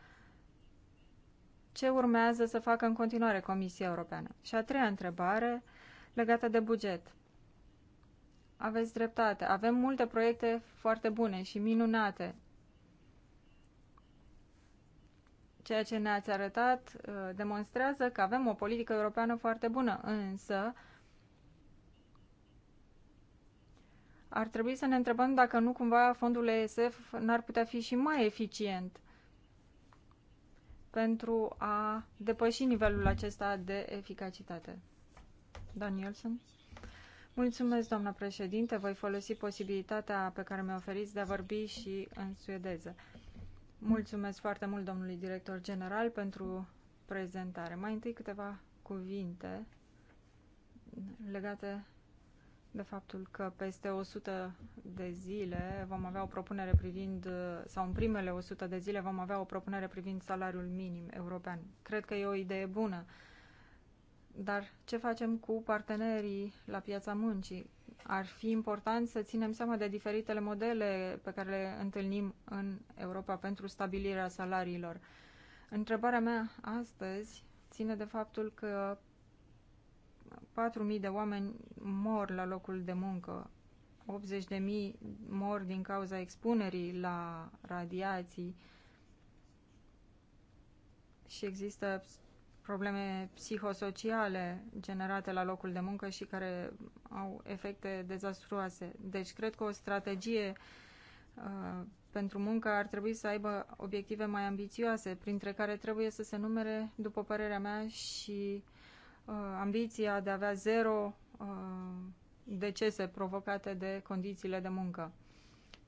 ce urmează să facă în continuare Comisia Europeană. Și a treia întrebare legată de buget. Aveți dreptate. Avem multe proiecte foarte bune și minunate. Ceea ce ne-ați arătat uh, demonstrează că avem o politică europeană foarte bună, însă Ar trebui să ne întrebăm dacă nu cumva fondul ESF n-ar putea fi și mai eficient pentru a depăși nivelul acesta de eficacitate. Danielson? Mulțumesc, doamna președinte. Voi folosi posibilitatea pe care mi-o oferiți de a vorbi și în suedeză. Mulțumesc foarte mult domnului director general pentru prezentare. Mai întâi câteva cuvinte legate de faptul că peste 100 de zile vom avea o propunere privind, sau în primele 100 de zile vom avea o propunere privind salariul minim european. Cred că e o idee bună. Dar ce facem cu partenerii la piața muncii? Ar fi important să ținem seama de diferitele modele pe care le întâlnim în Europa pentru stabilirea salariilor. Întrebarea mea astăzi ține de faptul că 4.000 de oameni mor la locul de muncă, 80.000 mor din cauza expunerii la radiații și există probleme psihosociale generate la locul de muncă și care au efecte dezastruoase. Deci cred că o strategie uh, pentru muncă ar trebui să aibă obiective mai ambițioase, printre care trebuie să se numere, după părerea mea, și uh, Uh, ambiția de a avea zero uh, decese provocate de condițiile de muncă.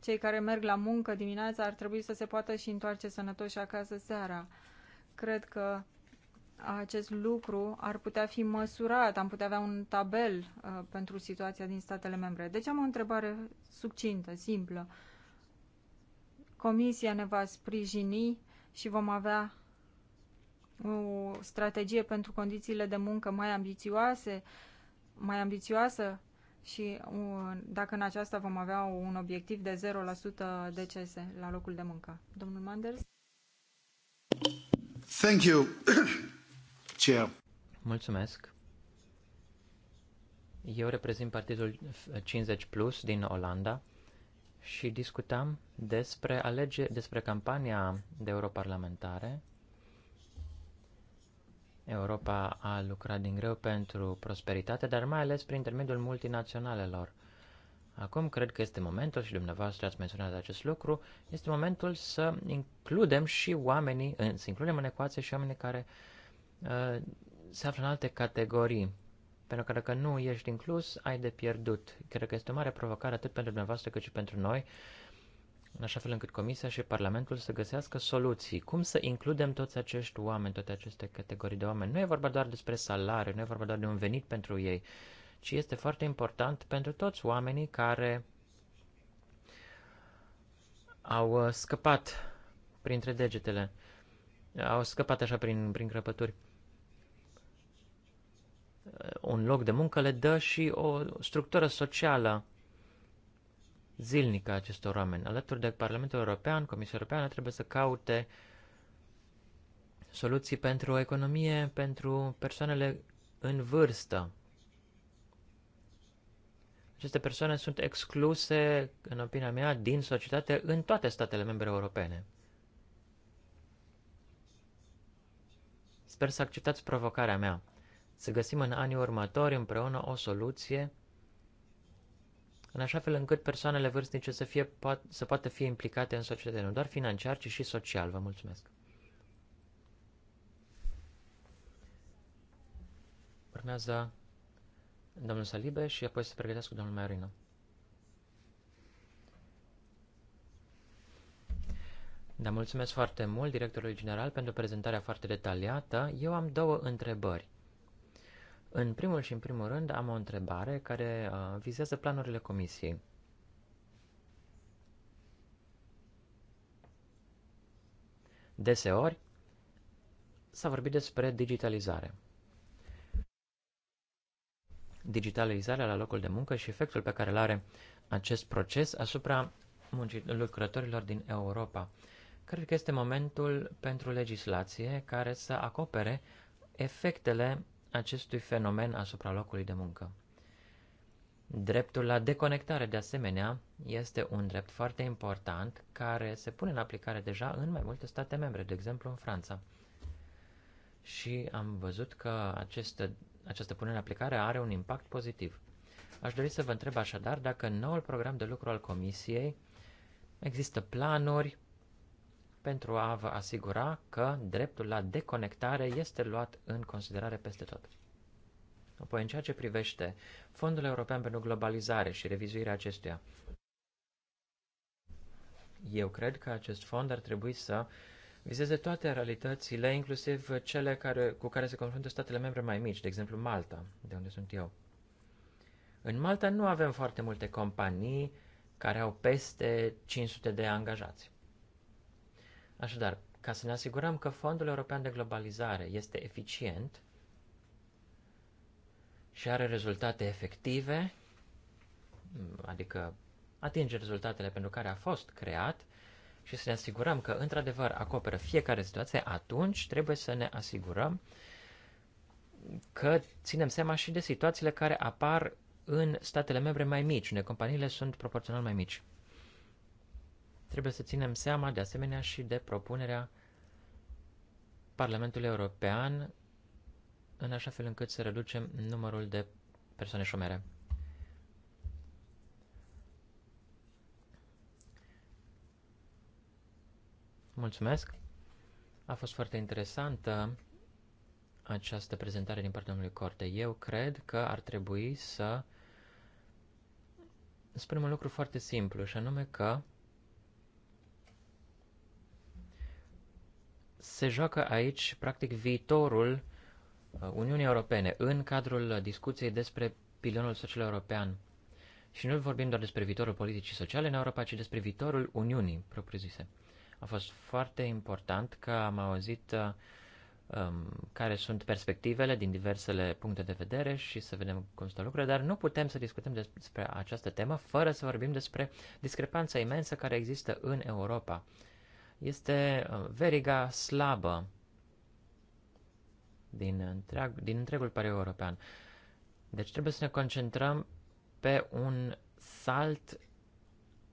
Cei care merg la muncă dimineața ar trebui să se poată și întoarce sănătoși acasă seara. Cred că acest lucru ar putea fi măsurat, am putea avea un tabel uh, pentru situația din statele membre. Deci am o întrebare succintă, simplă. Comisia ne va sprijini și vom avea o strategie pentru condițiile de muncă mai ambițioase, mai ambițioasă și uh, dacă în aceasta vom avea un obiectiv de 0% decese la locul de muncă. Domnul Manders?
Thank you, Chair.
Mulțumesc. Eu reprezint partidul 50 Plus din Olanda și discutam despre, alege, despre campania de europarlamentare Europa a lucrat din greu pentru prosperitate, dar mai ales prin intermediul multinaționalelor. Acum cred că este momentul, și dumneavoastră ați menționat acest lucru, este momentul să includem și oamenii, să includem în ecuație și oamenii care uh, se află în alte categorii. Pentru că dacă nu ești inclus, ai de pierdut. Cred că este o mare provocare atât pentru dumneavoastră cât și pentru noi în așa fel încât Comisia și Parlamentul să găsească soluții. Cum să includem toți acești oameni, toate aceste categorii de oameni? Nu e vorba doar despre salariu, nu e vorba doar de un venit pentru ei, ci este foarte important pentru toți oamenii care au uh, scăpat printre degetele, au scăpat așa prin, prin crăpături. Uh, un loc de muncă le dă și o structură socială zilnică a acestor oameni. Alături de Parlamentul European, Comisia Europeană trebuie să caute soluții pentru economie, pentru persoanele în vârstă. Aceste persoane sunt excluse, în opinia mea, din societate în toate statele membre europene. Sper să acceptați provocarea mea, să găsim în anii următori împreună o soluție în așa fel încât persoanele vârstnice să, fie, poat, să poată fi implicate în societate, nu doar financiar, ci și social. Vă mulțumesc! Urmează domnul Salibe și apoi să pregătească domnul Marino. Da, mulțumesc foarte mult directorului general pentru prezentarea foarte detaliată. Eu am două întrebări. În primul și în primul rând am o întrebare care uh, vizează planurile comisiei. Deseori s-a vorbit despre digitalizare. Digitalizarea la locul de muncă și efectul pe care îl are acest proces asupra lucrătorilor din Europa. Cred că este momentul pentru legislație care să acopere efectele acestui fenomen asupra locului de muncă. Dreptul la deconectare, de asemenea, este un drept foarte important care se pune în aplicare deja în mai multe state membre, de exemplu în Franța. Și am văzut că această, această punere în aplicare are un impact pozitiv. Aș dori să vă întreb așadar dacă în noul program de lucru al Comisiei există planuri pentru a vă asigura că dreptul la deconectare este luat în considerare peste tot. Apoi, în ceea ce privește Fondul European pentru Globalizare și revizuirea acestuia, eu cred că acest fond ar trebui să vizeze toate realitățile, inclusiv cele care, cu care se confruntă statele membre mai mici, de exemplu Malta, de unde sunt eu. În Malta nu avem foarte multe companii care au peste 500 de angajați. Așadar, ca să ne asigurăm că Fondul European de Globalizare este eficient și are rezultate efective, adică atinge rezultatele pentru care a fost creat și să ne asigurăm că într-adevăr acoperă fiecare situație, atunci trebuie să ne asigurăm că ținem seama și de situațiile care apar în statele membre mai mici, unde companiile sunt proporțional mai mici. Trebuie să ținem seama de asemenea și de propunerea Parlamentului European în așa fel încât să reducem numărul de persoane șomere. Mulțumesc! A fost foarte interesantă această prezentare din partea domnului Corte. Eu cred că ar trebui să spunem un lucru foarte simplu, și anume că se joacă aici, practic, viitorul uh, Uniunii Europene în cadrul discuției despre pilonul social european. Și nu vorbim doar despre viitorul politicii sociale în Europa, ci despre viitorul Uniunii, propriu-zise. A fost foarte important că am auzit uh, um, care sunt perspectivele din diversele puncte de vedere și să vedem cum stă lucrurile, dar nu putem să discutăm despre această temă fără să vorbim despre discrepanța imensă care există în Europa este uh, veriga slabă din, întreag, din întregul pariu european. Deci trebuie să ne concentrăm pe un salt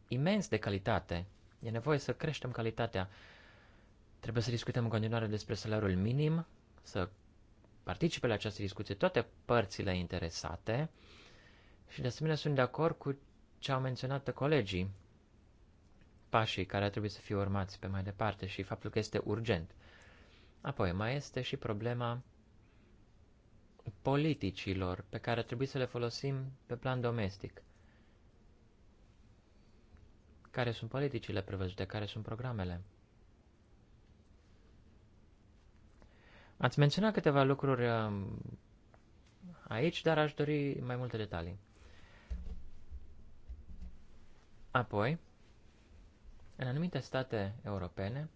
imens de calitate. E nevoie să creștem calitatea. Trebuie să discutăm în continuare despre salariul minim, să participe la această discuție toate părțile interesate și de asemenea sunt de acord cu ce au menționat colegii pașii care ar trebui să fie urmați pe mai departe și faptul că este urgent. Apoi mai este și problema politicilor pe care trebuie să le folosim pe plan domestic. Care sunt politicile prevăzute, care sunt programele? Ați menționat câteva lucruri um, aici, dar aș dori mai multe detalii. Apoi, în anumite state europene,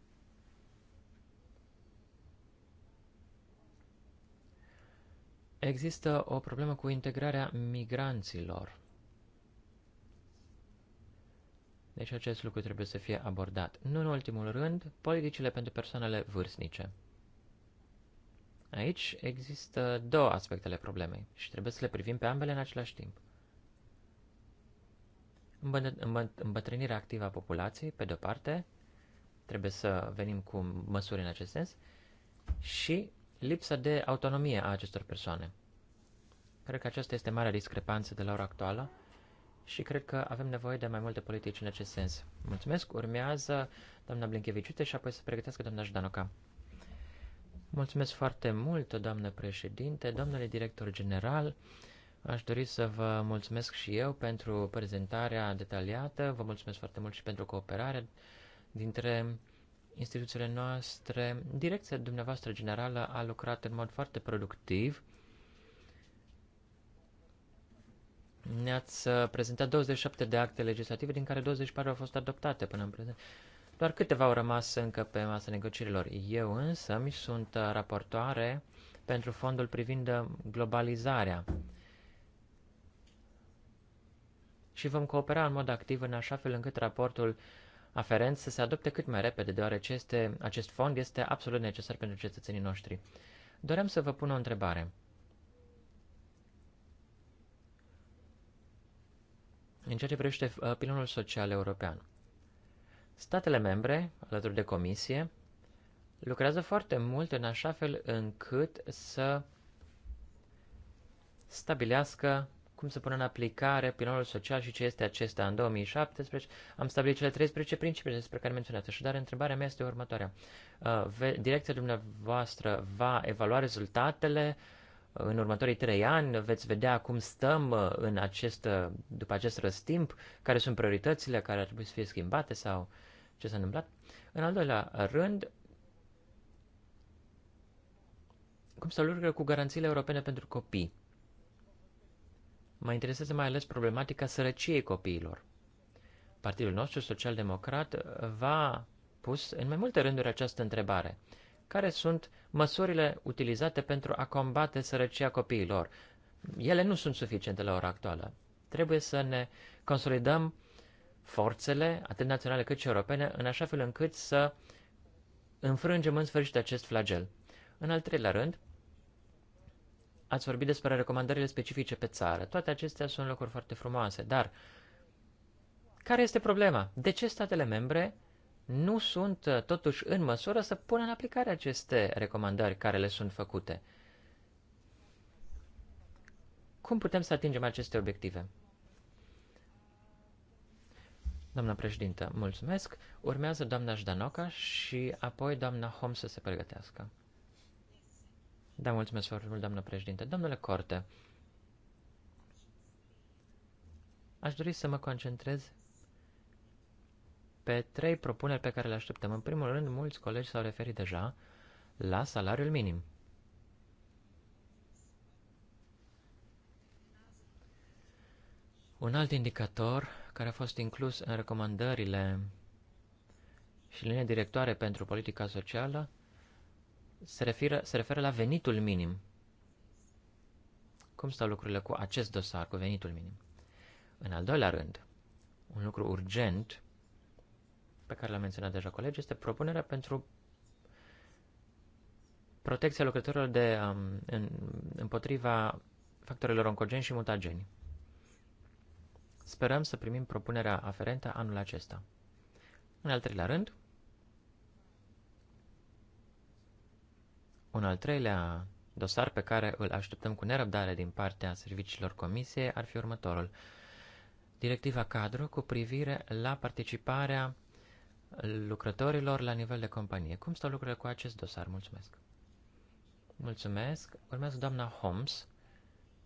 există o problemă cu integrarea migranților. Deci acest lucru trebuie să fie abordat. Nu în ultimul rând, politicile pentru persoanele vârstnice. Aici există două aspecte ale problemei și trebuie să le privim pe ambele în același timp îmbătrânirea activă a populației, pe de-o parte, trebuie să venim cu măsuri în acest sens, și lipsa de autonomie a acestor persoane. Cred că aceasta este marea discrepanță de la ora actuală și cred că avem nevoie de mai multe politici în acest sens. Mulțumesc. Urmează doamna Blinkeviciute și apoi să pregătească doamna Jdanoca. Mulțumesc foarte mult, doamnă președinte, domnule director general. Aș dori să vă mulțumesc și eu pentru prezentarea detaliată, vă mulțumesc foarte mult și pentru cooperare dintre instituțiile noastre. Direcția dumneavoastră generală a lucrat în mod foarte productiv. Ne-ați prezentat 27 de acte legislative, din care 24 au fost adoptate până în prezent. Doar câteva au rămas încă pe masa negocierilor. Eu însă mi sunt raportoare pentru fondul privind globalizarea și vom coopera în mod activ în așa fel încât raportul aferent să se adopte cât mai repede, deoarece este, acest fond este absolut necesar pentru cetățenii noștri. Doream să vă pun o întrebare. În ceea ce privește uh, pilonul social european, statele membre, alături de comisie, lucrează foarte mult în așa fel încât să stabilească cum să pună în aplicare pilonul social și ce este acesta. În 2017 am stabilit cele 13 principii despre care menționați. Așadar, întrebarea mea este următoarea. Uh, direcția dumneavoastră va evalua rezultatele uh, în următorii trei ani, veți vedea cum stăm uh, în acest, după acest răstimp, care sunt prioritățile care ar trebui să fie schimbate sau ce s-a întâmplat. În al doilea rând, cum să lucră cu garanțiile europene pentru copii. Mă interesează mai ales problematica sărăciei copiilor. Partidul nostru social-democrat va pus în mai multe rânduri această întrebare. Care sunt măsurile utilizate pentru a combate sărăcia copiilor? Ele nu sunt suficiente la ora actuală. Trebuie să ne consolidăm forțele, atât naționale cât și europene, în așa fel încât să înfrângem în sfârșit acest flagel. În al treilea rând, Ați vorbit despre recomandările specifice pe țară. Toate acestea sunt lucruri foarte frumoase, dar care este problema? De ce statele membre nu sunt uh, totuși în măsură să pună în aplicare aceste recomandări care le sunt făcute? Cum putem să atingem aceste obiective? Doamna președintă, mulțumesc. Urmează doamna Jdanoca și apoi doamna Homs să se pregătească. Da, mulțumesc foarte mult, doamnă președinte. Domnule Corte, aș dori să mă concentrez pe trei propuneri pe care le așteptăm. În primul rând, mulți colegi s-au referit deja la salariul minim. Un alt indicator care a fost inclus în recomandările și linia directoare pentru politica socială se referă, se referă la venitul minim. Cum stau lucrurile cu acest dosar, cu venitul minim? În al doilea rând, un lucru urgent pe care l-a menționat deja colegi este propunerea pentru protecția lucrătorilor de, um, în, împotriva factorilor oncogeni și mutageni. Sperăm să primim propunerea aferentă anul acesta. În al treilea rând, Un al treilea dosar pe care îl așteptăm cu nerăbdare din partea serviciilor comisiei ar fi următorul. Directiva cadru cu privire la participarea lucrătorilor la nivel de companie. Cum stau lucrurile cu acest dosar? Mulțumesc. Mulțumesc. Urmează doamna Holmes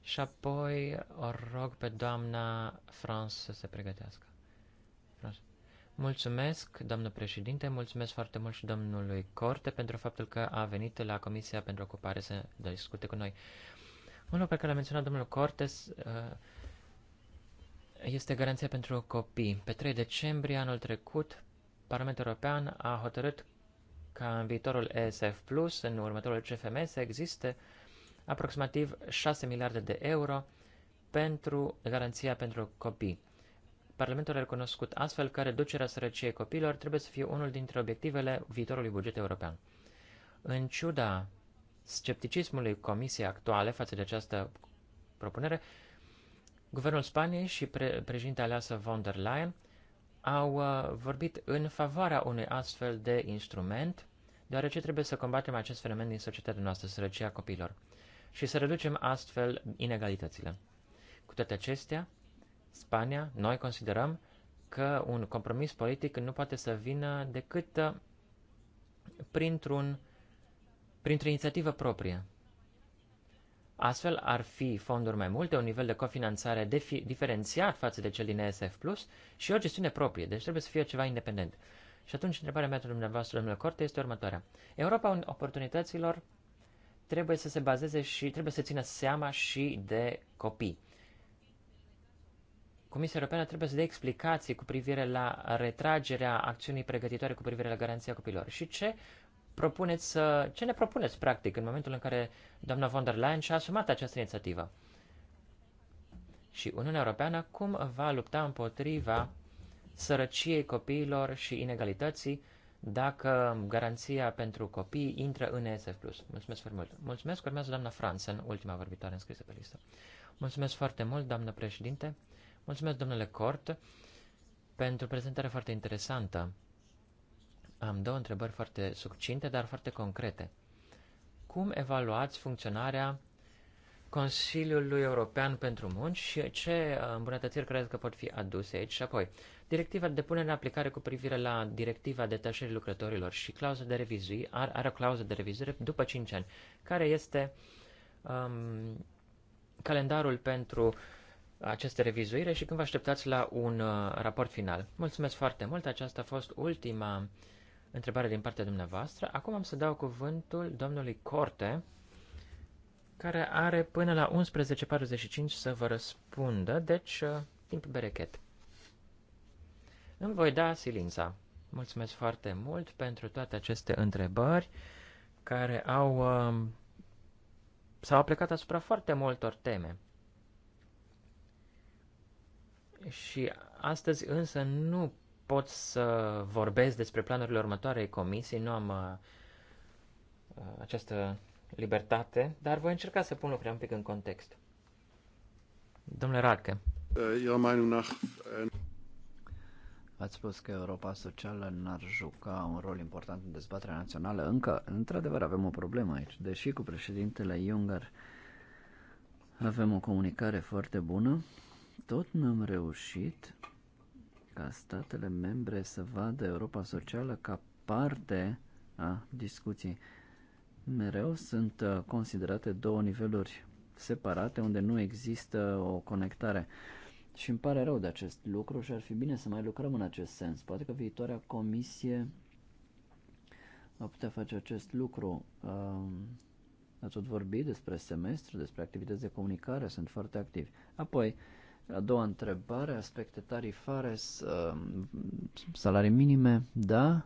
și apoi o rog pe doamna France să se pregătească. France. Mulțumesc, domnul președinte, mulțumesc foarte mult și domnului Corte pentru faptul că a venit la Comisia pentru Ocupare să discute cu noi. Un lucru pe care l-a menționat domnul Cortes uh, este garanția pentru copii. Pe 3 decembrie anul trecut, Parlamentul European a hotărât ca în viitorul ESF Plus, în următorul CFM, să existe aproximativ 6 miliarde de euro pentru garanția pentru copii. Parlamentul a recunoscut astfel că reducerea sărăciei copiilor trebuie să fie unul dintre obiectivele viitorului buget european. În ciuda scepticismului comisiei actuale față de această propunere, guvernul Spaniei și pre președintele aleasă von der Leyen au uh, vorbit în favoarea unui astfel de instrument, deoarece trebuie să combatem acest fenomen din societatea noastră, sărăcia copiilor, și să reducem astfel inegalitățile. Cu toate acestea, Spania, noi considerăm că un compromis politic nu poate să vină decât uh, printr-un, printr-o inițiativă proprie. Astfel ar fi fonduri mai multe, un nivel de cofinanțare diferențiat față de cel din ESF+, Plus și o gestiune proprie, deci trebuie să fie ceva independent. Și atunci, întrebarea mea dumneavoastră, domnule Corte, este următoarea. Europa oportunităților trebuie să se bazeze și trebuie să țină seama și de copii. Comisia Europeană trebuie să dea explicații cu privire la retragerea acțiunii pregătitoare cu privire la garanția copilor. Și ce propuneți să, ce ne propuneți practic în momentul în care doamna von der Leyen și-a asumat această inițiativă? Și Uniunea Europeană cum va lupta împotriva sărăciei copiilor și inegalității dacă garanția pentru copii intră în ESF+. Mulțumesc foarte mult. Mulțumesc, urmează doamna Fransen, ultima vorbitoare înscrisă pe listă. Mulțumesc foarte mult, doamnă președinte. Mulțumesc, domnule Cort, pentru prezentarea foarte interesantă. Am două întrebări foarte succinte, dar foarte concrete. Cum evaluați funcționarea Consiliului European pentru Munci și ce îmbunătățiri credeți că pot fi aduse aici? Și apoi, directiva de punere în aplicare cu privire la directiva detașării lucrătorilor și clauza de revizuire, are, are o clauză de revizuire după 5 ani. Care este um, calendarul pentru această revizuire și când vă așteptați la un uh, raport final. Mulțumesc foarte mult, aceasta a fost ultima întrebare din partea dumneavoastră. Acum am să dau cuvântul domnului Corte, care are până la 11.45 să vă răspundă, deci uh, timp berechet. Îmi voi da silința. Mulțumesc foarte mult pentru toate aceste întrebări care au uh, s-au plecat asupra foarte multor teme. Și astăzi însă nu pot să vorbesc despre planurile următoare comisii, nu am uh, uh, această libertate, dar voi încerca să pun lucrurile un pic în context. Domnule Radke.
Eh, eh,
Ați spus că Europa Socială n-ar juca un rol important în dezbaterea națională. Încă, într-adevăr, avem o problemă aici. Deși cu președintele Juncker avem o comunicare foarte bună, tot n-am reușit ca statele membre să vadă Europa Socială ca parte a discuției. Mereu sunt uh, considerate două niveluri separate unde nu există o conectare. Și îmi pare rău de acest lucru și ar fi bine să mai lucrăm în acest sens. Poate că viitoarea comisie va putea face acest lucru. Um, a tot vorbit despre semestru, despre activități de comunicare, sunt foarte activi. Apoi, a doua întrebare, aspecte tarifare, um, salarii minime, da?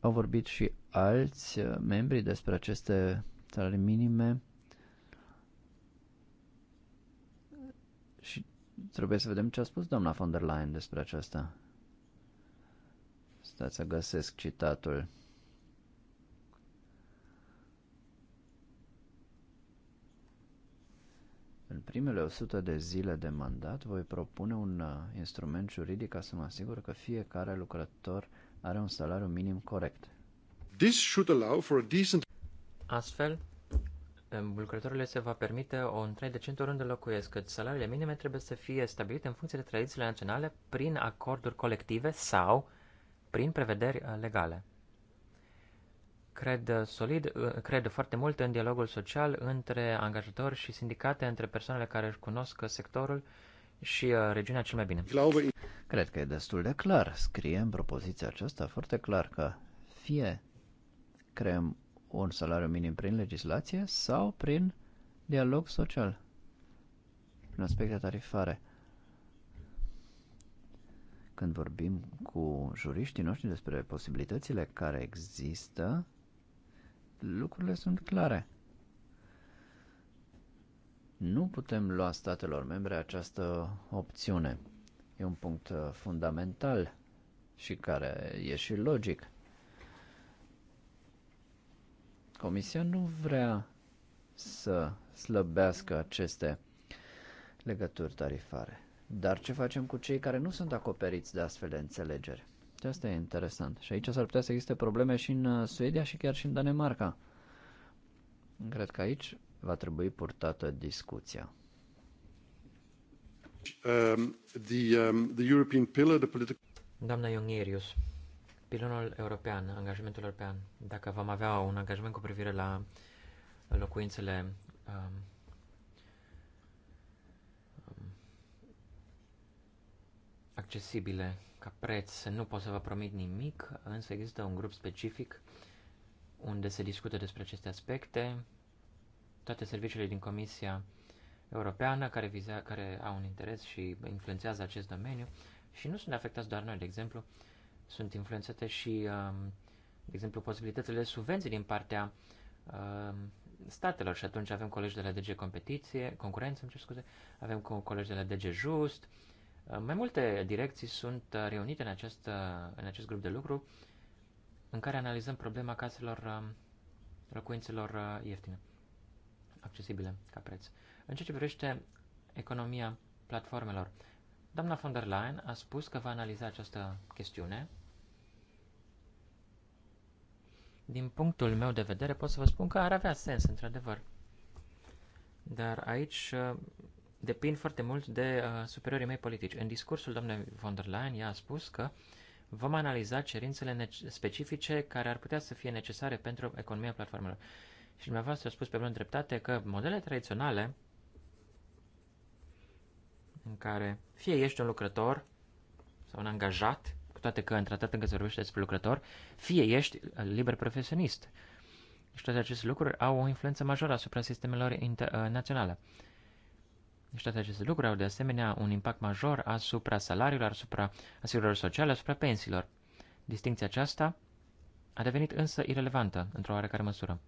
Au vorbit și alți uh, membri despre aceste salarii minime. Și trebuie să vedem ce a spus doamna von der Leyen despre aceasta. Stați să găsesc citatul. În primele 100 de zile de mandat voi propune un uh, instrument juridic ca să mă asigur că fiecare lucrător are un salariu minim corect. This should allow for a decent...
Astfel, um, se va permite o întâlnire decentă oriunde locuiesc, căci salariile minime trebuie să fie stabilite în funcție de tradițiile naționale prin acorduri colective sau prin prevederi uh, legale cred uh, solid, uh, cred foarte mult în dialogul social între angajatori și sindicate, între persoanele care își cunosc sectorul
și uh, regiunea cel mai bine. Cred că e destul de clar. Scrie în propoziția aceasta foarte clar că fie creăm un salariu minim prin legislație sau prin dialog social, prin aspecte tarifare. Când vorbim cu juriștii noștri despre posibilitățile care există, lucrurile sunt clare. Nu putem lua statelor membre această opțiune. E un punct uh, fundamental și care e și logic. Comisia nu vrea să slăbească aceste legături tarifare. Dar ce facem cu cei care nu sunt acoperiți de astfel de înțelegeri? Și asta e interesant. Și aici s-ar putea să existe probleme și în uh, Suedia și chiar și în Danemarca. Cred că aici va trebui purtată discuția.
Um, the, um, the European pillar, the political...
Doamna Iongerius, pilonul
european, angajamentul european, dacă vom avea un angajament cu privire la locuințele um, um accesibile ca preț nu pot să vă promit nimic, însă există un grup specific unde se discută despre aceste aspecte. Toate serviciile din Comisia Europeană care, vizea, care au un interes și influențează acest domeniu și nu sunt afectați doar noi, de exemplu, sunt influențate și, um, de exemplu, posibilitățile subvenții din partea um, statelor și atunci avem colegi de la DG Competiție, Concurență, îmi cer scuze, avem colegi de la DG Just, mai multe direcții sunt uh, reunite în acest, uh, în acest grup de lucru în care analizăm problema caselor um, locuințelor uh, ieftine, accesibile ca preț. În ceea ce privește economia platformelor, doamna von der Leyen a spus că va analiza această chestiune. Din punctul meu de vedere pot să vă spun că ar avea sens, într-adevăr. Dar aici depind foarte mult de uh, superiorii mei politici. În discursul domnului von der Leyen, ea a spus că vom analiza cerințele specifice care ar putea să fie necesare pentru economia platformelor. Și dumneavoastră a spus pe bună dreptate că modele tradiționale în care fie ești un lucrător sau un angajat, cu toate că într atât încă se vorbește despre lucrător, fie ești uh, liber profesionist. Și toate aceste lucruri au o influență majoră asupra sistemelor uh, naționale. Deci toate aceste lucruri au de asemenea un impact major asupra salariilor, asupra asigurărilor sociale, asupra pensiilor. Distinția aceasta a devenit însă irelevantă, într-o oarecare măsură.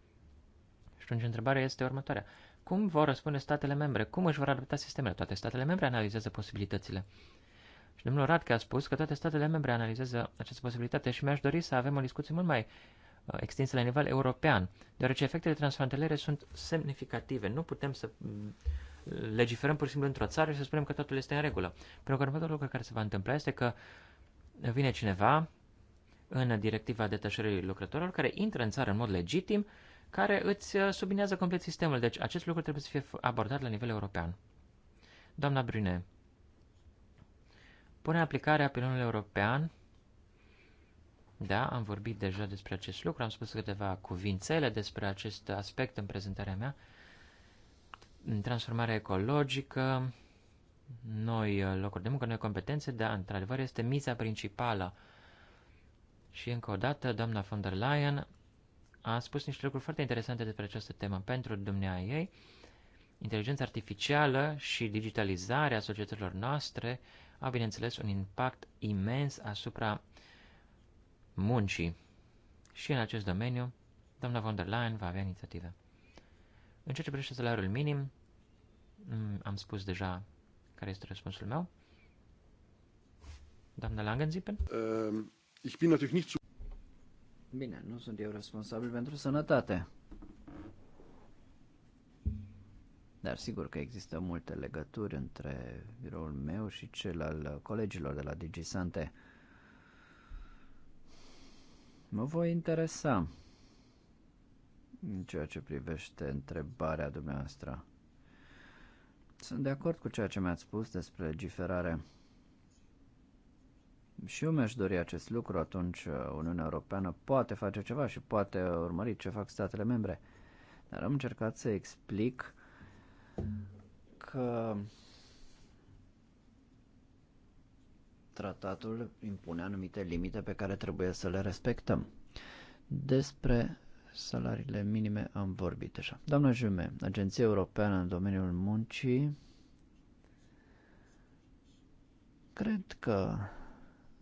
Și atunci întrebarea este următoarea. Cum vor răspunde statele membre? Cum își vor adapta sistemele? Toate statele membre analizează posibilitățile. Și domnul Radke a spus că toate statele membre analizează această posibilitate și mi-aș dori să avem o discuție mult mai uh, extinsă la nivel european, deoarece efectele transfrontaliere sunt semnificative. Nu putem să legiferăm pur și simplu într-o țară și să spunem că totul este în regulă. Pentru că următorul lucru care se va întâmpla este că vine cineva în directiva detașării lucrătorilor care intră în țară în mod legitim, care îți uh, subinează complet sistemul. Deci acest lucru trebuie să fie abordat la nivel european. Doamna Brune, pune aplicarea pilonului european. Da, am vorbit deja despre acest lucru, am spus câteva cuvințele despre acest aspect în prezentarea mea. Uh, transformare ecologică, noi uh, locuri de muncă, noi competențe, dar într-adevăr este miza principală. Și încă o dată, doamna von der Leyen a spus niște lucruri foarte interesante despre această temă pentru dumnea ei. Inteligența artificială și digitalizarea societăților noastre au, bineînțeles, un impact imens asupra muncii. Și în acest domeniu, doamna von der Leyen va avea inițiative. În ceea ce privește salariul minim, mm, am spus deja care este răspunsul meu.
Doamna Langenzipen?
Uh, ich bin natürlich nicht zu...
Bine, nu sunt eu responsabil pentru sănătate. Dar sigur că există multe legături între biroul meu și cel al colegilor de la DigiSante. Mă voi interesa în ceea ce privește întrebarea dumneavoastră. Sunt de acord cu ceea ce mi-ați spus despre legiferare. Și eu mi-aș dori acest lucru, atunci uh, Uniunea Europeană poate face ceva și poate urmări ce fac statele membre. Dar am încercat să explic că tratatul impune anumite limite pe care trebuie să le respectăm. Despre salariile minime am vorbit deja. Doamna Jume, Agenția Europeană în domeniul muncii, cred că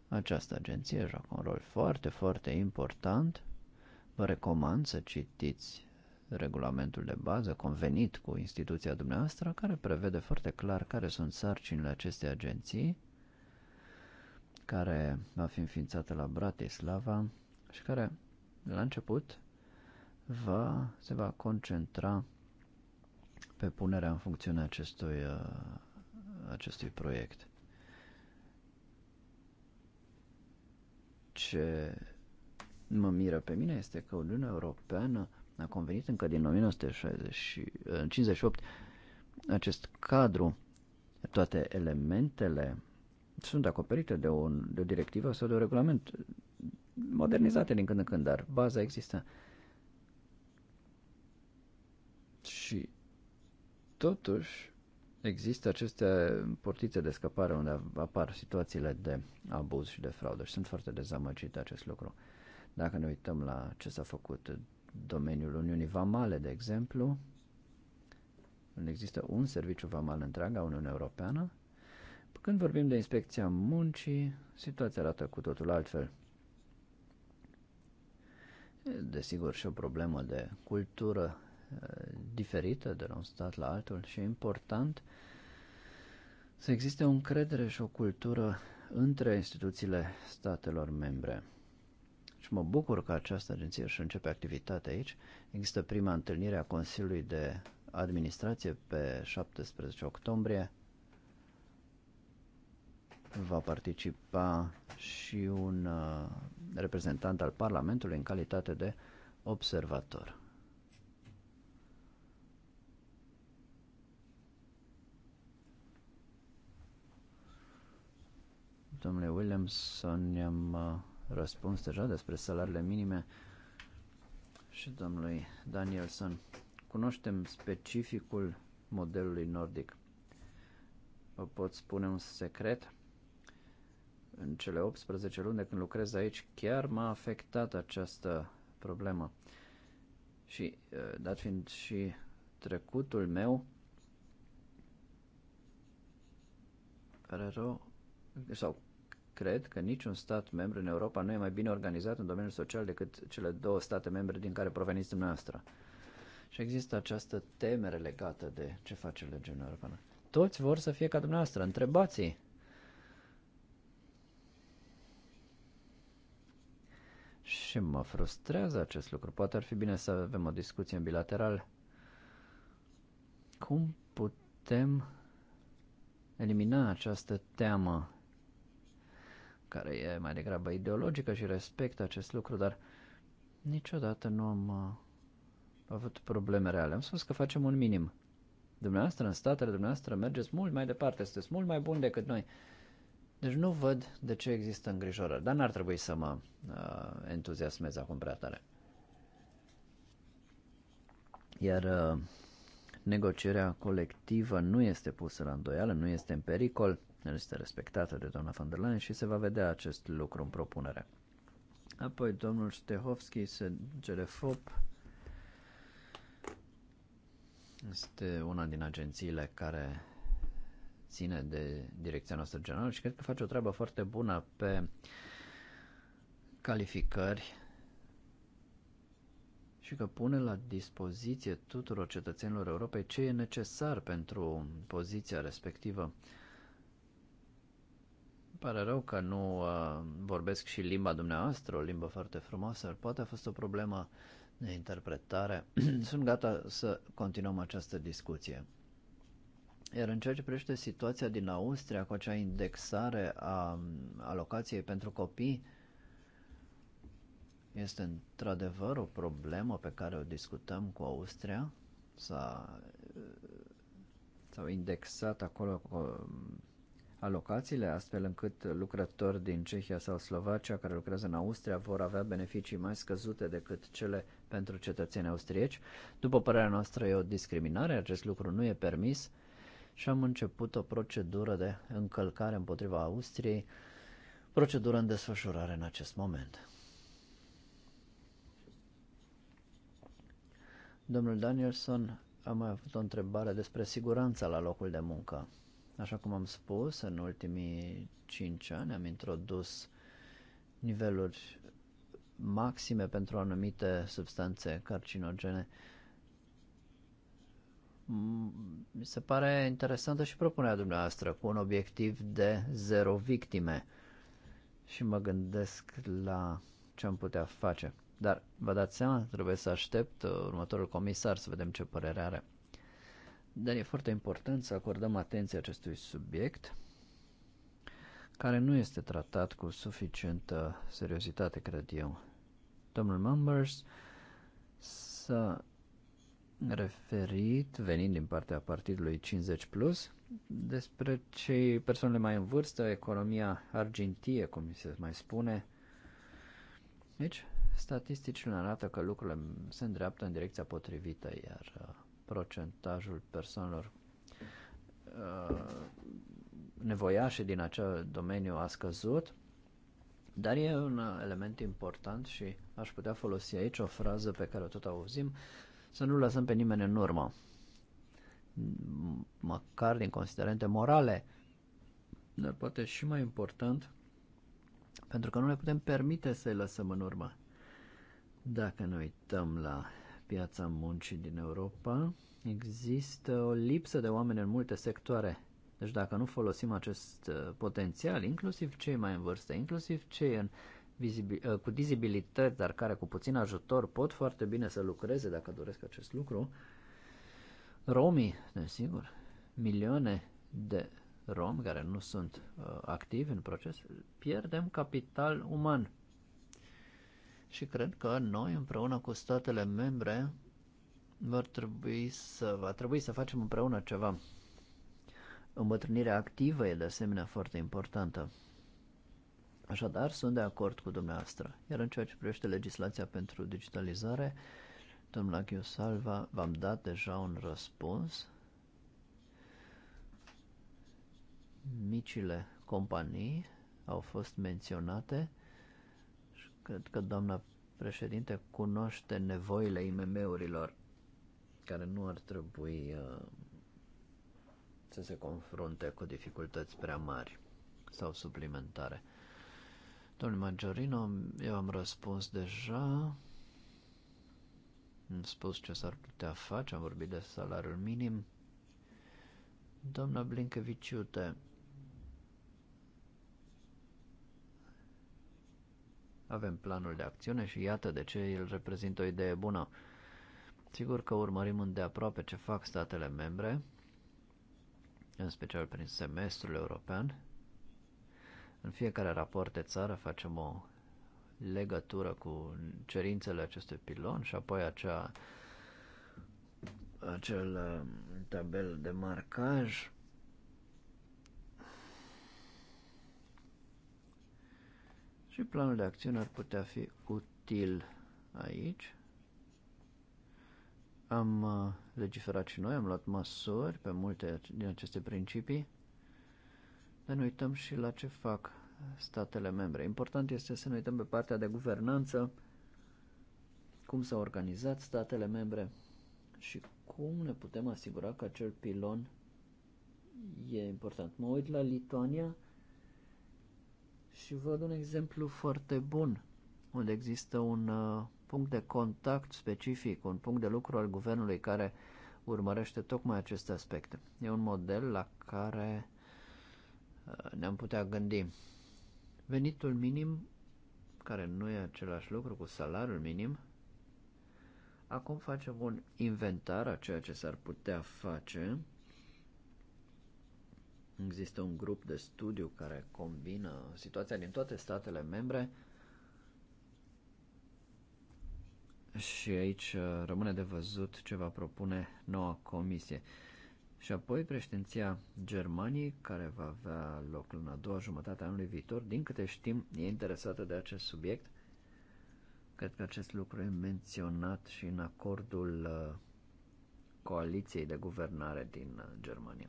această agenție joacă un rol foarte, foarte important. Vă recomand să citiți regulamentul de bază convenit cu instituția dumneavoastră, care prevede foarte clar care sunt sarcinile acestei agenții, care va fi înființată la Bratislava și care, la început, va, se va concentra pe punerea în funcțiune acestui, uh, acestui proiect. Ce mă miră pe mine este că Uniunea Europeană a convenit încă din 1958 uh, acest cadru, toate elementele sunt acoperite de, un, de o directivă sau de un regulament
modernizate
din când în când, dar baza există. Uh, și totuși există aceste portițe de scăpare unde apar situațiile de abuz și de fraudă și sunt foarte dezamăgit de acest lucru. Dacă ne uităm la ce s-a făcut în domeniul Uniunii Vamale, de exemplu, unde există un serviciu vamal întreg a Uniunii Europeană, când vorbim de inspecția muncii, situația arată cu totul altfel. Desigur, și o problemă de cultură diferită de la un stat la altul și e important să existe o încredere și o cultură între instituțiile statelor membre. Și mă bucur că această agenție își începe activitatea aici. Există prima întâlnire a Consiliului de Administrație pe 17 octombrie. Va participa și un uh, reprezentant al Parlamentului în calitate de observator. Domnule Williamson, i-am uh, răspuns deja despre salariile minime și domnului Danielson. Cunoaștem specificul modelului nordic. Vă pot spune un secret? În cele 18 luni de când lucrez aici, chiar m-a afectat această problemă. Și uh, dat fiind și trecutul meu, pare rău, sau cred că niciun stat membru în Europa nu e mai bine organizat în domeniul social decât cele două state membre din care proveniți dumneavoastră. Și există această temere legată de ce face legiunea europeană. Toți vor să fie ca dumneavoastră, întrebați-i. Și mă frustrează acest lucru. Poate ar fi bine să avem o discuție în bilateral. Cum putem elimina această teamă care e mai degrabă ideologică și respectă acest lucru, dar niciodată nu am uh, avut probleme reale. Am spus că facem un minim. Dumneavoastră, în statele dumneavoastră, mergeți mult mai departe, sunteți mult mai buni decât noi. Deci nu văd de ce există îngrijorări, dar n-ar trebui să mă uh, entuziasmez acum prea tare. Iar uh, negocierea colectivă nu este pusă la îndoială, nu este în pericol nu este respectată de doamna von der Leyen și se va vedea acest lucru în propunere. Apoi domnul Stehovski se gerefop este una din agențiile care ține de direcția noastră generală și cred că face o treabă foarte bună pe calificări și că pune la dispoziție tuturor cetățenilor Europei ce e necesar pentru poziția respectivă pare rău că nu uh, vorbesc și limba dumneavoastră, o limbă foarte frumoasă, ar poate a fost o problemă de interpretare. Sunt gata să continuăm această discuție. Iar în ceea ce privește situația din Austria cu acea indexare a um, alocației pentru copii, este într-adevăr o problemă pe care o discutăm cu Austria. S-a, uh, s-au indexat acolo uh, alocațiile, astfel încât lucrători din Cehia sau Slovacia care lucrează în Austria vor avea beneficii mai scăzute decât cele pentru cetățeni austrieci. După părerea noastră e o discriminare, acest lucru nu e permis și am început o procedură de încălcare împotriva Austriei, procedură în desfășurare în acest moment. Domnul Danielson a mai avut o întrebare despre siguranța la locul de muncă. Așa cum am spus, în ultimii 5 ani am introdus niveluri maxime pentru anumite substanțe carcinogene. Mi se pare interesantă și propunerea dumneavoastră cu un obiectiv de zero victime și mă gândesc la ce am putea face. Dar vă dați seama, trebuie să aștept uh, următorul comisar să vedem ce părere are. Dar e foarte important să acordăm atenție acestui subiect care nu este tratat cu suficientă seriozitate, cred eu. Domnul Mumbers s-a referit, venind din partea partidului 50+, plus, despre cei persoanele mai în vârstă, economia argintie, cum se mai spune. Deci, statisticile arată că lucrurile se îndreaptă în direcția potrivită, iar uh, procentajul persoanelor uh, nevoiașe din acel domeniu a scăzut, dar e un element important și aș putea folosi aici o frază pe care o tot auzim, să nu lăsăm pe nimeni în urmă, măcar din considerente morale, dar poate și mai important, pentru că nu ne putem permite să-i lăsăm în urmă. Dacă ne uităm la piața muncii din Europa, există o lipsă de oameni în multe sectoare. Deci dacă nu folosim acest uh, potențial, inclusiv cei mai în vârstă, inclusiv cei în uh, cu dizibilități, dar care cu puțin ajutor pot foarte bine să lucreze dacă doresc acest lucru, romii, desigur, milioane de romi care nu sunt uh, activi în proces, pierdem capital uman și cred că noi împreună cu statele membre va trebui să, va trebui să facem împreună ceva. Îmbătrânirea activă e de asemenea foarte importantă. Așadar, sunt de acord cu dumneavoastră. Iar în ceea ce privește legislația pentru digitalizare, domnul Achiu Salva, v-am dat deja un răspuns. Micile companii au fost menționate. Cred că doamna președinte cunoaște nevoile IMM-urilor care nu ar trebui uh, să se confrunte cu dificultăți prea mari sau suplimentare. Domnul Majorino, eu am răspuns deja, am spus ce s-ar putea face, am vorbit de salariul minim. Doamna Blinkeviciute, Avem planul de acțiune și iată de ce el reprezintă o idee bună. Sigur că urmărim îndeaproape ce fac statele membre, în special prin semestrul european. În fiecare raport de țară facem o legătură cu cerințele acestui pilon și apoi acea, acel um, tabel de marcaj Și planul de acțiune ar putea fi util aici. Am uh, legiferat și noi, am luat măsuri pe multe din aceste principii, dar ne uităm și la ce fac statele membre. Important este să ne uităm pe partea de guvernanță, cum s-au organizat statele membre și cum ne putem asigura că acel pilon e important. Mă uit la Lituania, și văd un exemplu foarte bun, unde există un uh, punct de contact specific, un punct de lucru al guvernului care urmărește tocmai aceste aspecte. E un model la care uh, ne-am putea gândi. Venitul minim, care nu e același lucru cu salariul minim, acum facem un inventar a ceea ce s-ar putea face Există un grup de studiu care combină situația din toate statele membre și aici uh, rămâne de văzut ce va propune noua comisie. Și apoi președinția Germaniei, care va avea loc în a doua jumătate a anului viitor, din câte știm, e interesată de acest subiect. Cred că acest lucru e menționat și în acordul uh, coaliției de guvernare din uh, Germania.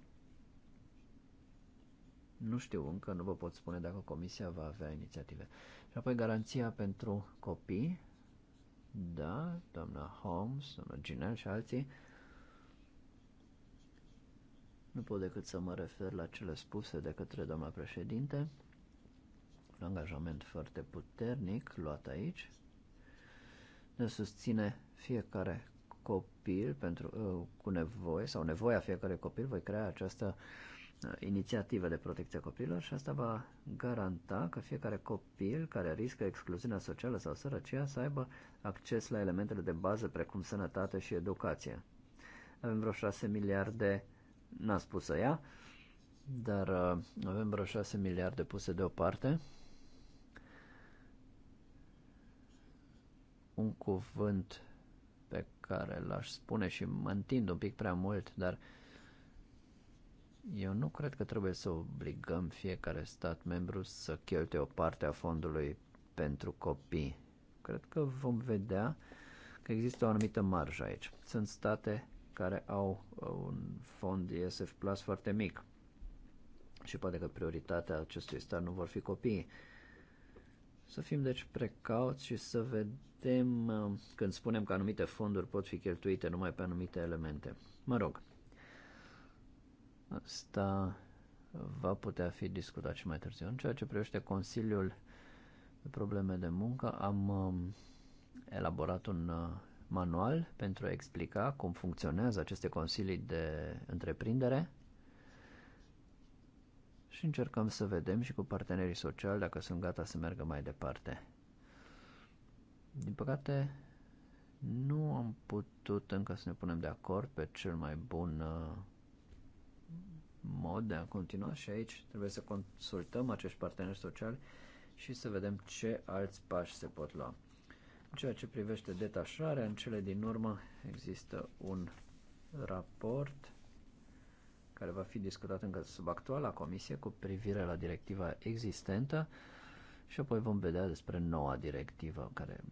Nu știu încă, nu vă pot spune dacă comisia va avea inițiative. Și apoi garanția pentru copii, da, doamna Holmes, doamna Ginel și alții. Nu pot decât să mă refer la cele spuse de către doamna președinte. Un angajament foarte puternic luat aici. Ne susține fiecare copil pentru, uh, cu nevoie sau nevoia fiecare copil. Voi crea această uh, Uh, inițiative de protecție a copiilor și asta va garanta că fiecare copil care riscă excluziunea socială sau sărăcia să aibă acces la elementele de bază precum sănătate și educație. Avem vreo 6 miliarde, n-a spus ea, dar uh, avem vreo 6 miliarde puse deoparte. Un cuvânt pe care l-aș spune și mă întind un pic prea mult, dar uh, eu nu cred că trebuie să obligăm fiecare stat membru să cheltuie o parte a fondului pentru copii. Cred că vom vedea că există o anumită marjă aici. Sunt state care au un fond ESF Plus foarte mic și poate că prioritatea acestui stat nu vor fi copiii. Să fim deci precauți și să vedem uh, când spunem că anumite fonduri pot fi cheltuite numai pe anumite elemente. Mă rog, Asta va putea fi discutat și mai târziu. În ceea ce privește Consiliul de Probleme de Muncă, am um, elaborat un uh, manual pentru a explica cum funcționează aceste consilii de întreprindere și încercăm să vedem și cu partenerii sociali dacă sunt gata să meargă mai departe. Din păcate, nu am putut încă să ne punem de acord pe cel mai bun uh, mod de a continua și aici trebuie să consultăm acești parteneri sociali și să vedem ce alți pași se pot lua. În ceea ce privește detașarea, în cele din urmă există un raport care va fi discutat încă sub actuala comisie cu privire la directiva existentă și apoi vom vedea despre noua directivă care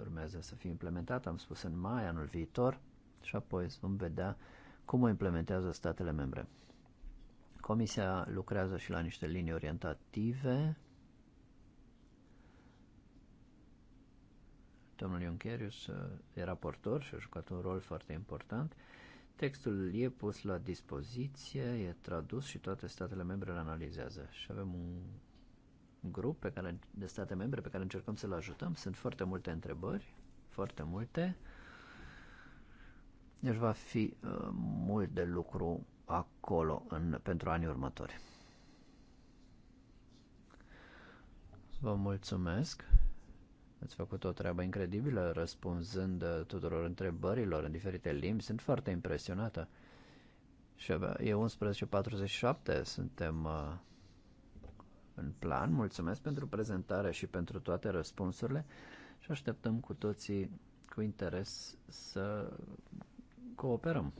urmează să fie implementată, am spus în mai anul viitor și apoi vom vedea cum o implementează statele membre. Comisia lucrează și la niște linii orientative. Domnul Junckerius uh, e raportor și a jucat un rol foarte important. Textul e pus la dispoziție, e tradus și toate statele membre îl analizează. Și avem un grup pe care, de state membre pe care încercăm să-l ajutăm. Sunt foarte multe întrebări, foarte multe. Deci va fi uh, mult de lucru acolo în, pentru anii următori. Vă mulțumesc. Ați făcut o treabă incredibilă răspunzând uh, tuturor întrebărilor în diferite limbi. Sunt foarte impresionată. Și abia uh, e 11.47, suntem uh, în plan. Mulțumesc pentru prezentare și pentru toate răspunsurile și așteptăm cu toții cu interes să cooperăm.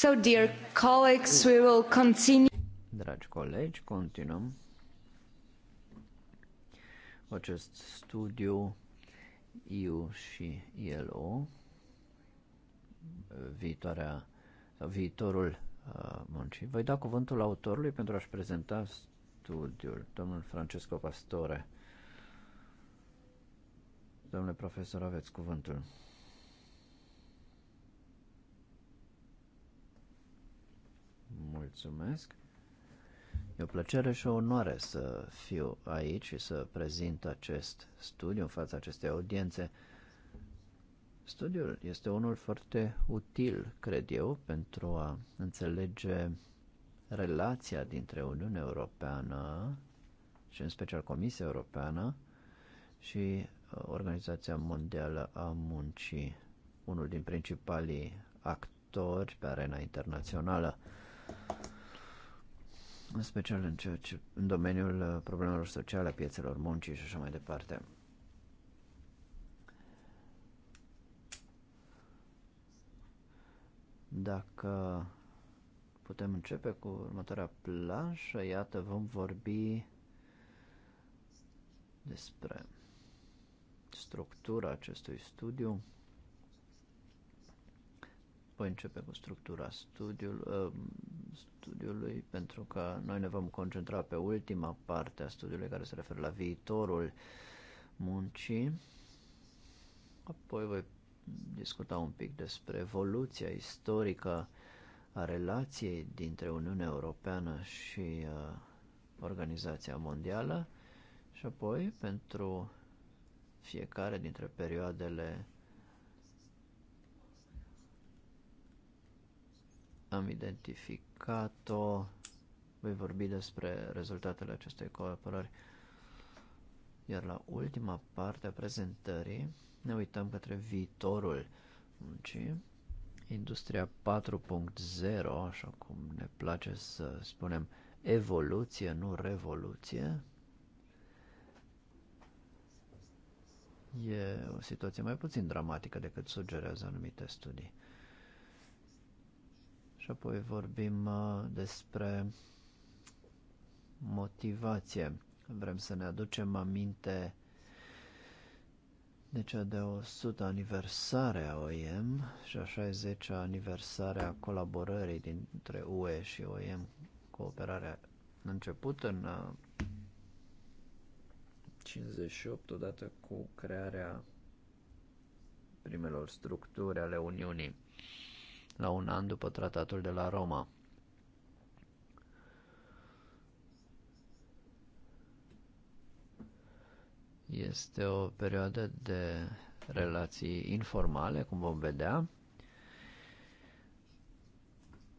So, dear colleagues, we will continue.
Dragi colegi, continuăm acest studiu EU și ILO, viitoarea, viitorul uh, muncii. Voi da cuvântul autorului pentru a-și prezenta studiul, domnul Francesco Pastore. Domnule profesor, aveți cuvântul. Mulțumesc. E o plăcere și o onoare să fiu aici și să prezint acest studiu în fața acestei audiențe. Studiul este unul foarte util, cred eu, pentru a înțelege relația dintre Uniunea Europeană și în special Comisia Europeană și uh, Organizația Mondială a Muncii, unul din principalii actori pe arena internațională în special în, ceea ce, în domeniul uh, problemelor sociale, a piețelor muncii și așa mai departe. Dacă putem începe cu următoarea planșă, iată, vom vorbi despre structura acestui studiu. Voi începe cu structura studiul, uh, studiului, pentru că noi ne vom concentra pe ultima parte a studiului care se referă la viitorul muncii. Apoi voi discuta un pic despre evoluția istorică a relației dintre Uniunea Europeană și uh, Organizația Mondială și apoi pentru fiecare dintre perioadele am identificat-o. Voi vorbi despre rezultatele acestei cooperări. Iar la ultima parte a prezentării ne uităm către viitorul muncii. Industria 4.0, așa cum ne place să spunem, evoluție, nu revoluție, e o situație mai puțin dramatică decât sugerează anumite studii și apoi vorbim uh, despre motivație. Vrem să ne aducem aminte de cea de 100 aniversare a OIM și a 60 aniversare a colaborării dintre UE și OIM, cooperarea început în 58 uh, odată cu crearea primelor structuri ale Uniunii la un an după tratatul de la Roma. Este o perioadă de relații informale, cum vom vedea,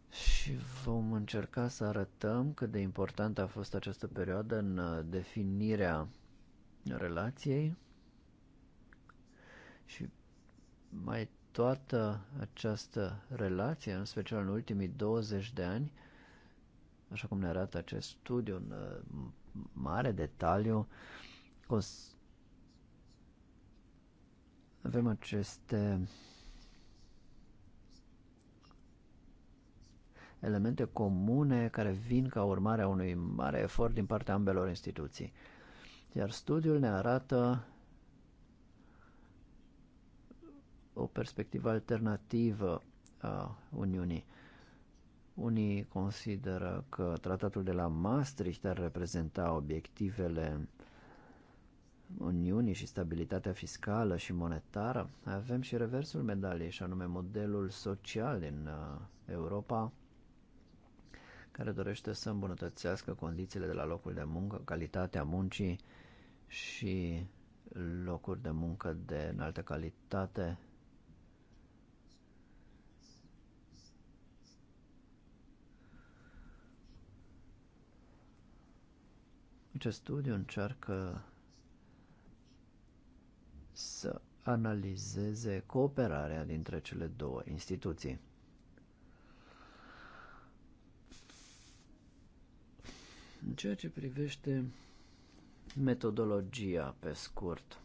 și vom încerca să arătăm cât de importantă a fost această perioadă în uh, definirea relației și mai toată această relație, în special în ultimii 20 de ani, așa cum ne arată acest studiu în uh, mare detaliu, avem aceste elemente comune care vin ca urmare a unui mare efort din partea ambelor instituții. Iar studiul ne arată o perspectivă alternativă a Uniunii. Unii consideră că tratatul de la Maastricht ar reprezenta obiectivele Uniunii și stabilitatea fiscală și monetară. Avem și reversul medaliei, și anume modelul social din uh, Europa, care dorește să îmbunătățească condițiile de la locul de muncă, calitatea muncii și locuri de muncă de înaltă calitate Acest studiu încearcă să analizeze cooperarea dintre cele două instituții. În ceea ce privește metodologia pe scurt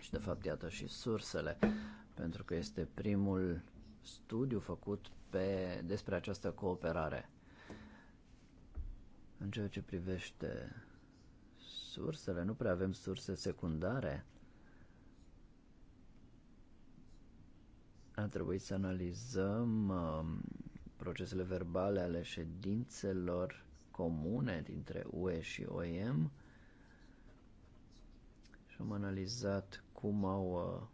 și de fapt iată și sursele, pentru că este primul studiu făcut pe, despre această cooperare. În ceea ce privește sursele, nu prea avem surse secundare. A trebuit să analizăm uh, procesele verbale ale ședințelor comune dintre UE și OEM și am analizat cum au uh,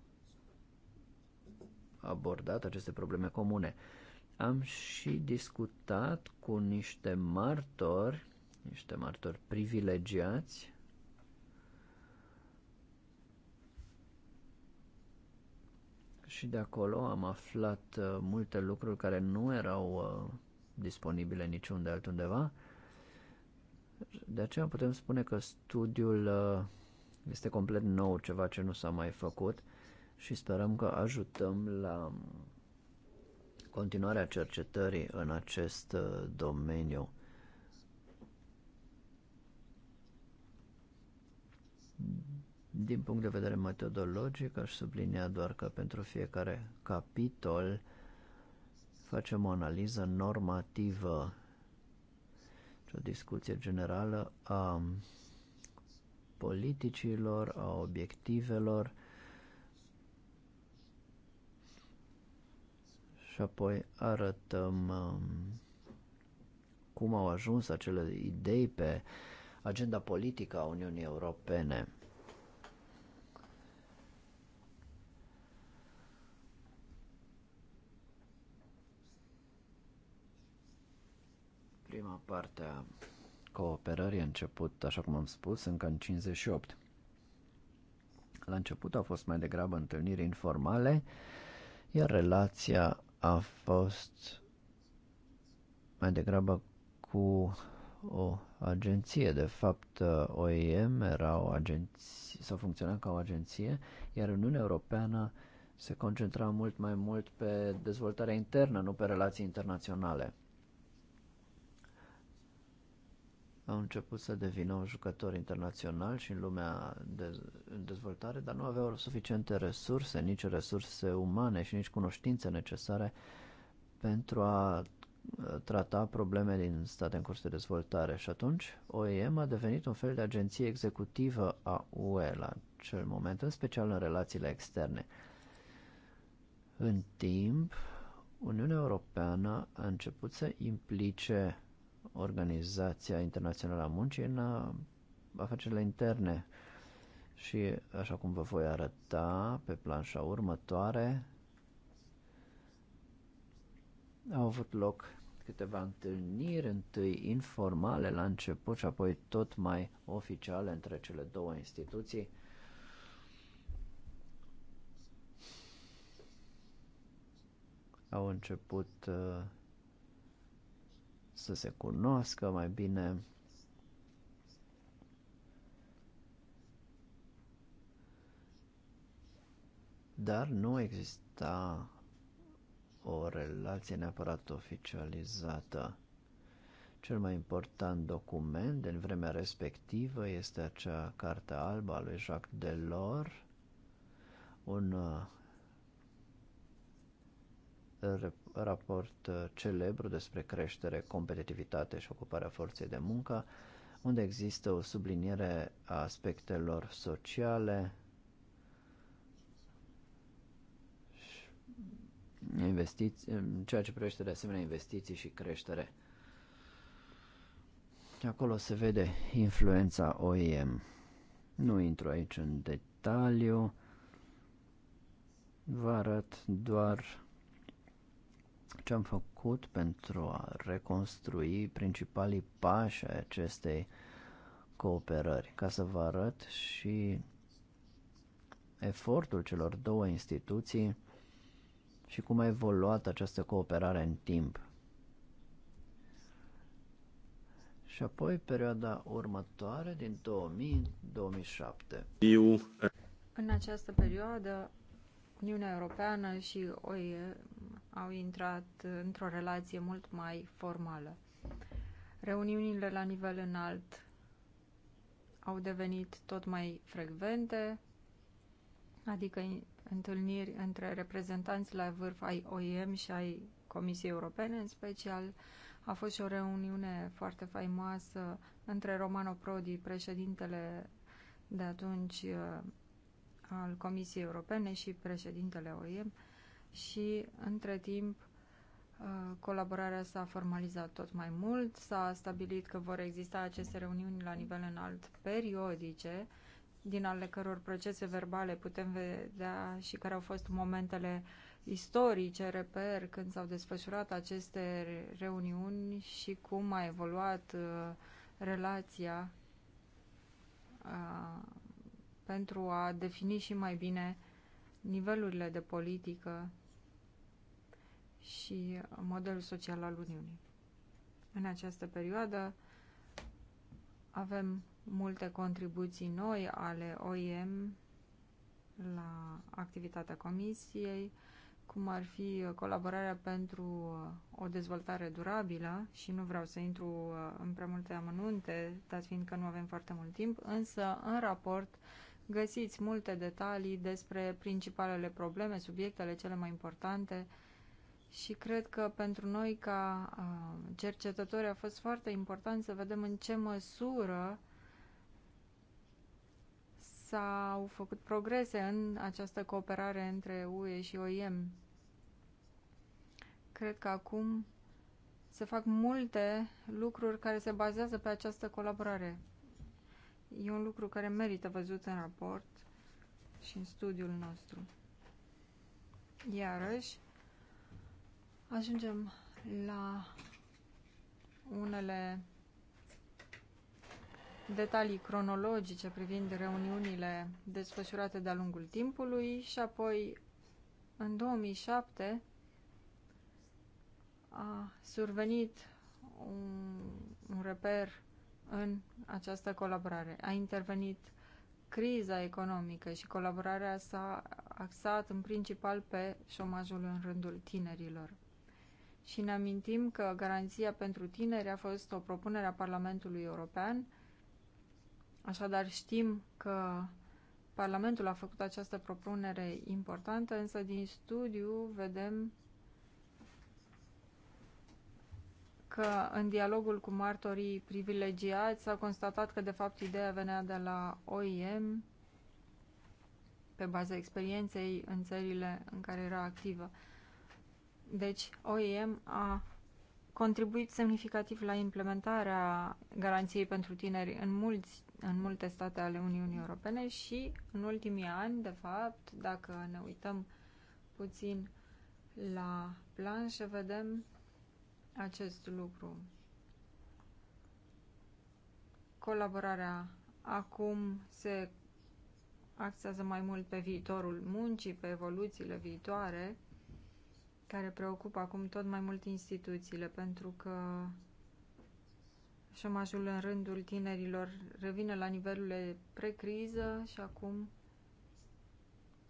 abordat aceste probleme comune. Am și discutat cu niște martori niște martori privilegiați. Și de acolo am aflat uh, multe lucruri care nu erau uh, disponibile niciunde altundeva. De aceea putem spune că studiul uh, este complet nou, ceva ce nu s-a mai făcut și sperăm că ajutăm la continuarea cercetării în acest domeniu. Din punct de vedere metodologic, aș sublinia doar că pentru fiecare capitol facem o analiză normativă deci o discuție generală a politicilor, a obiectivelor și apoi arătăm um, cum au ajuns acele idei pe agenda politică a Uniunii Europene. Prima parte a cooperării a început, așa cum am spus, încă în 58. La început au fost mai degrabă întâlniri informale, iar relația a fost mai degrabă cu o agenție. De fapt, OEM era o agenție, s-a funcționat ca o agenție, iar Uniunea Europeană se concentra mult mai mult pe dezvoltarea internă, nu pe relații internaționale. au început să devină un jucător internațional și în lumea de, în dezvoltare, dar nu aveau suficiente resurse, nici resurse umane și nici cunoștințe necesare pentru a trata probleme din state în curs de dezvoltare și atunci OEM a devenit un fel de agenție executivă a UE la acel moment, în special în relațiile externe. În timp, Uniunea Europeană a început să implice Organizația Internațională a Muncii în uh, afacerile interne. Și așa cum vă voi arăta pe planșa următoare, au avut loc câteva întâlniri, întâi informale la început și apoi tot mai oficiale între cele două instituții. Au început uh, să se cunoască mai bine. Dar nu exista o relație neapărat oficializată. Cel mai important document din vremea respectivă este acea carte albă a lui Jacques Delors, un uh, raport uh, celebru despre creștere, competitivitate și ocuparea forței de muncă, unde există o subliniere a aspectelor sociale, investiții, ceea ce privește de asemenea investiții și creștere. Acolo se vede influența OIM. Nu intru aici în detaliu, vă arăt doar ce am făcut pentru a reconstrui principalii pași ai acestei cooperări, ca să vă arăt și efortul celor două instituții și cum a evoluat această cooperare în timp. Și apoi perioada următoare din 2000-2007.
În această perioadă Uniunea Europeană și OIE au intrat într-o relație mult mai formală. Reuniunile la nivel înalt au devenit tot mai frecvente, adică întâlniri între reprezentanți la vârf ai OIM și ai Comisiei Europene, în special a fost și o reuniune foarte faimoasă între Romano Prodi, președintele de atunci al Comisiei Europene și președintele OIM și, între timp, uh, colaborarea s-a formalizat tot mai mult, s-a stabilit că vor exista aceste reuniuni la nivel înalt periodice, din ale căror procese verbale putem vedea și care au fost momentele istorice, reper, când s-au desfășurat aceste reuniuni și cum a evoluat uh, relația uh, pentru a defini și mai bine nivelurile de politică și modelul social al Uniunii. În această perioadă avem multe contribuții noi ale OIM la activitatea Comisiei, cum ar fi colaborarea pentru o dezvoltare durabilă și nu vreau să intru uh, în prea multe amănunte, dat fiind că nu avem foarte mult timp, însă în raport găsiți multe detalii despre principalele probleme, subiectele cele mai importante și cred că pentru noi ca cercetători a fost foarte important să vedem în ce măsură s-au făcut progrese în această cooperare între UE și OIM. Cred că acum se fac multe lucruri care se bazează pe această colaborare. E un lucru care merită văzut în raport și în studiul nostru. Iarăși, ajungem la unele detalii cronologice privind reuniunile desfășurate de-a lungul timpului și apoi în 2007 a survenit un, un reper în această colaborare. A intervenit criza economică și colaborarea s-a axat în principal pe șomajul în rândul tinerilor. Și ne amintim că garanția pentru tineri a fost o propunere a Parlamentului European, așadar știm că Parlamentul a făcut această propunere importantă, însă din studiu vedem că în dialogul cu martorii privilegiați s-a constatat că de fapt ideea venea de la OIM pe baza experienței în țările în care era activă. Deci OIM a contribuit semnificativ la implementarea garanției pentru tineri în, mulți, în multe state ale Uniunii Europene și în ultimii ani, de fapt, dacă ne uităm puțin la planșe, vedem acest lucru. Colaborarea acum se axează mai mult pe viitorul muncii, pe evoluțiile viitoare, care preocupă acum tot mai mult instituțiile, pentru că șomajul în rândul tinerilor revine la nivelurile precriză și acum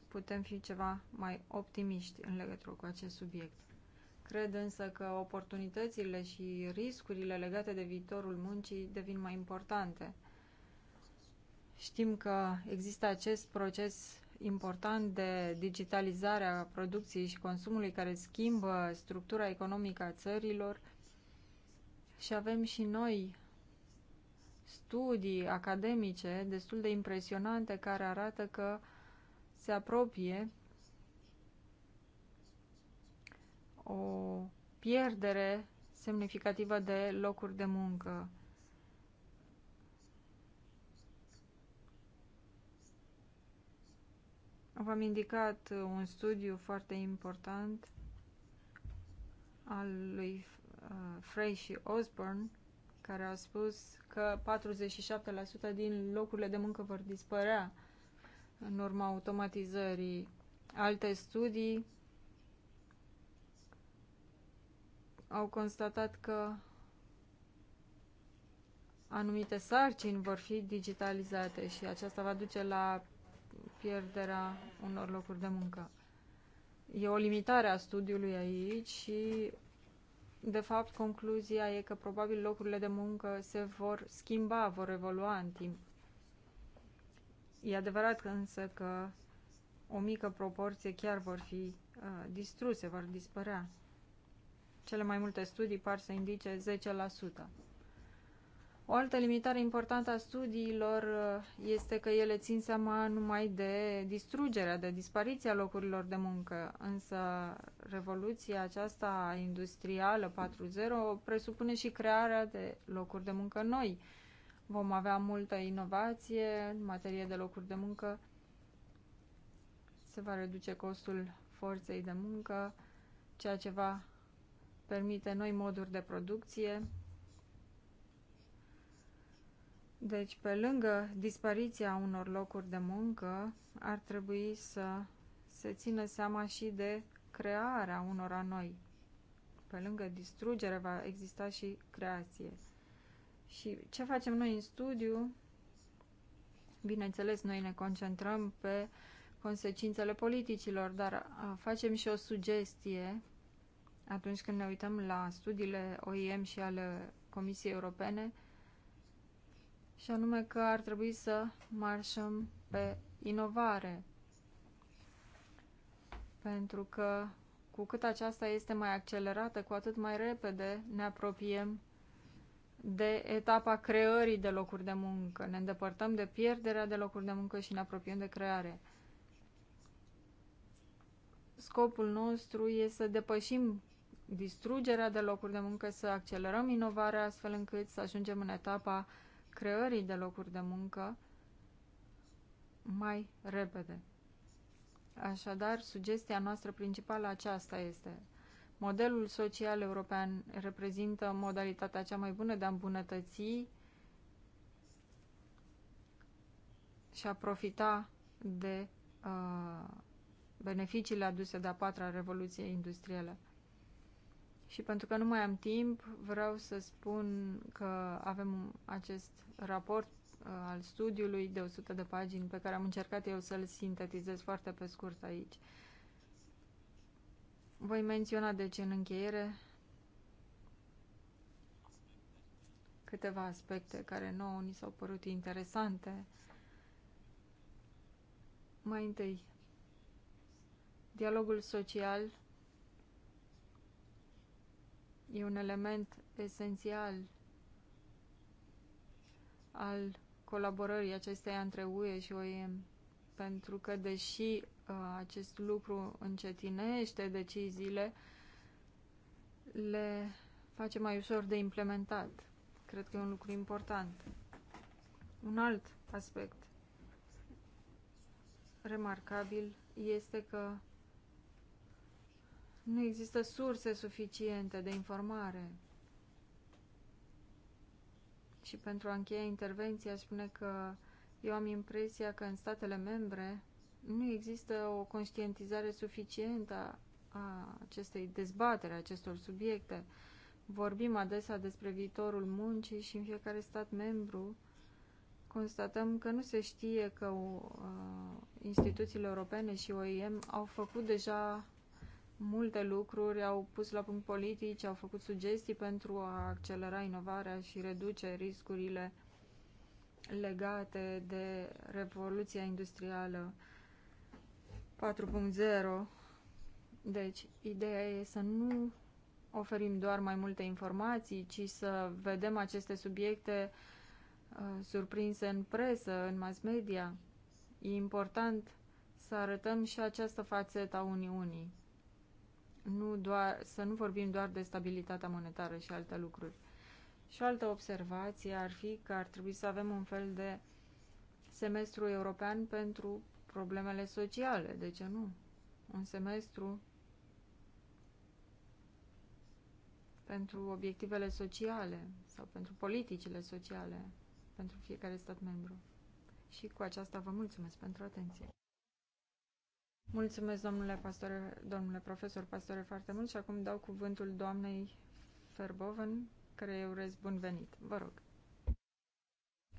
putem fi ceva mai optimiști în legătură cu acest subiect. Cred însă că oportunitățile și riscurile legate de viitorul muncii devin mai importante. Știm că există acest proces important de digitalizare a producției și consumului care schimbă structura economică a țărilor și avem și noi studii academice destul de impresionante care arată că se apropie o pierdere semnificativă de locuri de muncă. V-am indicat un studiu foarte important al lui uh, Frey și Osborne, care au spus că 47% din locurile de muncă vor dispărea în urma automatizării. Alte studii au constatat că anumite sarcini vor fi digitalizate și aceasta va duce la pierderea unor locuri de muncă. E o limitare a studiului aici și, de fapt, concluzia e că probabil locurile de muncă se vor schimba, vor evolua în timp. E adevărat însă că o mică proporție chiar vor fi uh, distruse, vor dispărea. Cele mai multe studii par să indice 10%. O altă limitare importantă a studiilor uh, este că ele țin seama numai de distrugerea, de dispariția locurilor de muncă, însă revoluția aceasta industrială 4.0 presupune și crearea de locuri de muncă noi. Vom avea multă inovație în materie de locuri de muncă, se va reduce costul forței de muncă, ceea ce va permite noi moduri de producție. Deci, pe lângă dispariția unor locuri de muncă, ar trebui să se țină seama și de crearea unora noi. Pe lângă distrugere va exista și creație. Și ce facem noi în studiu? Bineînțeles, noi ne concentrăm pe consecințele politicilor, dar facem și o sugestie atunci când ne uităm la studiile OIM și ale Comisiei Europene, și anume că ar trebui să marșăm pe inovare. Pentru că cu cât aceasta este mai accelerată, cu atât mai repede ne apropiem de etapa creării de locuri de muncă. Ne îndepărtăm de pierderea de locuri de muncă și ne apropiem de creare. Scopul nostru este să depășim distrugerea de locuri de muncă, să accelerăm inovarea astfel încât să ajungem în etapa creării de locuri de muncă mai repede. Așadar, sugestia noastră principală aceasta este modelul social european reprezintă modalitatea cea mai bună de a îmbunătăți și a profita de uh, beneficiile aduse de a patra revoluție industrială. Și pentru că nu mai am timp, vreau să spun că avem acest raport uh, al studiului de 100 de pagini pe care am încercat eu să-l sintetizez foarte pe scurt aici. Voi menționa deci în încheiere câteva aspecte care nouă ni s-au părut interesante. Mai întâi, dialogul social e un element esențial al colaborării acesteia între UE și OIM. Pentru că, deși uh, acest lucru încetinește deciziile, le face mai ușor de implementat. Cred că e un lucru important. Un alt aspect remarcabil este că nu există surse suficiente de informare. Și pentru a încheia intervenția, spune că eu am impresia că în statele membre nu există o conștientizare suficientă a acestei dezbatere, a acestor subiecte. Vorbim adesea despre viitorul muncii și în fiecare stat membru constatăm că nu se știe că uh, instituțiile europene și OIM au făcut deja multe lucruri, au pus la punct politici, au făcut sugestii pentru a accelera inovarea și reduce riscurile legate de revoluția industrială 4.0. Deci, ideea e să nu oferim doar mai multe informații, ci să vedem aceste subiecte uh, surprinse în presă, în mass media. E important să arătăm și această fațetă a Uniunii nu doar, să nu vorbim doar de stabilitatea monetară și alte lucruri. Și o altă observație ar fi că ar trebui să avem un fel de semestru european pentru problemele sociale. De ce nu? Un semestru pentru obiectivele sociale sau pentru politicile sociale pentru fiecare stat membru. Și cu aceasta vă mulțumesc pentru atenție. Mulțumesc, domnule, pastore, domnule profesor Pastore, foarte mult și acum dau cuvântul doamnei Ferboven, care eu urez bun venit. Vă rog.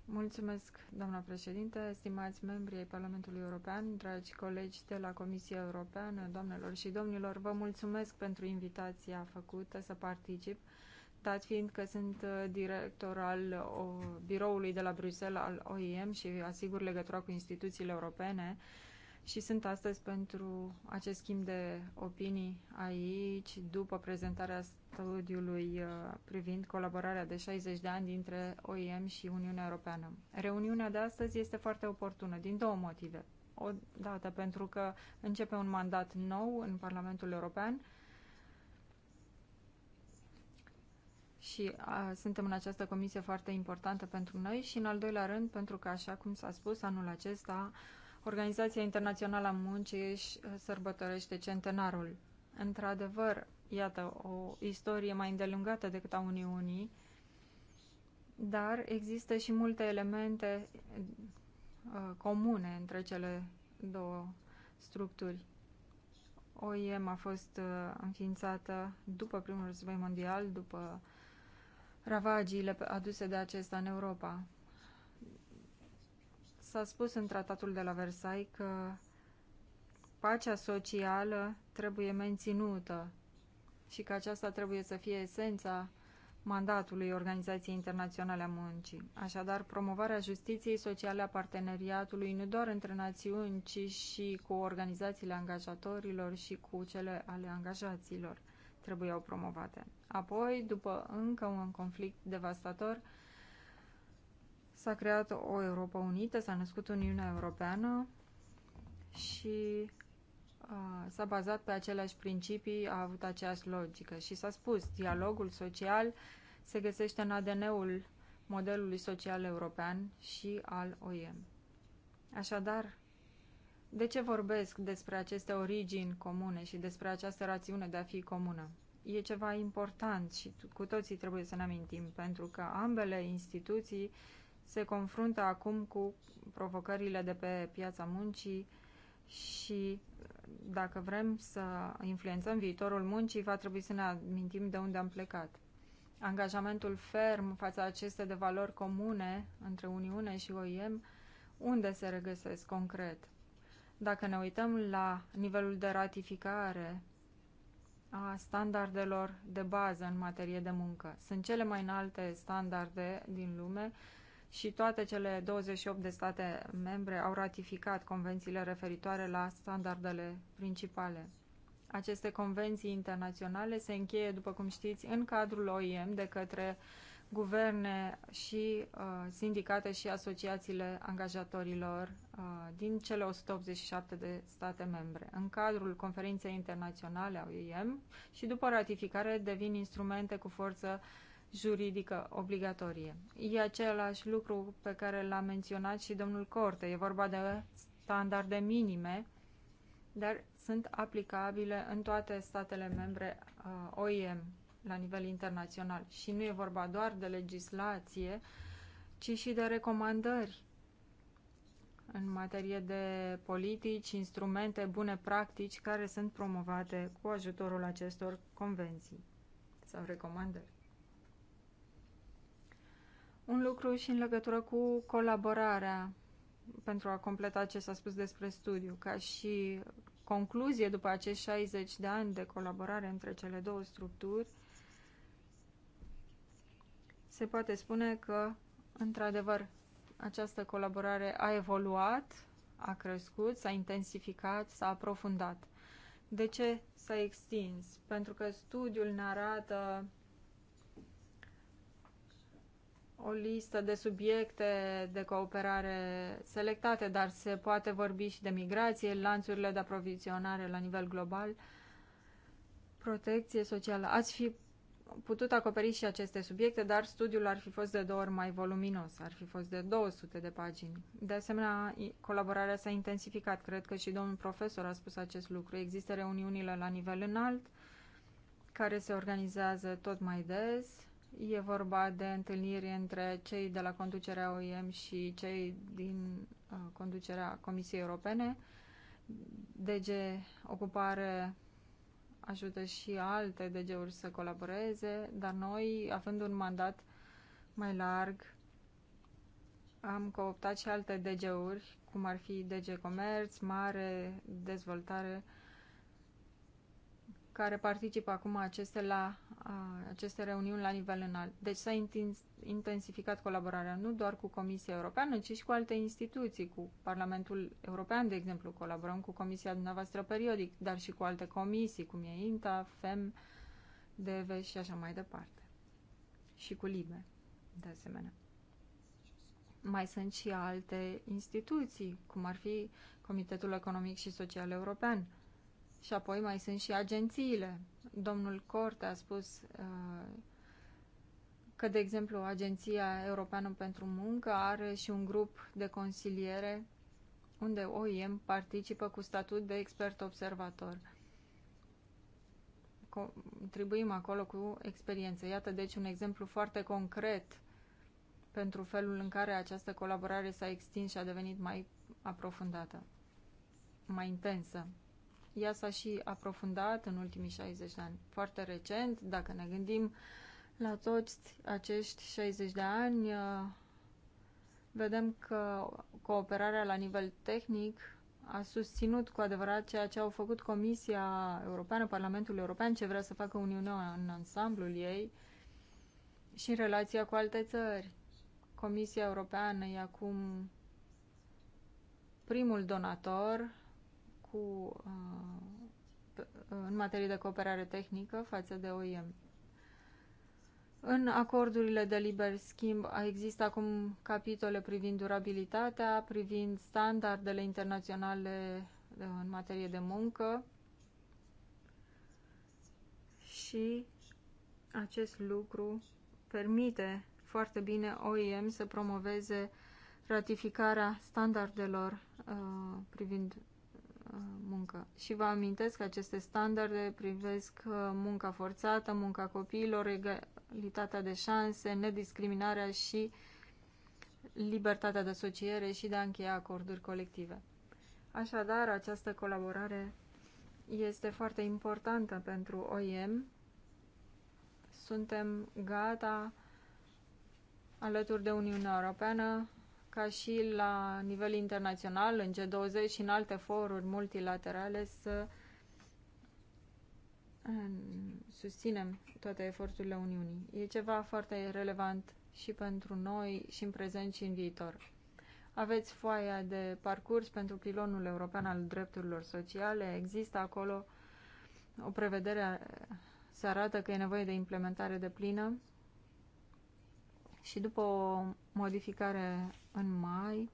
Mulțumesc, doamna președinte, stimați membri ai Parlamentului European, dragi colegi de la Comisia Europeană, doamnelor și domnilor, vă mulțumesc pentru invitația făcută să particip, dat fiind că sunt uh, director al uh, biroului de la Bruxelles al OIM și asigur legătura cu instituțiile europene, și sunt astăzi pentru acest schimb de opinii aici, după prezentarea studiului uh, privind colaborarea de 60 de ani dintre OIM și Uniunea Europeană. Reuniunea de astăzi este foarte oportună, din două motive. O dată pentru că începe un mandat nou în Parlamentul European și a, suntem în această comisie foarte importantă pentru noi și, în al doilea rând, pentru că, așa cum s-a spus, anul acesta Organizația Internațională a Muncii își uh, sărbătorește centenarul. Într-adevăr, iată, o istorie mai îndelungată decât a Uniunii, dar există și multe elemente uh, comune între cele două structuri. OIM a fost uh, înființată după primul război mondial, după ravagiile aduse de acesta în Europa. S-a spus în tratatul de la Versailles că pacea socială trebuie menținută și că aceasta trebuie să fie esența mandatului Organizației Internaționale a Muncii. Așadar, promovarea justiției sociale a parteneriatului nu doar între națiuni, ci și cu organizațiile angajatorilor și cu cele ale angajaților trebuiau promovate. Apoi, după încă un conflict devastator, S-a creat o Europa Unită, s-a născut Uniunea Europeană și s-a bazat pe aceleași principii, a avut aceeași logică și s-a spus, dialogul social se găsește în ADN-ul modelului social european și al OIM. Așadar, de ce vorbesc despre aceste origini comune și despre această rațiune de a fi comună? E ceva important și cu toții trebuie să ne amintim, pentru că ambele instituții uh, se confruntă acum cu provocările de pe piața muncii și dacă vrem să influențăm viitorul muncii, va trebui să ne amintim de unde am plecat. Angajamentul ferm față aceste de valori comune între Uniune și OIM, unde se regăsesc concret? Dacă ne uităm la nivelul de ratificare a standardelor de bază în materie de muncă, sunt cele mai înalte standarde din lume, și toate cele 28 de state membre au ratificat convențiile referitoare la standardele principale. Aceste convenții internaționale se încheie, după cum știți, în cadrul OIM de către guverne și uh, sindicate și asociațiile angajatorilor uh, din cele 187 de state membre. În cadrul conferinței internaționale a OIM și după ratificare devin instrumente cu forță uh, juridică obligatorie. E același lucru pe care l-a menționat și domnul Corte. E vorba de standarde minime, dar sunt aplicabile în toate statele membre uh, OIM la nivel internațional. Și nu e vorba doar de legislație, ci și de recomandări în materie de politici, instrumente, bune practici care sunt promovate cu ajutorul acestor convenții sau recomandări. Un lucru și în legătură cu colaborarea, pentru a completa ce s-a spus despre studiu, ca și concluzie după acești 60 de ani de colaborare între cele două structuri, se poate spune că, într-adevăr, această colaborare a evoluat, a crescut, s-a intensificat, s-a aprofundat. De ce s-a extins? Pentru că studiul ne arată o listă de subiecte de cooperare selectate, dar se poate vorbi și de migrație, lanțurile de aprovizionare la nivel global, protecție socială. Ați fi putut acoperi și aceste subiecte, dar studiul ar fi fost de două ori mai voluminos, ar fi fost de 200 de pagini. De asemenea, colaborarea s-a intensificat. Cred că și domnul profesor a spus acest lucru. Există reuniunile la nivel înalt, care se organizează tot mai des, E vorba de întâlniri între cei de la conducerea OIM și cei din uh, conducerea Comisiei Europene. DG Ocupare ajută și alte DG-uri să colaboreze, dar noi, având un mandat mai larg, am cooptat și alte DG-uri, cum ar fi DG Comerț, Mare, Dezvoltare, uh, care participă acum aceste la aceste reuniuni la nivel înalt. Deci s-a intensificat colaborarea nu doar cu Comisia Europeană, ci și cu alte instituții, cu Parlamentul European, de exemplu, colaborăm cu Comisia dumneavoastră periodic, dar și cu alte comisii, cum e INTA, FEM, DV și așa mai departe. Și cu LIBE, de asemenea. Mai sunt și alte instituții, cum ar fi Comitetul Economic și Social European, și apoi mai sunt și agențiile. Domnul Corte a spus uh, că, de exemplu, Agenția Europeană pentru Muncă are și un grup de consiliere unde OIM participă cu statut de expert observator. Contribuim acolo cu experiență. Iată, deci, un exemplu foarte concret pentru felul în care această colaborare s-a extins și a devenit mai aprofundată, mai intensă ea s-a și aprofundat în ultimii 60 de ani. Foarte recent, dacă ne gândim la toți acești 60 de ani, uh, vedem că cooperarea la nivel tehnic a susținut cu adevărat ceea ce au făcut Comisia Europeană, Parlamentul European, ce vrea să facă Uniunea în ansamblul ei și în relația cu alte țări. Comisia Europeană e acum primul donator cu, uh, în materie de cooperare tehnică față de OIM. În acordurile de liber schimb există acum capitole privind durabilitatea, privind standardele internaționale uh, în materie de muncă și acest lucru permite foarte bine OIM să promoveze ratificarea standardelor uh, privind Uh, muncă. Și vă amintesc că aceste standarde privesc uh, munca forțată, munca copiilor, egalitatea de șanse, nediscriminarea și libertatea de asociere și de a încheia acorduri colective. Așadar, această colaborare este foarte importantă pentru OIM. Suntem gata alături de Uniunea Europeană ca și la nivel internațional, în G20 și în alte foruri multilaterale, să susținem toate eforturile Uniunii. E ceva foarte relevant și pentru noi, și în prezent, și în viitor. Aveți foaia de parcurs pentru pilonul european al drepturilor sociale. Există acolo o prevedere, se arată că e nevoie de implementare de plină și după o modificare în mai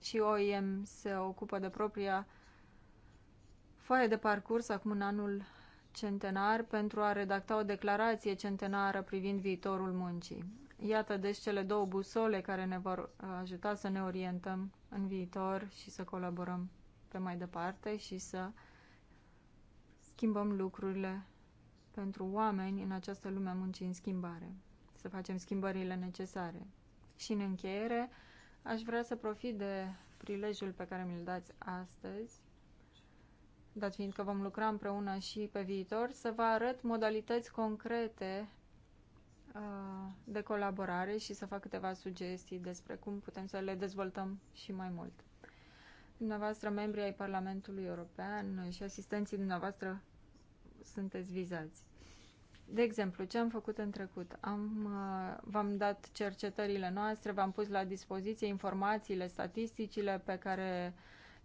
și OIM se ocupă de propria foaie de parcurs acum în anul centenar pentru a redacta o declarație centenară privind viitorul muncii. Iată deci cele două busole care ne vor uh, ajuta să ne orientăm în viitor și să colaborăm pe mai departe și să schimbăm lucrurile pentru oameni în această lume a muncii în schimbare să facem schimbările necesare. Și în încheiere, aș vrea să profit de prilejul pe care mi-l dați astăzi, dat fiind că vom lucra împreună și pe viitor, să vă arăt modalități concrete uh, de colaborare și să fac câteva sugestii despre cum putem să le dezvoltăm și mai mult. Dumneavoastră, membrii ai Parlamentului European și asistenții dumneavoastră sunteți vizați. De exemplu, ce am făcut în trecut? Am, uh, v-am dat cercetările noastre, v-am pus la dispoziție informațiile, statisticile pe care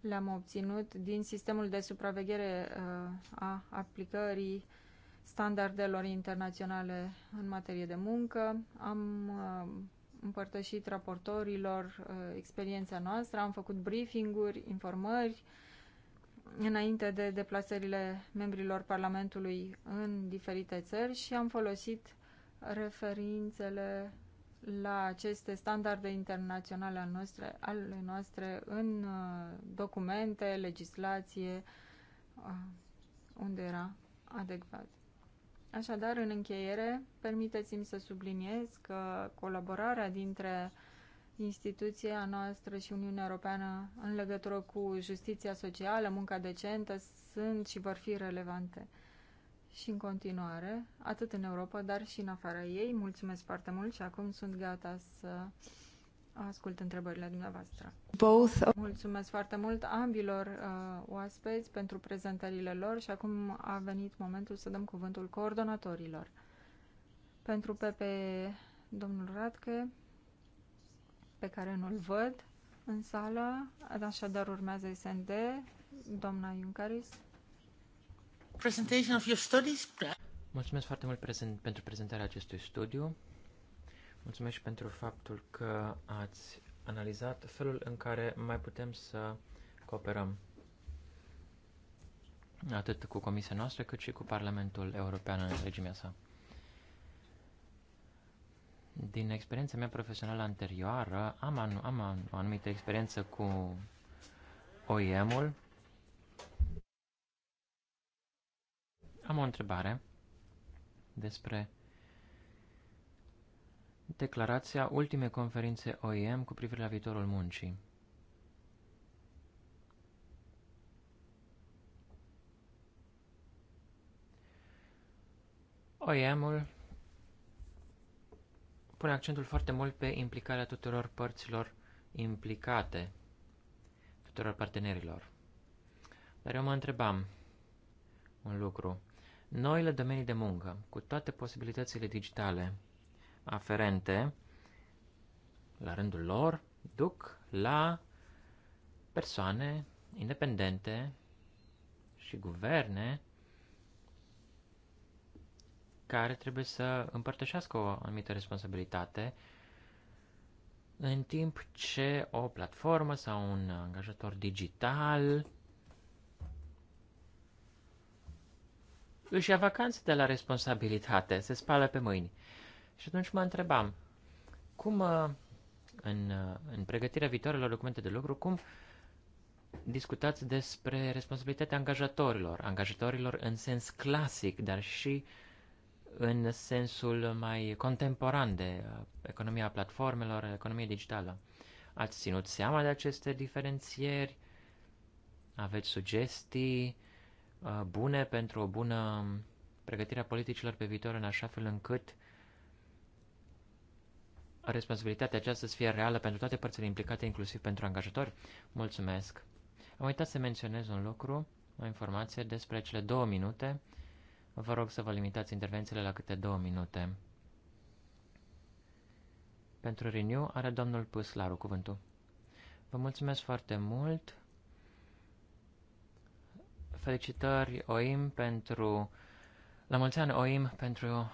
le-am obținut din sistemul de supraveghere uh, a aplicării standardelor internaționale în materie de muncă. Am uh, împărtășit raportorilor experiența noastră, am făcut briefinguri, informări, înainte de deplasările membrilor Parlamentului în diferite țări și am folosit referințele la aceste standarde internaționale ale noastre, ale noastre în uh, documente, legislație, uh, unde era adecvat. Așadar, în încheiere, permiteți-mi să subliniez că colaborarea dintre instituția noastră și Uniunea Europeană în legătură cu justiția socială, munca decentă, sunt și vor fi relevante și în continuare, atât în Europa, dar și în afara ei. Mulțumesc foarte mult și acum sunt gata să ascult întrebările dumneavoastră. Both. Mulțumesc foarte mult ambilor uh, oaspeți pentru prezentările lor și acum a venit momentul să dăm cuvântul coordonatorilor. Pentru PPE, domnul Radke, pe care nu-l văd în sală, așadar urmează SND, doamna Iuncaris. Presentation of your studies.
Mulțumesc foarte mult prezent, pentru prezentarea acestui studiu. Mulțumesc și pentru faptul că ați analizat felul în care mai putem să cooperăm atât cu Comisia noastră cât și cu Parlamentul European în întregimea sa. Din experiența mea profesională anterioară, am, an, am an, o anumită experiență cu OIM-ul. Am o întrebare despre declarația ultimei conferințe OIM cu privire la viitorul muncii. OIM-ul pune accentul foarte mult pe implicarea tuturor părților implicate, tuturor partenerilor. Dar eu mă întrebam un lucru. Noile domenii de muncă, cu toate posibilitățile digitale aferente, la rândul lor, duc la persoane independente și guverne care trebuie să împărtășească o anumită responsabilitate în timp ce o platformă sau un angajator digital își ia vacanță de la responsabilitate, se spală pe mâini. Și atunci mă întrebam, cum uh, în, uh, în pregătirea viitoarelor documente de lucru, cum discutați despre responsabilitatea angajatorilor, angajatorilor în sens clasic, dar și uh, în sensul mai contemporan de uh, economia platformelor, economie digitală. Ați ținut seama de aceste diferențieri? Aveți sugestii uh, bune pentru o bună pregătire a politicilor pe viitor în așa fel încât responsabilitatea aceasta să fie reală pentru toate părțile implicate, inclusiv pentru angajatori? Mulțumesc! Am uitat să menționez un lucru, o informație despre cele două minute Vă rog să vă limitați intervențiile la câte două minute. Pentru Renew are domnul Păslaru cuvântul. Vă mulțumesc foarte mult. Felicitări OIM pentru... La mulți ani OIM pentru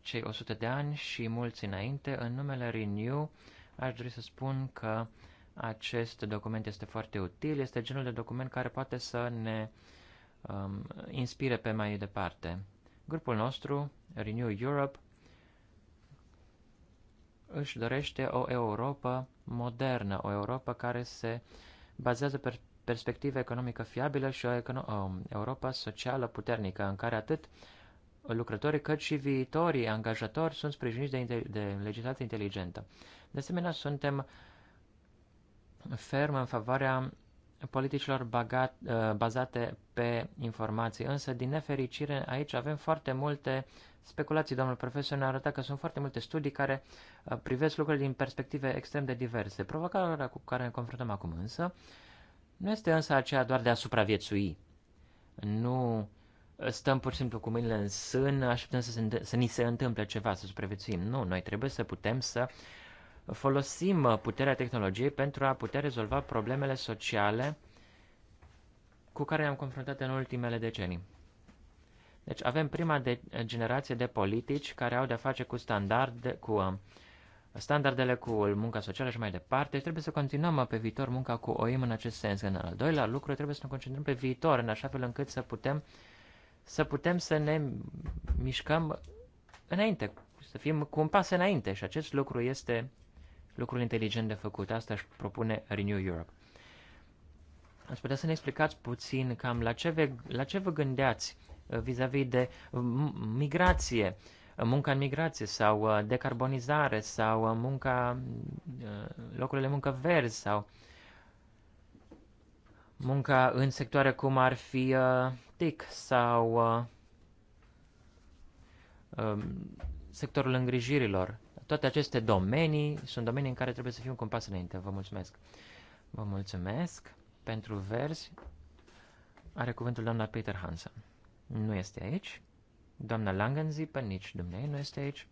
cei 100 de ani și mulți înainte. În numele Renew aș dori să spun că acest document este foarte util. Este genul de document care poate să ne uh, um, inspire pe mai departe. Grupul nostru, Renew Europe, își dorește o Europa modernă, o Europa care se bazează pe perspectivă economică fiabilă și o, o Europa socială puternică, în care atât lucrătorii cât și viitorii angajatori sunt sprijiniți de, inte- de legislație inteligentă. De asemenea, suntem ferm în favoarea politicilor bagat, uh, bazate pe informații. Însă, din nefericire, aici avem foarte multe speculații. Domnul profesor ne-a arătat că sunt foarte multe studii care uh, privesc lucrurile din perspective extrem de diverse. Provocarea cu care ne confruntăm acum însă nu este însă aceea doar de a supraviețui. Nu uh, stăm pur și simplu cu mâinile în sân, așteptăm să, se, să ni se întâmple ceva, să supraviețuim. Nu, noi trebuie să putem să uh, folosim uh, puterea tehnologiei pentru a putea rezolva problemele sociale cu care ne-am confruntat în ultimele decenii. Deci avem prima de- uh, generație de politici care au de-a face cu, standarde, cu uh, standardele, cu munca socială și mai departe. trebuie să continuăm pe viitor munca cu OIM în acest sens. În al doilea lucru, trebuie să ne concentrăm pe viitor, în așa fel încât să putem să, putem să ne mișcăm înainte, să fim cu un pas înainte și acest lucru este Lucruri inteligent de făcut. Asta își propune Renew Europe. Ați putea să ne explicați puțin cam la ce, ve, la ce vă gândeați uh, vis-a-vis -vis de uh, migrație, uh, munca în migrație sau decarbonizare sau munca, locurile de muncă verzi sau munca în sectoare cum ar fi TIC sau um, sectorul îngrijirilor. Toate aceste domenii sunt domenii în care trebuie să fim un compas înainte. Vă mulțumesc. Vă mulțumesc pentru verzi. Are cuvântul doamna Peter Hansen. Nu este aici. Doamna Langenzipen, nici dumneavoastră nu este aici.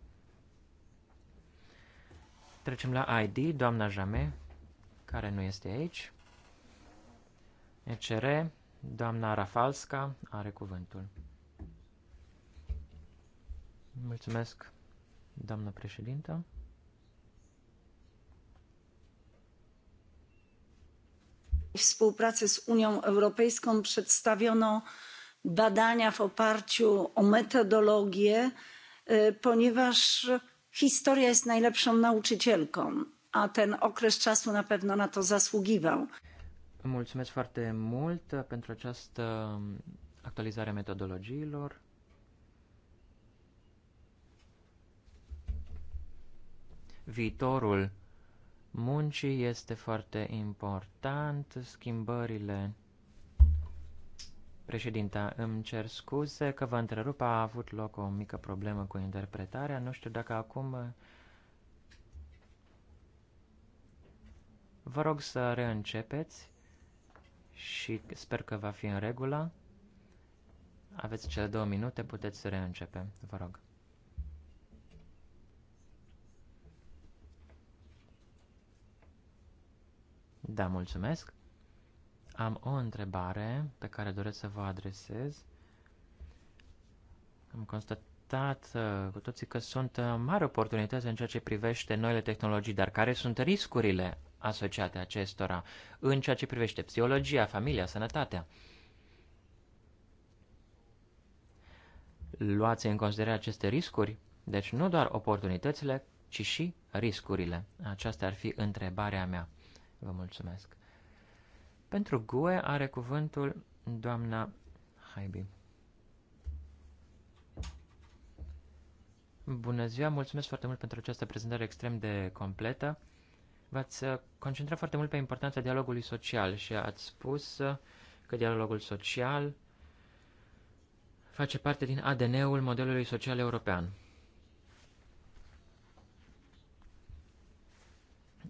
Trecem la ID, doamna Jame, care nu este aici. ECR, doamna Rafalska, are cuvântul. Mulțumesc, Doamnă președintă,
współpracy z Unią Europejską przedstawiono badania w oparciu o metodologię, ponieważ historia jest najlepszą nauczycielką, a ten okres czasu na pewno na to zasługiwał.
Mulțumesc foarte mult pentru această um, actualizare a metodologiilor. viitorul muncii este foarte important, schimbările... Președinta, îmi cer scuze că vă întrerup, a avut loc o mică problemă cu interpretarea, nu știu dacă acum... Uh, vă rog să reîncepeți și sper că va fi în regulă. Aveți cele două minute, puteți să reîncepem, vă rog. Da, mulțumesc. Am o întrebare pe care doresc să vă adresez. Am constatat uh, cu toții că sunt uh, mari oportunități în ceea ce privește noile tehnologii, dar care sunt riscurile asociate acestora în ceea ce privește psihologia, familia, sănătatea? Luați în considerare aceste riscuri? Deci nu doar oportunitățile, ci și riscurile. Aceasta ar fi întrebarea mea. Vă mulțumesc. Pentru GUE are cuvântul doamna Haibi. Bună ziua, mulțumesc foarte mult pentru această prezentare extrem de completă. V-ați uh, concentrat foarte mult pe importanța dialogului social și ați spus uh, că dialogul social face parte din ADN-ul modelului social european.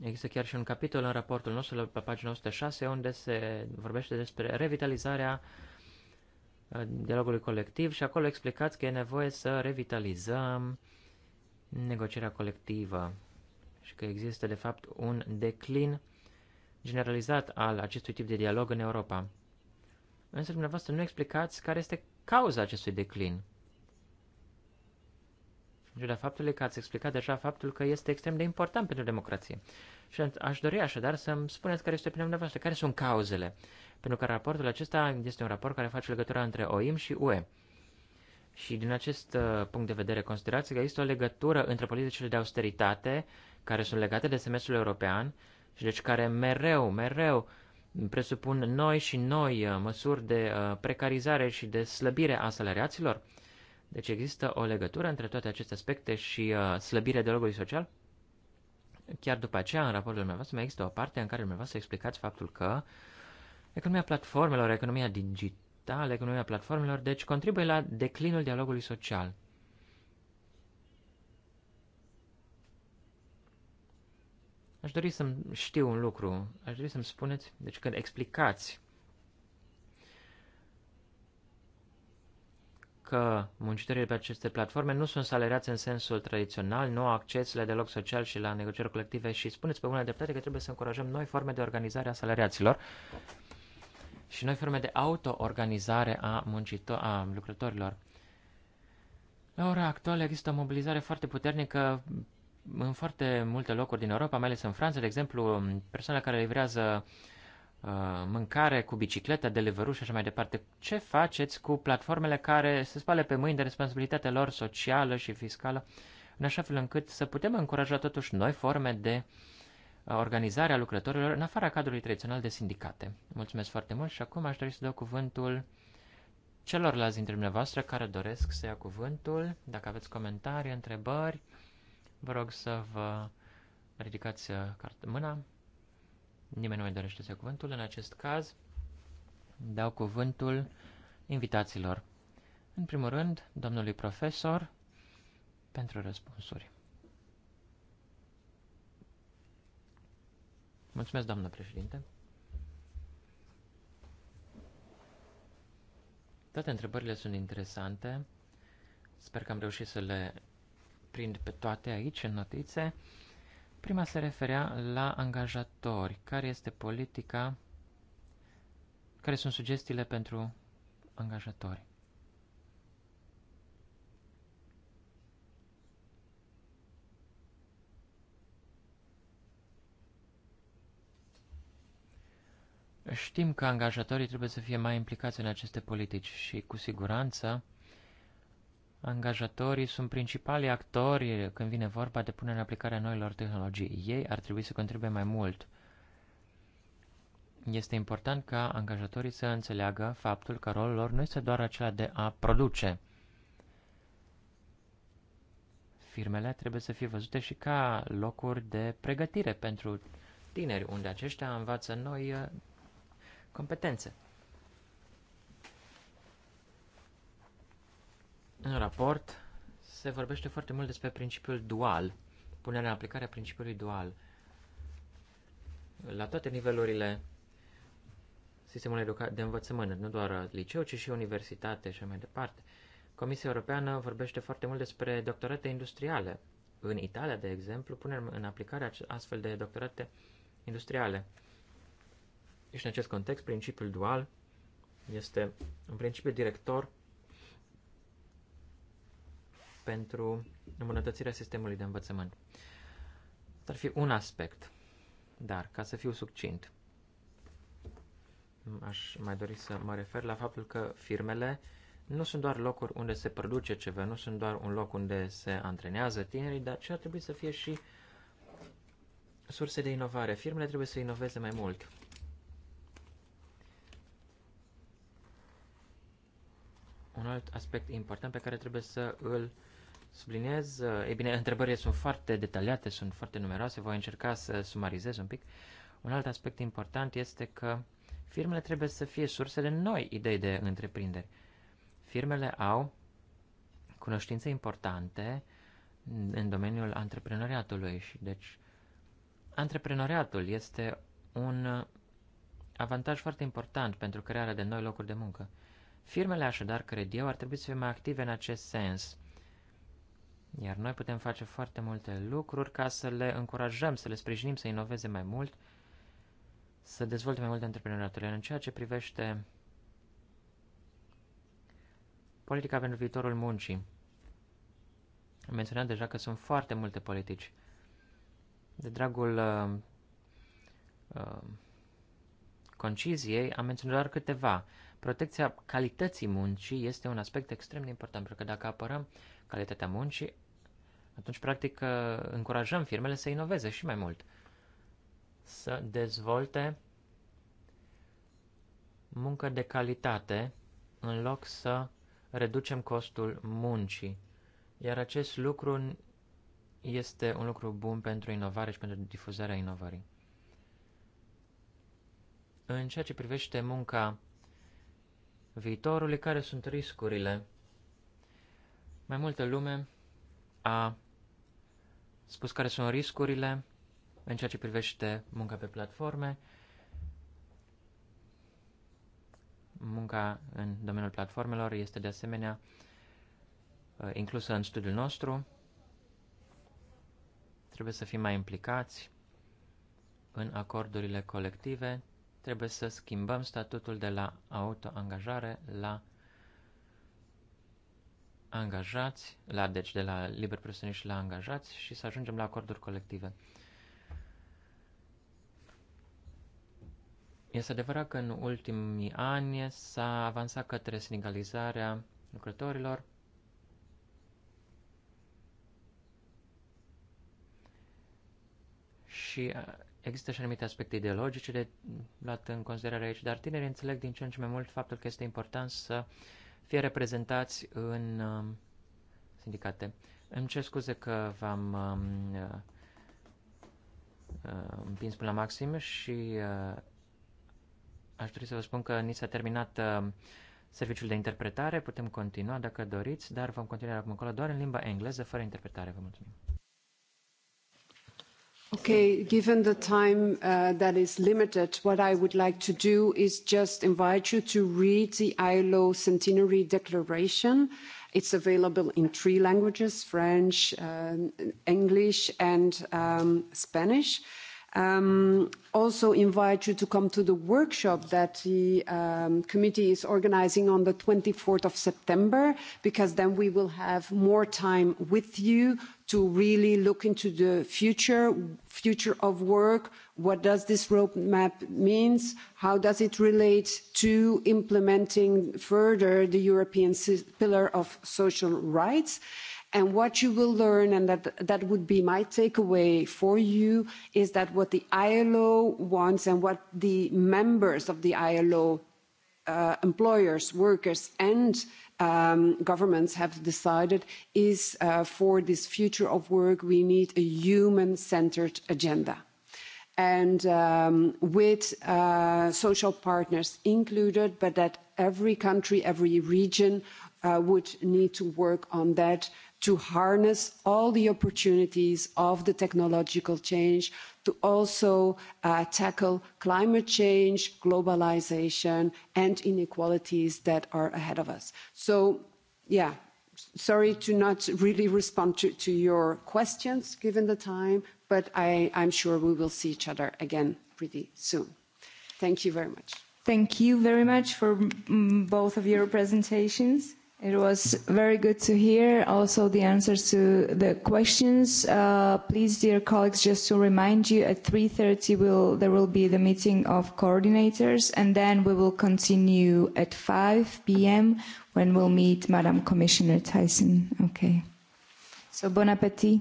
Există chiar și un capitol în raportul nostru, pe pagina 106, unde se vorbește despre revitalizarea uh, dialogului colectiv și acolo explicați că e nevoie să revitalizăm negocierea colectivă și că există, de fapt, un declin generalizat al acestui tip de dialog în Europa. Însă dumneavoastră nu explicați care este cauza acestui declin ciuda faptului că ați explicat deja faptul că este extrem de important pentru democrație. Și aș dori așadar să-mi spuneți care este opinia dumneavoastră, care sunt cauzele pentru că raportul acesta este un raport care face legătura între OIM și UE. Și din acest uh, punct de vedere considerați că există o legătură între politicile de austeritate care sunt legate de semestrul european și deci care mereu, mereu presupun noi și noi uh, măsuri de uh, precarizare și de slăbire a salariaților? Deci există o legătură între toate aceste aspecte și uh, slăbirea dialogului social? Chiar după aceea, în raportul dumneavoastră, mai există o parte în care dumneavoastră explicați faptul că economia platformelor, economia digitală, economia platformelor, deci contribuie la declinul dialogului social. Aș dori să știu un lucru, aș dori să-mi spuneți, deci când explicați că muncitorii pe aceste platforme nu sunt salariați în sensul tradițional, nu au acces la dialog social și la negocieri colective și spuneți pe bună dreptate că trebuie să încurajăm noi forme de organizare a salariaților și noi forme de auto-organizare a, muncito- a lucrătorilor. La ora actuală există o mobilizare foarte puternică în foarte multe locuri din Europa, mai ales în Franța, de exemplu, persoanele care livrează uh, Uh, mâncare cu bicicletă, Deliveroo și așa mai departe. Ce faceți cu platformele care se spală pe mâini de responsabilitatea lor socială și fiscală, în așa fel încât să putem încuraja totuși noi forme de uh, organizare a lucrătorilor în afara cadrului tradițional de sindicate. Mulțumesc foarte mult și acum aș dori să dau cuvântul celorlalți dintre dumneavoastră care doresc să ia cuvântul. Dacă aveți comentarii, întrebări, vă rog să vă ridicați uh, mâna. Nimeni nu mai dorește să cuvântul. În acest caz, dau cuvântul invitaților. În primul rând, domnului profesor, pentru răspunsuri. Mulțumesc, doamnă președinte. Toate întrebările sunt interesante. Sper că am reușit să le prind pe toate aici, în notițe. Prima se referea la angajatori. Care este politica? Care sunt sugestiile pentru angajatori? Știm că angajatorii trebuie să fie mai implicați în aceste politici și, cu siguranță, Angajatorii sunt principalii actori când vine vorba de punerea în aplicare a noilor tehnologii. Ei ar trebui să contribuie mai mult. Este important ca angajatorii să înțeleagă faptul că rolul lor nu este doar acela de a produce. Firmele trebuie să fie văzute și ca locuri de pregătire pentru tineri, unde aceștia învață noi uh, competențe. În raport se vorbește foarte mult despre principiul dual, punerea în aplicare a principiului dual. La toate nivelurile sistemului de învățământ, nu doar liceu, ci și universitate și mai departe. Comisia Europeană vorbește foarte mult despre doctorate industriale. În Italia, de exemplu, punem în aplicare astfel de doctorate industriale. Și în acest context, principiul dual este un principiu director pentru îmbunătățirea sistemului de învățământ. Ar fi un aspect, dar ca să fiu succint, aș mai dori să mă refer la faptul că firmele nu sunt doar locuri unde se produce ceva, nu sunt doar un loc unde se antrenează tinerii, dar ce ar trebui să fie și surse de inovare. Firmele trebuie să inoveze mai mult. Un alt aspect important pe care trebuie să îl subliniez, eh, e bine, întrebările sunt foarte detaliate, sunt foarte numeroase, voi încerca să sumarizez un pic. Un alt aspect important este că firmele trebuie să fie surse de noi idei de întreprinderi. Firmele au cunoștințe importante în domeniul antreprenoriatului și deci antreprenoriatul este un avantaj foarte important pentru crearea de noi locuri de muncă. Firmele așadar, cred eu, ar trebui să fie mai active în acest sens iar noi putem face foarte multe lucruri ca să le încurajăm, să le sprijinim, să inoveze mai mult, să dezvolte mai mult antreprenoriatul. În ceea ce privește politica pentru viitorul muncii, am menționat deja că sunt foarte multe politici. De dragul uh, uh, conciziei, am menționat doar câteva. Protecția calității muncii este un aspect extrem de important, pentru că dacă apărăm calitatea muncii, atunci practic uh, încurajăm firmele să inoveze și mai mult, să dezvolte muncă de calitate în loc să reducem costul muncii. Iar acest lucru este un lucru bun pentru inovare și pentru difuzarea inovării. În ceea ce privește munca viitorului, care sunt riscurile? Mai multă lume a spus care sunt riscurile în ceea ce privește munca pe platforme, munca în domeniul platformelor este de asemenea uh, inclusă în studiul nostru. Trebuie să fim mai implicați în acordurile colective. Trebuie să schimbăm statutul de la autoangajare la angajați, la, deci de la liber profesioniști la angajați și să ajungem la acorduri colective. Este adevărat că în ultimii ani s-a avansat către sindicalizarea lucrătorilor, și există și anumite aspecte ideologice de luat în considerare aici, dar tinerii înțeleg din ce în ce mai mult faptul că este important să uh, fie reprezentați în um, sindicate. Îmi cer scuze că v-am um, uh, uh, împins până la maxim și uh, aș dori să vă spun că ni s-a terminat serviciul de interpretare, putem continua dacă doriți, dar vom continua acum încolo doar în limba engleză, fără interpretare. Vă mulțumim!
Okay, given the time uh, that is limited, what I would like to do is just invite you to read the ILO Centenary Declaration. It's available in three languages, French, uh, English and um, Spanish. Um, also invite you to come to the workshop that the um, committee is organizing on the 24th of September, because then we will have more time with you to really look into the future future of work what does this roadmap mean how does it relate to implementing further the european pillar of social rights and what you will learn and that that would be my takeaway for you is that what the ilo wants and what the members of the ilo uh, employers workers and um, governments have decided is uh, for this future of work we need a human centered agenda and um, with uh, social partners included but that every country every region uh, would need to work on that to harness all the opportunities of the technological change to also uh, tackle climate change globalisation and inequalities that are ahead of us. so yeah sorry to not really respond to, to your questions given the time but I, i'm sure we will see each other again pretty soon. thank you very much.
thank you very much for mm, both of your presentations. It was very good to hear also the answers to the questions. Uh, please, dear colleagues, just to remind you, at 3.30 we'll, there will be the meeting of coordinators, and then we will continue at 5 p.m. when we'll meet Madam Commissioner Tyson. Okay. So bon appétit.